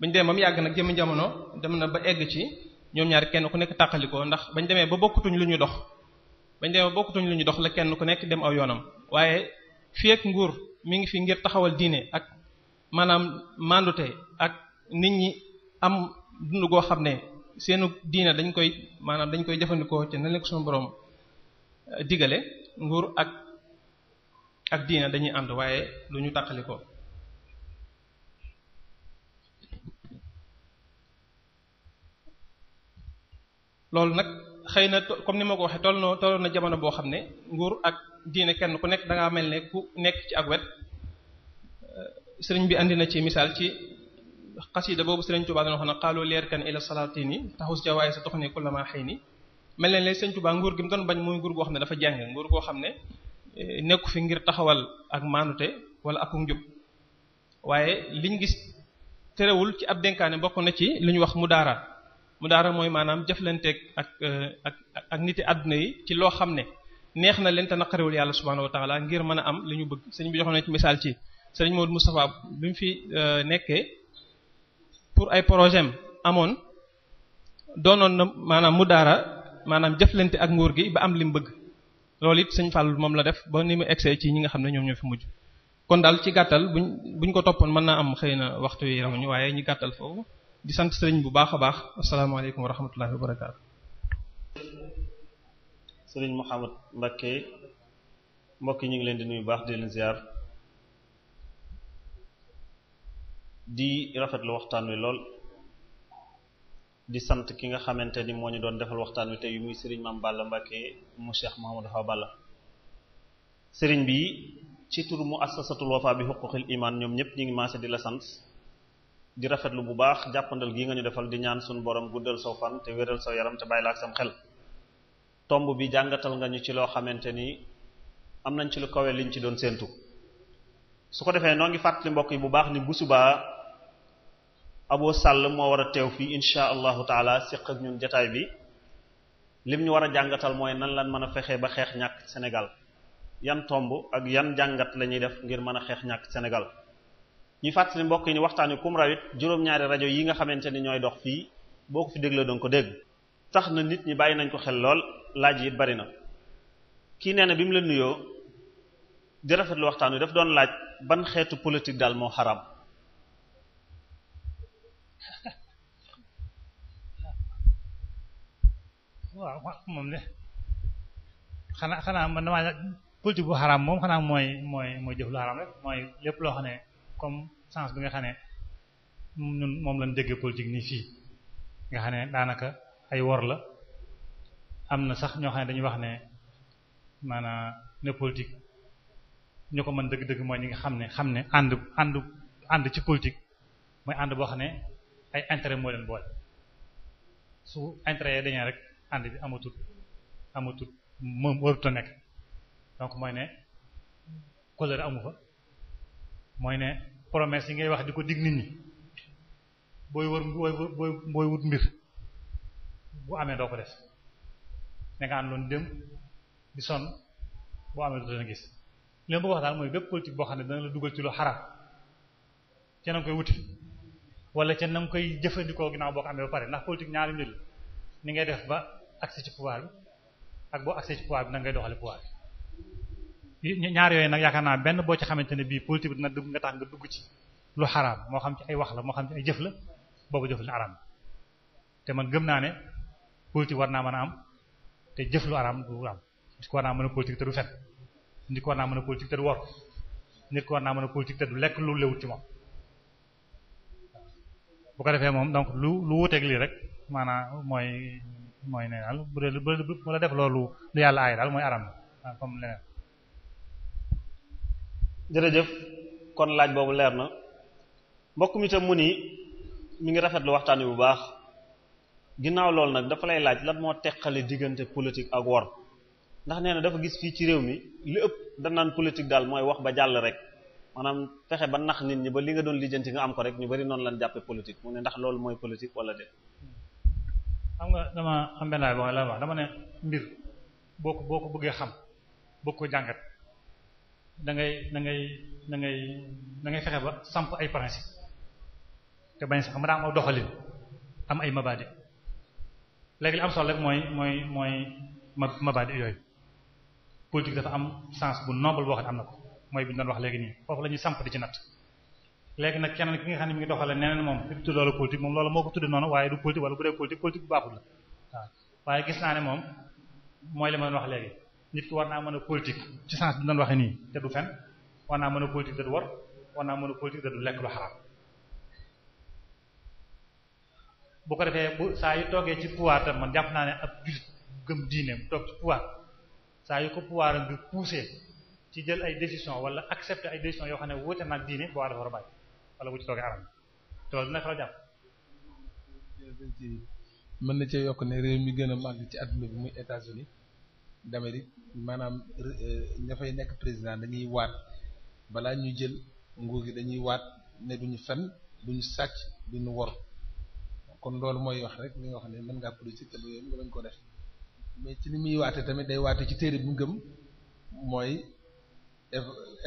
C: bañ demee ba mu yàgg nag jëmm jamono dem na ba egg ci ñoom ñaar kenn ku nekk tàqalikoo ndax bañ demee ba bokkutuñ lu ñu dox bañ demee ba bokkutuñ lu ñu dox la kenn ku nekk dem aw yoonam waaye ngi fi ngir taxawal diine ak maanaam mandute ak nit ñi am dund goo xam ne seenu diina dañ koy maanaam dañ koy jëfandikoo ci na leen ko suñu borom euh, digale nguur ak ak diina dañuy ànd waaye lu ñu tàqali ko loolu nag xëy na comme ni ma ko waxee toll na tolloon na jamono boo xam ne nguur ak diine kenn ku nekk dangaa mel ne ku nekk ci ak wet sëriñ bi indi na ci misaal ci xasida boobu sëriñ Tuubaa na wax ne xaalu leer kan ila salaatini taxus ja waaye sa tox ni kullama xëy ni mel ne lay sëriñ Tuubaa nguur gi mu doon bañ mooy nguur goo xam ne dafa jàng nguur goo xam ne e, nekku fi ngir taxawal ak maanute wala ak njub waaye liñ gis terewul ci ab dénkaane bokk na ci li ñu wax mudaara mudaara mooy maanaam jëflanteeg ak e, ak ak niti àdduna yi ci loo xam ne neex na leen te naqarewul yàlla subhaanahu wa taala ngir mën a am li ñu bëgg sëriñ bi joxoon ci misaal ci sëriñ Modou Moustapha bi mu fi euh, nekkee pour ay projet am amoon doonoon na maanaam mu daara maanaam jëflante ak nguur gi ba am lim bëgg loolu it sëñ Fall moom la def ba ni mu egsee ci ñi nga xam ne ñoom ñoo fi mujj kon daal ci gàttal buñ buñ ko toppoon mën naa am xëy na waxtu yi rawuñu waaye ñu gàttal foofu di sant sëriñ bu baax a baax asalaamaaleykum wa rahmatullahi wa barakaatu.
D: sëriñ Mouhamed Mbacke mbokk ñu ngi leen di nuyu baax di di rafetlu waxtaan wi lool di sant ki nga xamante ni moo ñu doon defal waxtaan wi te yu muy Serigne Mame Balla Mbacké mu Cheikh Mouhamadou Awa Balla sëriñ bi ci tur mu assasatul Wafa bi huquqil iman ñoom ñëpp ñu ngi maase di la sant di rafetlu bu baax jàppandal gi nga ñu defal di ñaan suñu borom guddal saw fan te wéral saw yaram te bàyyi la ak sam xel tomb bi jàngatal nga ñu ci loo xamante ni am nañ ci lu kawe liñ ci doon séentu su ko defee aboo Sall moo war a teew fii insha allahu taala séq ak ñun jataay bi lim ñu war a jàngatal mooy nan lan mën a fexee ba xeex ñàkk senegal yan tomb ak yan jàngat lañuy def ngir mën a xeex ñàkk Sénégal ñuy fàttali mbokk yi ni waxtaani kum rawit juróom-ñaari rajo yi nga xamante ni ñooy dox fii boo ko fi dégloo danga ko dégg tax na nit ñi bàyyi nañ ko xel lool laaj yi it bari na kii nee na bi mu la nuyoo di rafetlu waxtaan wi daf doon laaj ban xeetu politique daal moo xaram
B: waaw moom de xanaa xanaa man damaa politique bu xaraam moom xanaa mooy mooy mooy jëf lu xaraam rek mooy lépp loo xam ne comme sens bi nga xam ne ñun moom lañ déggee politique nii fii nga xam ne daanaka ay wor la am na sax ñoo xam ne dañuy wax ne maanaam ne politique ñu ko mën dëgg-dëgg mooy ñi nga xam ne xam ne ànd ànd ànd ci politique mooy ànd boo xam ne ay intérêt moo leen boole su intérêt yi dañee rek ànd bi amatul amatul moom warut a nekk donc mooy ne colère amu fa mooy ne promesse yi ngay wax di ko dig nit ñi booy wër booy booy booy wut mbir bu amee doo ko def da nga àndoon dem di sonn boo amee doo wax daal mooy bépp politique xam ne dana la dugal ci lu xaraam ci na koy wuti. wala ca na koy jëfandikoo naa boo ko amee ba pare ndax politique ñaari mbir la ni ngay def ba accès ci pouvoir bi ak boo accès ci pouvoir bi na ngay doxale pouvoir bi ñaar yooyu nag yaakaar naa benn boo ci xamante ne bii politique bi dina dugg nga tax nga dugg ci lu xaraam moo xam ci ay wax la moo xam ci ay jëf la boobu jëf lu araam te man gëm naa ne politique war naa mën a am te jëf lu araam du am nit ko war naa mën a politique te du fen nit ko war naa mën a politique te du wor ko lekk lu lewut ci bu ko defee moom donc lu lu wuuteeg lii rek maanaam mooy mooy ne daal bu dee bu la def loolu lu yàlla aay daal mooy aram comme leneen.
D: jërëjëf kon laaj boobu leer na mbokk mi tam mu ni mu ngi rafet lu waxtaan wi bu baax ginnaaw loolu nag dafa lay laaj lan moo teqale diggante politique ak wor ndax nee na dafa gis fii ci réew mi li ëpp danaan politique daal mooy wax ba jàll rek maanaam fexe ba nax nit ñi ba li nga doon lijjanti nga am ko rek ñu bari noonu lan jàppe politique mu ne ndax loolu mooy politique wala
B: nga dama am benn laay wax dama ne mbir boo ko boo xam boo jàngat da ngay da da ngay fexe ba samp ay principe te bañ sax am ay mabadi léegi am solo rek mooy mooy mooy mabadi yooyu politique dafa am sens bu noble boo xam am na ko mooy bi ñu doon wax léegi nii foofu la ñuy samp di ci natt léegi nag keneen ki nga xam ne mi ngi doxale neneen moom li tudd loolu politique moom loolu moo ko tudde noonu waaye du politique wala bu dee politique politique bu baaxul la waaye gis naa ne moom mooy li ma doon wax léegi nit ki war naa mën a politique ci sens bi ñu doon waxee nii te du fen war naa mën a politique te du war war naa mën a politique te du lekk lu xaraam bu ko defee bu saa yu toogee ci pouvoir tam man jàpp naa toog ci yu ko pouvoir ci jël ay décision wala accepter ay décision yoo xam ne wuute nag diine boo dafa war a bàyyi wala bu ci toogee aram te
C: loolu mën na cee yokk ne réew mi gën a màgg ci adduna bi muy États-Unis d'Amérique maanaam euh, ña fay nekk président dañuy waat balaa ñuy jël nguur gi dañuy waat ne duñu fen duñu sàcc duñu wor kon loolu mooy wax rek mu nga xam ne mën ngaa politique te ba yooyu nga bañ ko def mais ci li muy waate tamit day waate ci téere bu ngëm mooy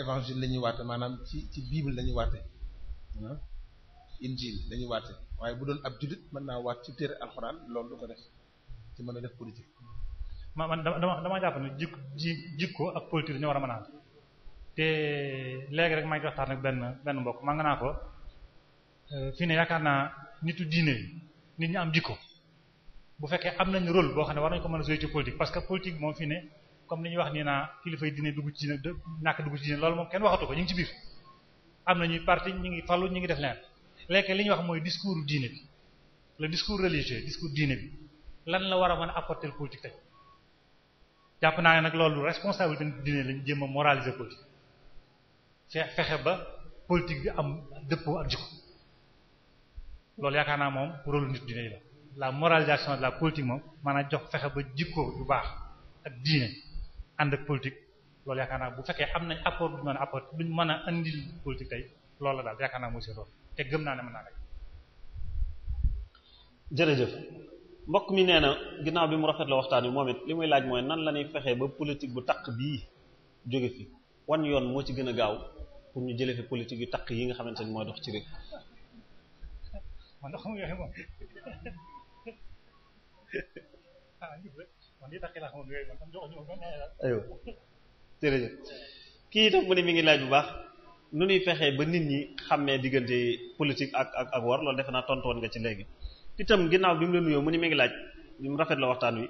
C: évangile la ñuy waate maanaam ci ci bible la ñuy waate ah, injil la ñuy waate waaye bu doon ab jullit mën naa waat ci téere alxuraan loolu du ko def ci mën a def politique.
B: ma man dama dama jàpp ne jikko jikko ak politique dañoo war a mën a te léegi rek maa ngi waxtaan ak benn benn mbokk maa nga naa ko euh, fii ne yaakaar naa nitu diine nit ñi am jikko bu fekkee am nañ rôle boo xam ne war nañ ko mën a jouer ci politique parce que politique moom fii ne. comme li ñuy wax nii naa kilifa yi duggu dugg ci dina ñàkk dugg ci dina loolu moom kenn waxatu ko ñu ngi ci biir am nañuy parti ñu ngi fallu ñu ngi def leen léegi li ñuy wax mooy discours diine bi le discours religieux discours diine bi lan la war a mën a apporter le politique jàpp naa ne nag loolu responsabilité diine lañu jéem a moraliser politique fexe ba politique bi am dëppoo ak jikko loolu yaakaar naa moom rôle nit diine la la moralisation de la politique jox fexe ba jikko bu baax ak diine ànd ak politique loolu yaakaar naa bu fekkee am nañ apport bu ñu a apport bu ñu mën a andil politique tey loolu la daal yaakaar naa mooy si rôle te gëm naa ne mën naa rek
D: jërëjëf mbokk mi nee na ginnaaw bi mu rafet la waxtaan wi moom it li muy laaj mooy nan la ñuy fexee ba politique bu taq bii jóge fi wan yoon moo ci gën a gaaw pour ñu jëlee fi politique yu taq yi nga xamante ni mooy dox ci réew
B: man aywa jërëjëf
D: kii itam mu ne mi ngi laaj bu baax nu nuy fexee ba nit ñi xàmmee diggante politique ak ak ak war loolu defe naa tontu woon nga ci léegi itam ginnaaw bi mu la nuyoo mu ne mi ngi laaj mu rafet la waxtaan wi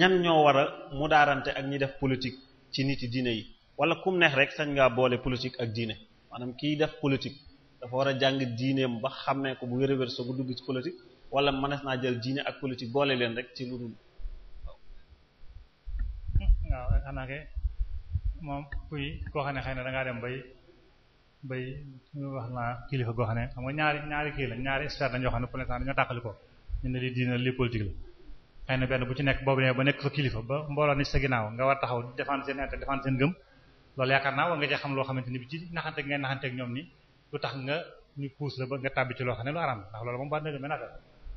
D: ñan ñoo war mu daarante ak ñi def politique ci nit yi diine yi wala kum neex rek sañ ngaa boole politique ak diine maanaam kiy def politique dafa war a jàng diineem ba xàmmee ko bu wér a wér soo dugg ci politique wala mënees naa jël diine ak politique boole leen rek ci lu
B: waaw xanaa kay moom kuy xam ne xëy na dangaa dem bay bay wax naa kilifa goo xam ne xam nga ñaari ñaari kii la ñaari sphère dañoo xam ne pour l'instant dañoo tàqali ko ñu ne benn bu ci nekk boobu ne ba nekk fa kilifa ba mbooloo ni sa ginnaaw nga war taxaw défendre seen intérêt défendre seen gëm loolu yaakaar naa war nga cee xam loo xamante ni bi ci naxante ngay naxanteeg ñoom ni lu tax nga ñu puus la ba nga tàbbi ci loo xam ne lu araam ndax loolu moom ba dëgg mel na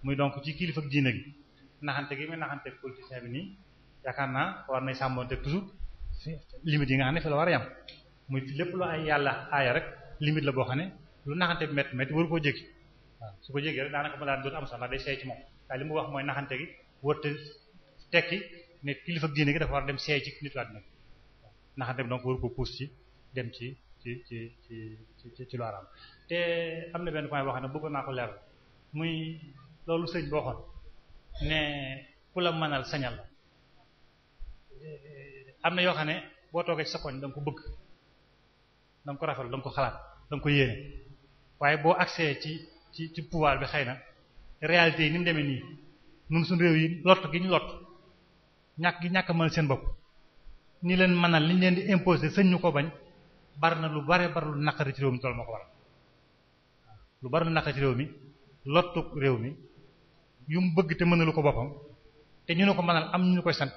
B: muy donc ci kilifa ak diina gi naxante gi muy naxanteeg politicien bi nii yaakaar naa war nay sàmmonte toujours limite yi nga xam ne fi la war a yam muy lépp lu ay yàlla aaya rek limite la boo xam ne lu naxante bi métti métti koo jéggi waaw su ko jéggi rek daanaka mu daal dootu am sax ndax day seey ci moom waaye li mu wax mooy naxante gi wërta tekki ne kilifa diine gi dafa war a dem seey ci nitu àdduna bi naxante bi donc waru ko pousse ci dem ci ci ci ci ci lu araam te am na benn point boo xam ne bëggoon naa ko leeral muy loolu sëñ boo xoon am na yoo xam ne boo toogee ci sa koñ da ko bëgg da ko rafet da ko xalaat da ko yéene waaye boo accès ci ci ci pouvoir bi xëy na réalité yi ni mu demee nii ñun suñu réew yi lott gi ñu lott ñàkk gi ñàkk mën seen bopp ni leen mënal li ñu leen di imposé sëñ ñu ko bañ bari na lu bare bari lu naqari ci réew mi tool moo ko lu bari lu naqari ci réew mi lottu réew mi yu mu bëgg te mënalu ko boppam te ñu ne ko mënal am ñu koy sant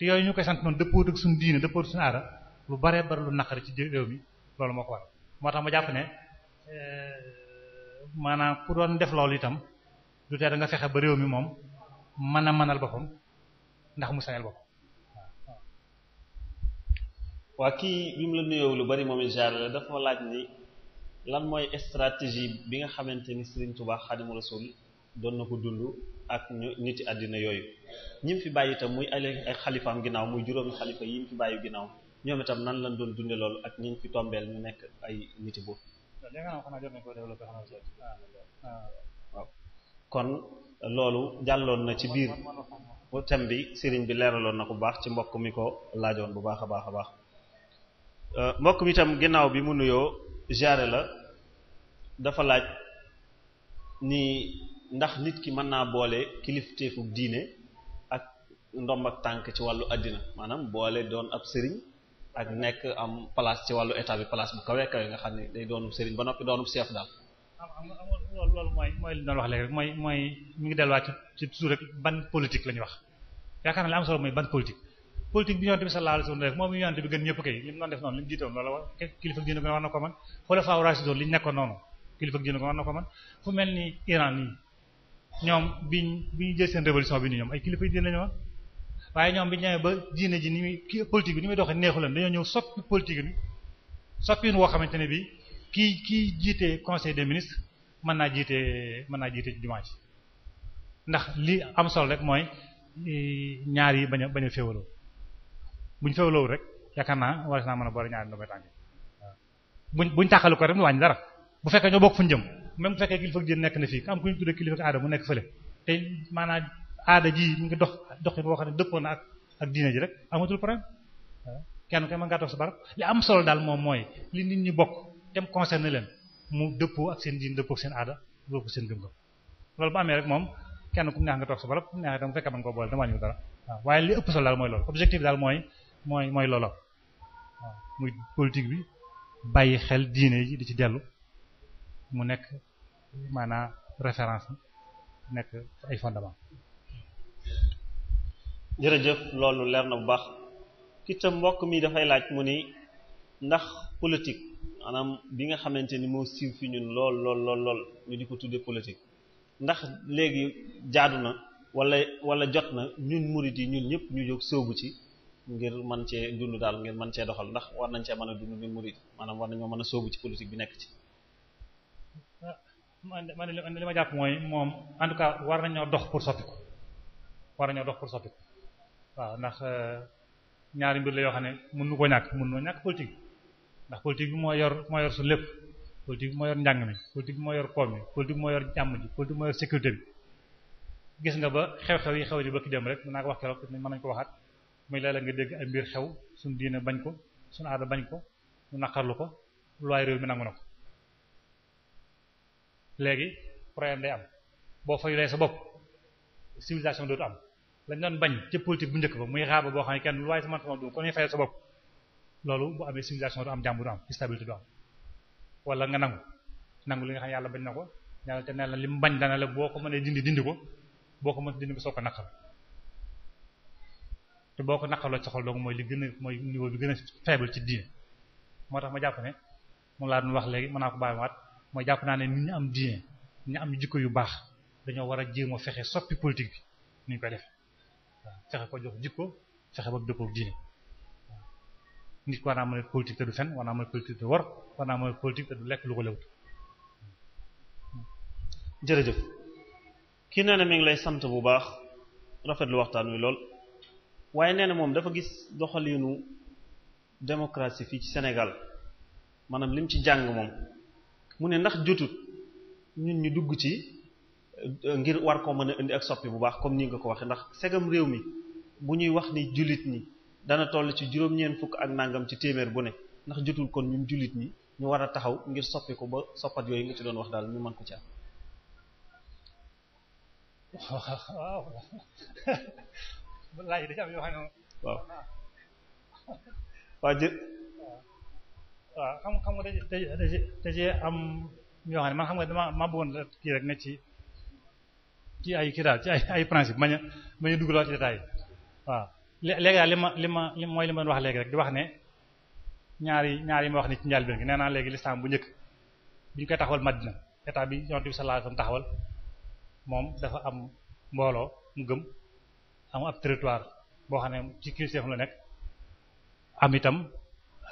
B: te yooyu ñu koy sant noonu dëppoo ak suñu diine dëppoo ak suñu aada lu baree bari lu naqari ci réew mi loolu moo ko war moo tax ma jàpp ne euh, maanaam pour doon def loolu itam lu tee da fexe ba réew mi moom mën a mënal boppam ndax mu sañal boppam.
D: waa kii bi mu la nuyoo lu bari moom incha allah dafa laaj ni lan mooy stratégie bi nga xamante ni Serigne Touba Xaadimu Rasuul doon na ko dund. ak ñu niti àddina yooyu ñi fi bàyyi itam muy ay xalifaam ginnaaw muy juróomi xalifa yi mu fi bàyyi ginnaaw ñoom itam nan lañ doon dunde loolu ak ñi ñu fi tombeel ñu nekk ay niti bu ah, waaw kon loolu jàlloon na ci biir thème bi sëriñ bi leeraloon na ko bu baax ci mbokk mi ko laajoon bu baax a baax a baax euh, mbokk mi itam ginnaaw bi mu nuyoo jaare la dafa laaj ni ndax nit ki man naa boole kilifteefu diine ak ndomb ak tànk ci wàllu àddina maanaam boole doon ab sëriñ ak nekk am place ci wàllu état bi place bu kawe kawe nga xam ne day doonub sëriñ ba noppi doonub chef daal.
B: loolu mooy mooy li doon wax léegi rek mooy mooy ngi delluwaat ci ban politique la ñuy wax yaakaar naa li mooy ban politique. politique bi yonent bi sallallahu alayhi wasallam def bi gën ñëpp kay li mu doon def noonu li mu jiitoon loolu war kilifa diine ko war na ko man li ñu noonu kilifa diine ko war na ko man fu mel ni Iran nii ñoom biñ bi ñu jël seen révolution bi ñu ñoom ay kilifa yi dinañu woon waaye ñoom bi ñu demee ba diine ji ni muy politique bi ni muy doxee neexu leen dañoo ñëw soppi politique bi soppiin woo xamante ne bi kii kii jiite conseil des ministres mën naa jiite mën naa jiite ci jumaa ndax li am solo rek mooy e, ñaar bañ bañ a buñ féewaloo rek yaakaar naa war naa mën a boole ñaari ndombay tànk buñ buñ tàqalu ko rek ñu wàññi dara bu fekkee ñoo bokk fu ñu jëm même bu fekkee kilifa diine nekk na fii am ku ñu tuddee kilifa aada mu nekk fële te maanaam aada ji mu ngi dox doxin boo xam ne dëppoo na ak ak diine ji rek amatul problème kenn kenn mën nga toog sa barab li am solo daal moom mooy li nit ñi bokk dem concerné leen mu dëppoo ak seen dëppoo seen aada dëppoo seen gëm-gëm loolu bu amee moom kenn ku neex nga toog sa barab ku neex itam fekk koo boole dama ñu dara waaw waaye li ëpp solo daal mooy loolu objectif daal mooy mooy mooy looloo waaw muy politique bi bàyyi xel diine ji di ci dellu mu nekk maanaa référence nekk ay fondement
D: jërëjëf loolu leer na bu baax ki itam mbokk mi dafay laaj mu ni ndax politique maanaam bi nga xamante ni moo siiw fi ñun lool lool lool lool ñu di ko tuddee politique ndax léegi jaadu na wala wala jot na ñun murid yi ñun ñëpp ñu jóg sóobu ci ngir mën cee dund daal ngir mën cee doxal ndax war nañ cee mën a dund ñun murid maanaam war nañoo mën a sóobu ci politique bi nekk ci
B: man li ma jàpp mooy moom en cas war nañoo dox pour soppiku war nañoo dox pour soppiku waaw ndax euh, ñaari mbir la yoo xam ne nu ko ñàkk noo ñàkk politique ndax politique bi moo yor moo yor lépp politique moo yor njàng mi politique bi moo yor koom mi politique bi moo yor jàmm ji politique moo yor sécurité bi gis nga ba xew-xew yi xew ji ba ki rek mën naa ko wax keroog mën nañu ko waxaat muy léeg-léeg nga dégg ay mbir xew suñu diine bañ ko suñu aada bañ ko ñu ko looy réew mi nangu na ko léegi problème day am boo fayulee sa bopp civilisation dootu am lañ doon bañ ci politique bu njëkk ba muy raaba boo xam ne kenn waaye sa man ko ñuy fayal sa bopp loolu bu amee civilisation du am jàmm du am stabilité du am wala nga nangu nangu li nga xam yàlla bañ na ko yàlla te ne la li mu bañ dana la boo ko mënee dindi dindi ko boo ko mën dindi ko soo ko naqal te boo ko naqaloo ci xol donc mooy li gën a mooy niveau bi gën a faible ci diine moo tax ma jàpp ne moom laa doon wax léegi mën mooy jàpp naa ne nit ñu am diine ñu am jikko yu baax dañoo war a jéem a fexe soppi politique bi ni ñu koy def waaw fexe ko jox jikko fexe ba dëppoo diine nit war naa mën a politique te du fen war naa mën a politique te war war naa mën a politique du lekk lu ko lewut jërëjëf kii nee na mi ngi lay sant bu baax rafetlu
D: waxtaan wi lool waaye nee na moom dafa gis doxaliinu démocratie fii ci senegal maanaam lim ci jàng moom mu ne ndax jotut ñun ñu dugg ci euh, ngir war koo mën a indi ak soppi bu baax comme ni nga ko waxee ndax segam réew mi bu ñuy wax ni jullit ñi dana toll ci juróom-ñeent fukk ak nangam ci téeméer bu ne ndax jotul kon ñun jullit ñi ñu war a taxaw ngir soppi ko ba soppat yooyu nga ci doon wax daal ñu mën ko ci am.
B: waaw waaw. waaw. waaw xam xam nga da am yoo xam xam nga dama ma bëggoon kii rek ne ci ci ay kii daal ci ay ay principe mañ a mañ a dugg lool ci détail waaw léegi daal li ma li ma mooy li ma wax léegi rek di wax ne ñaari ñaar yi ma wax ni ci njëlbéen gi nee naa léegi lislaam bu njëkk bi ñu koy taxawal Madina état bi Yonent bi sallallahu alayhi wasallam taxawal moom dafa am mbooloo mu gëm am ab territoire boo xam ne ci kilifteef la nekk am itam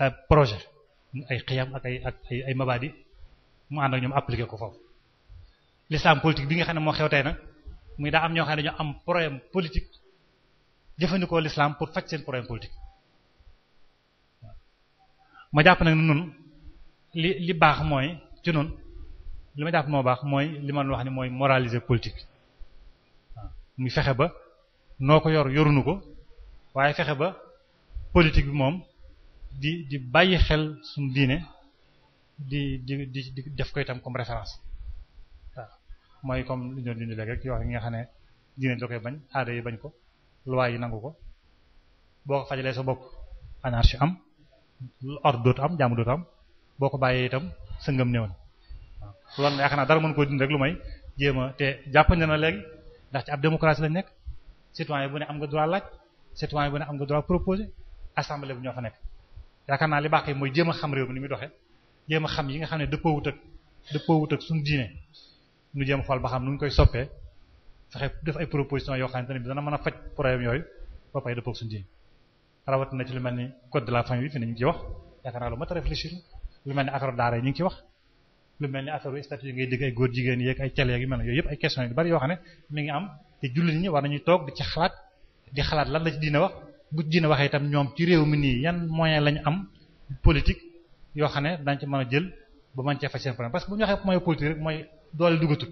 B: euh, projet ay xiyam ak ay ak ay mabaadi mu ànd ak ñoom appliqué ko foofu l'islam politique bi nga xam ne moo xew tey nag muy daa am ñoo xam ne dañoo am problème politique jëfandikoo l'islam pour faj seen problème politique ma jàpp nag nun li li baax mooy ci nun li ma jàpp moo baax mooy li ma wax ne mooy moraliser politique waaw muy fexe ba noo ko yor yorunu ko waaye fexe ba politique bi moom di di bàyyi xel suñu diine di di di def ko itam comme référence waaw mooy comme li ñu doon yoo xam nga xam ne diine da koy bañ aada yi bañ ko loi yi nangu ko boo ko fajalee sa bopp anarchie am ordre dootu am jaamu dootu am boo ko bàyyee itam sëngam néewoon waaw loolu yaakaar naa dara mën koo dund rek lu may jéem a te jàppandi na léegi ndax ci ab démocratie lañ nekk citoyen bu ne am nga droit laaj citoyen bu ne am nga droit proposer bu ñoo yaakaar naa li baaxee mooy jéem xam réew mi ni muy doxee jéem xam yi nga xam ne dëppoo wut ak dëppoo wut ak suñu diine ñu jéem xool ba xam nu ñu koy soppee fexe def ay proposition yoo xamante ne bi dana mën a faj problème yooyu ba pay dëppoo ak suñu diine rawat na ci lu mel ni code de la famille fi ne ñu ngi ciy wax yaakaar naa lu mat a lu mel ni affaire daara yi ñu ngi ciy wax lu mel ni affaire statut yi ngay dégg ay góor jigéen yeeg ay cal yeeg yu mel ne yooyu yëpp ay questions yu bari yoo xam ne mi ngi am te jullit ñi war nañuy toog di ci di xalaat lan la ci bu ci diine waxee itam ñoom ci réew mi nii yan moyen lañu am politique yoo xam ne dañ ci mën a jël ba man cee faj seen problème parce que bu ñu waxee moyen politique rek mooy doole dugatut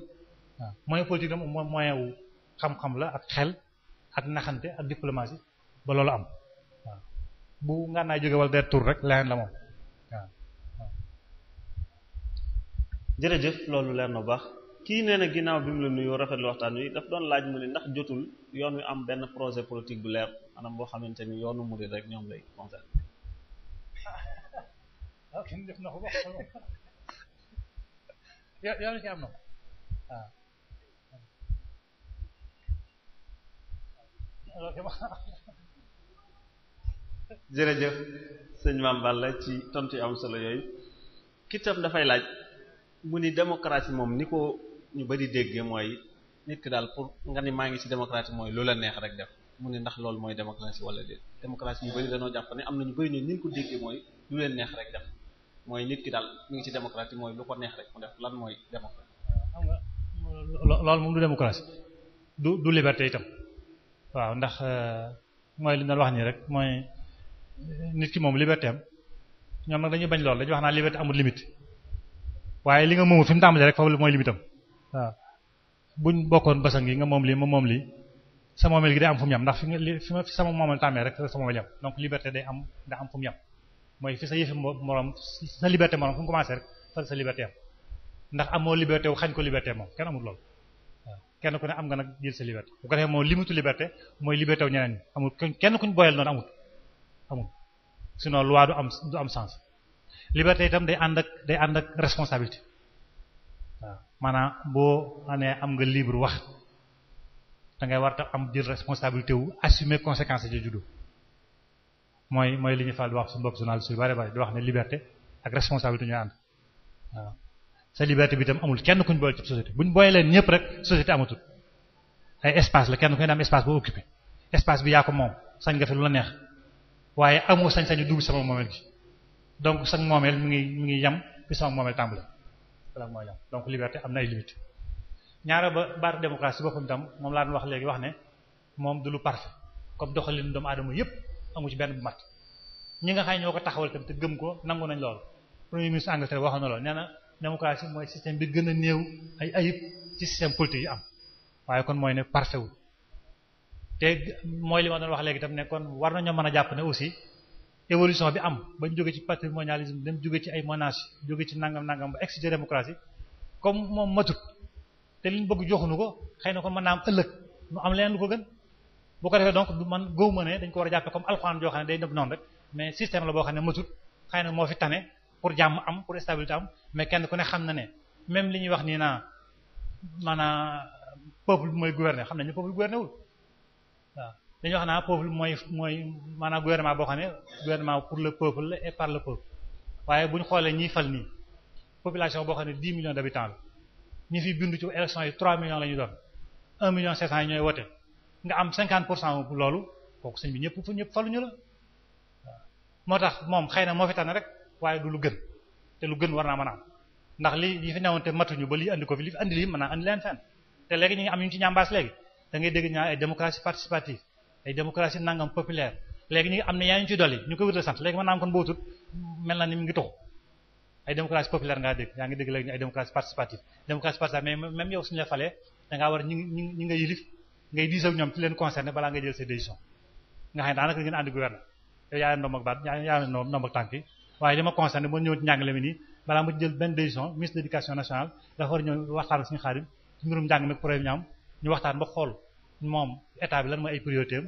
B: waaw moyen politique moom mooy moyen wu xam-xam la ak xel ak naxante ak diplomatie ba loolu am waaw bu naa jóge wala der tur rek leneen la moom waaw
D: jërëjëf loolu leer na baax kii nee na ginnaaw bi mu la rafet rafetlu waxtaan wi daf doon laaj mu ne ndax jotul yoon wi am benn projet politique bu leer maanaam boo xamante ni yoonu murid rek ñoom lay concerne
B: waaw ah, kenn def na ko ba yoonu ci am ah.
D: Ah. ci tontu am solo yooyu kitam dafay laaj mu ni démocratie moom ni ko ñu bari déggee mooy nit ki daal pour nga ni maa ngi ci démocratie mooy lu la neex rek def mu ne ndax loolu mooy démocratie wala de démocratie ñu bëri dañoo jàpp ne am na ñu bëri ñun ñu ko déggee mooy lu leen neex rek mooy nit ki daal mu ngi ci démocratie mooy lu ko neex rek lan mooy démocratie. xam
B: loolu moom du démocratie du du liberté itam waaw ndax euh, mooy li ñu wax nii rek mooy euh, nit ki moom liberté am ñoom nag dañuy bañ lool dañuy wax naa liberté amul limite waaye li nga moomu fi mu tàmbalee rek foofu mooy limite am buñ bokkoon basan yi nga moom li ma moom li sa moomeel gi day am fu mu yem ndax fi nga fi ma fi sama moomeel tàmmee rek sa moomeel yem donc liberté day am day am fu mu yem mooy fi sa yëfi morom sa liberté morom fu mu commencé rek fa sa liberté am ndax amoo liberté wu xañ ko liberté moom kenn amul loolu waaw kenn ku ne am nga nag jël sa liberté bu ko defee moo limitu liberté mooy liberté wu ñeneen ñi amul kenn kuñ boyal noonu amul amul sinon loi du am du am sens liberté itam day ànd ak day ànd ak responsabilité waaw maanaam am nga libre wax da ngay war am di responsabilité wu assumer conséquences yi juddu mooy mooy li ñu fa di wax suñu bopp journaliste yu bari bari di wax ne liberté ak responsabilité ñoo ànd sa liberté bi tam amul kenn kuñ boole ci société buñ booyee leen ñëpp rek société amatul ay espace la kenn ku ne am espace boo occupé espace bi yaa ko moom sañ nga fi lu la neex waaye amoo sañ-sañu dugg sama moomeel gi donc sax moomeel mu ngi mi ngi yam fi sama moomeel tàmbale donc liberté am na ay ñaara ba baatu démocratie boppam tam moom laa doon wax léegi wax ne moom du lu parfait comme doxalin doomu aadama yëpp amu ci benn bu ñi nga xam ñoo ko taxawal tam te gëm ko nangu nañ lool premier ministre Angleterre waxoon na lool nee na démocratie mooy système bi gën a néew ay ayib ci système politique yi am waaye kon mooy ne parfait wul te mooy li ma doon wax léegi tam ne kon war nañoo mën a jàpp ne aussi évolution bi am ba ñu jóge ci patrimonialisme dem jóge ci ay menaces jóge ci nangam nangam ba egg te ñu bëgg joxuñu ko xëy na ko mën naa am ëllëg nu am leneen lu ko gën boo ko defee donc man gëw ma ne dañ ko war a jàppe comme alxuraan joo xam ne day nëb noonu rek mais système la boo xam ne matut xay na moo fi tane pour jàmm am pour stabilité am mais kenn ku ne xam na ne même li ñuy wax nii naa maanaam peuple bi mooy gouverner xam nañu peuple gouverner wul waaw dañuy wax naa peuple mooy mooy maanaam gouvernement boo xam ne gouvernement pour le peuple et par le bu ñu xoolee ñiy fal nii population boo xam ne dix millions d'habitants la ñi fi bindu ci élection yi 3 millions la ñu doon 1 million 500 yi ñooy wote nga am 50 pour cent loolu kooku sëñ bi ñëpp ñëpp faluñu la moo tax moom xay na moo fi tànn rek waaye du lu gën te lu gën war naa man a am ndax li li fi newoon te matuñu ba li andi ko fi li fi andi lii mën naa andi leen fenn te léegi ñu ngi am ñu ci ñambaas léegi da ngay dégg ñaa ay démocratie participative ay démocratie nangam populaire léegi ñu ngi am na yaa ñu ci dolli ñu ko sant léegi mën naa am kon mel na ni mu ngi toxu ay démocratie populaire ngaa dégg yaa ngi dégg léegi ay démocratie participative démocratie participative mais même yow suñu la falee da war ñi ñi ñi nga yilif ngay diis ñoom ci leen concerné balaa nga jël ses décisions nga xam ne daanaka ngeen àndi gouvernement yow yaa leen tànk yi waaye li ma concerné moo ñëw ci njàngale nii balaa ma jël benn décision ministre de nationale dafa war ñëw waxtaan waxtaan ba xool moom état bi lan mooy ay priorité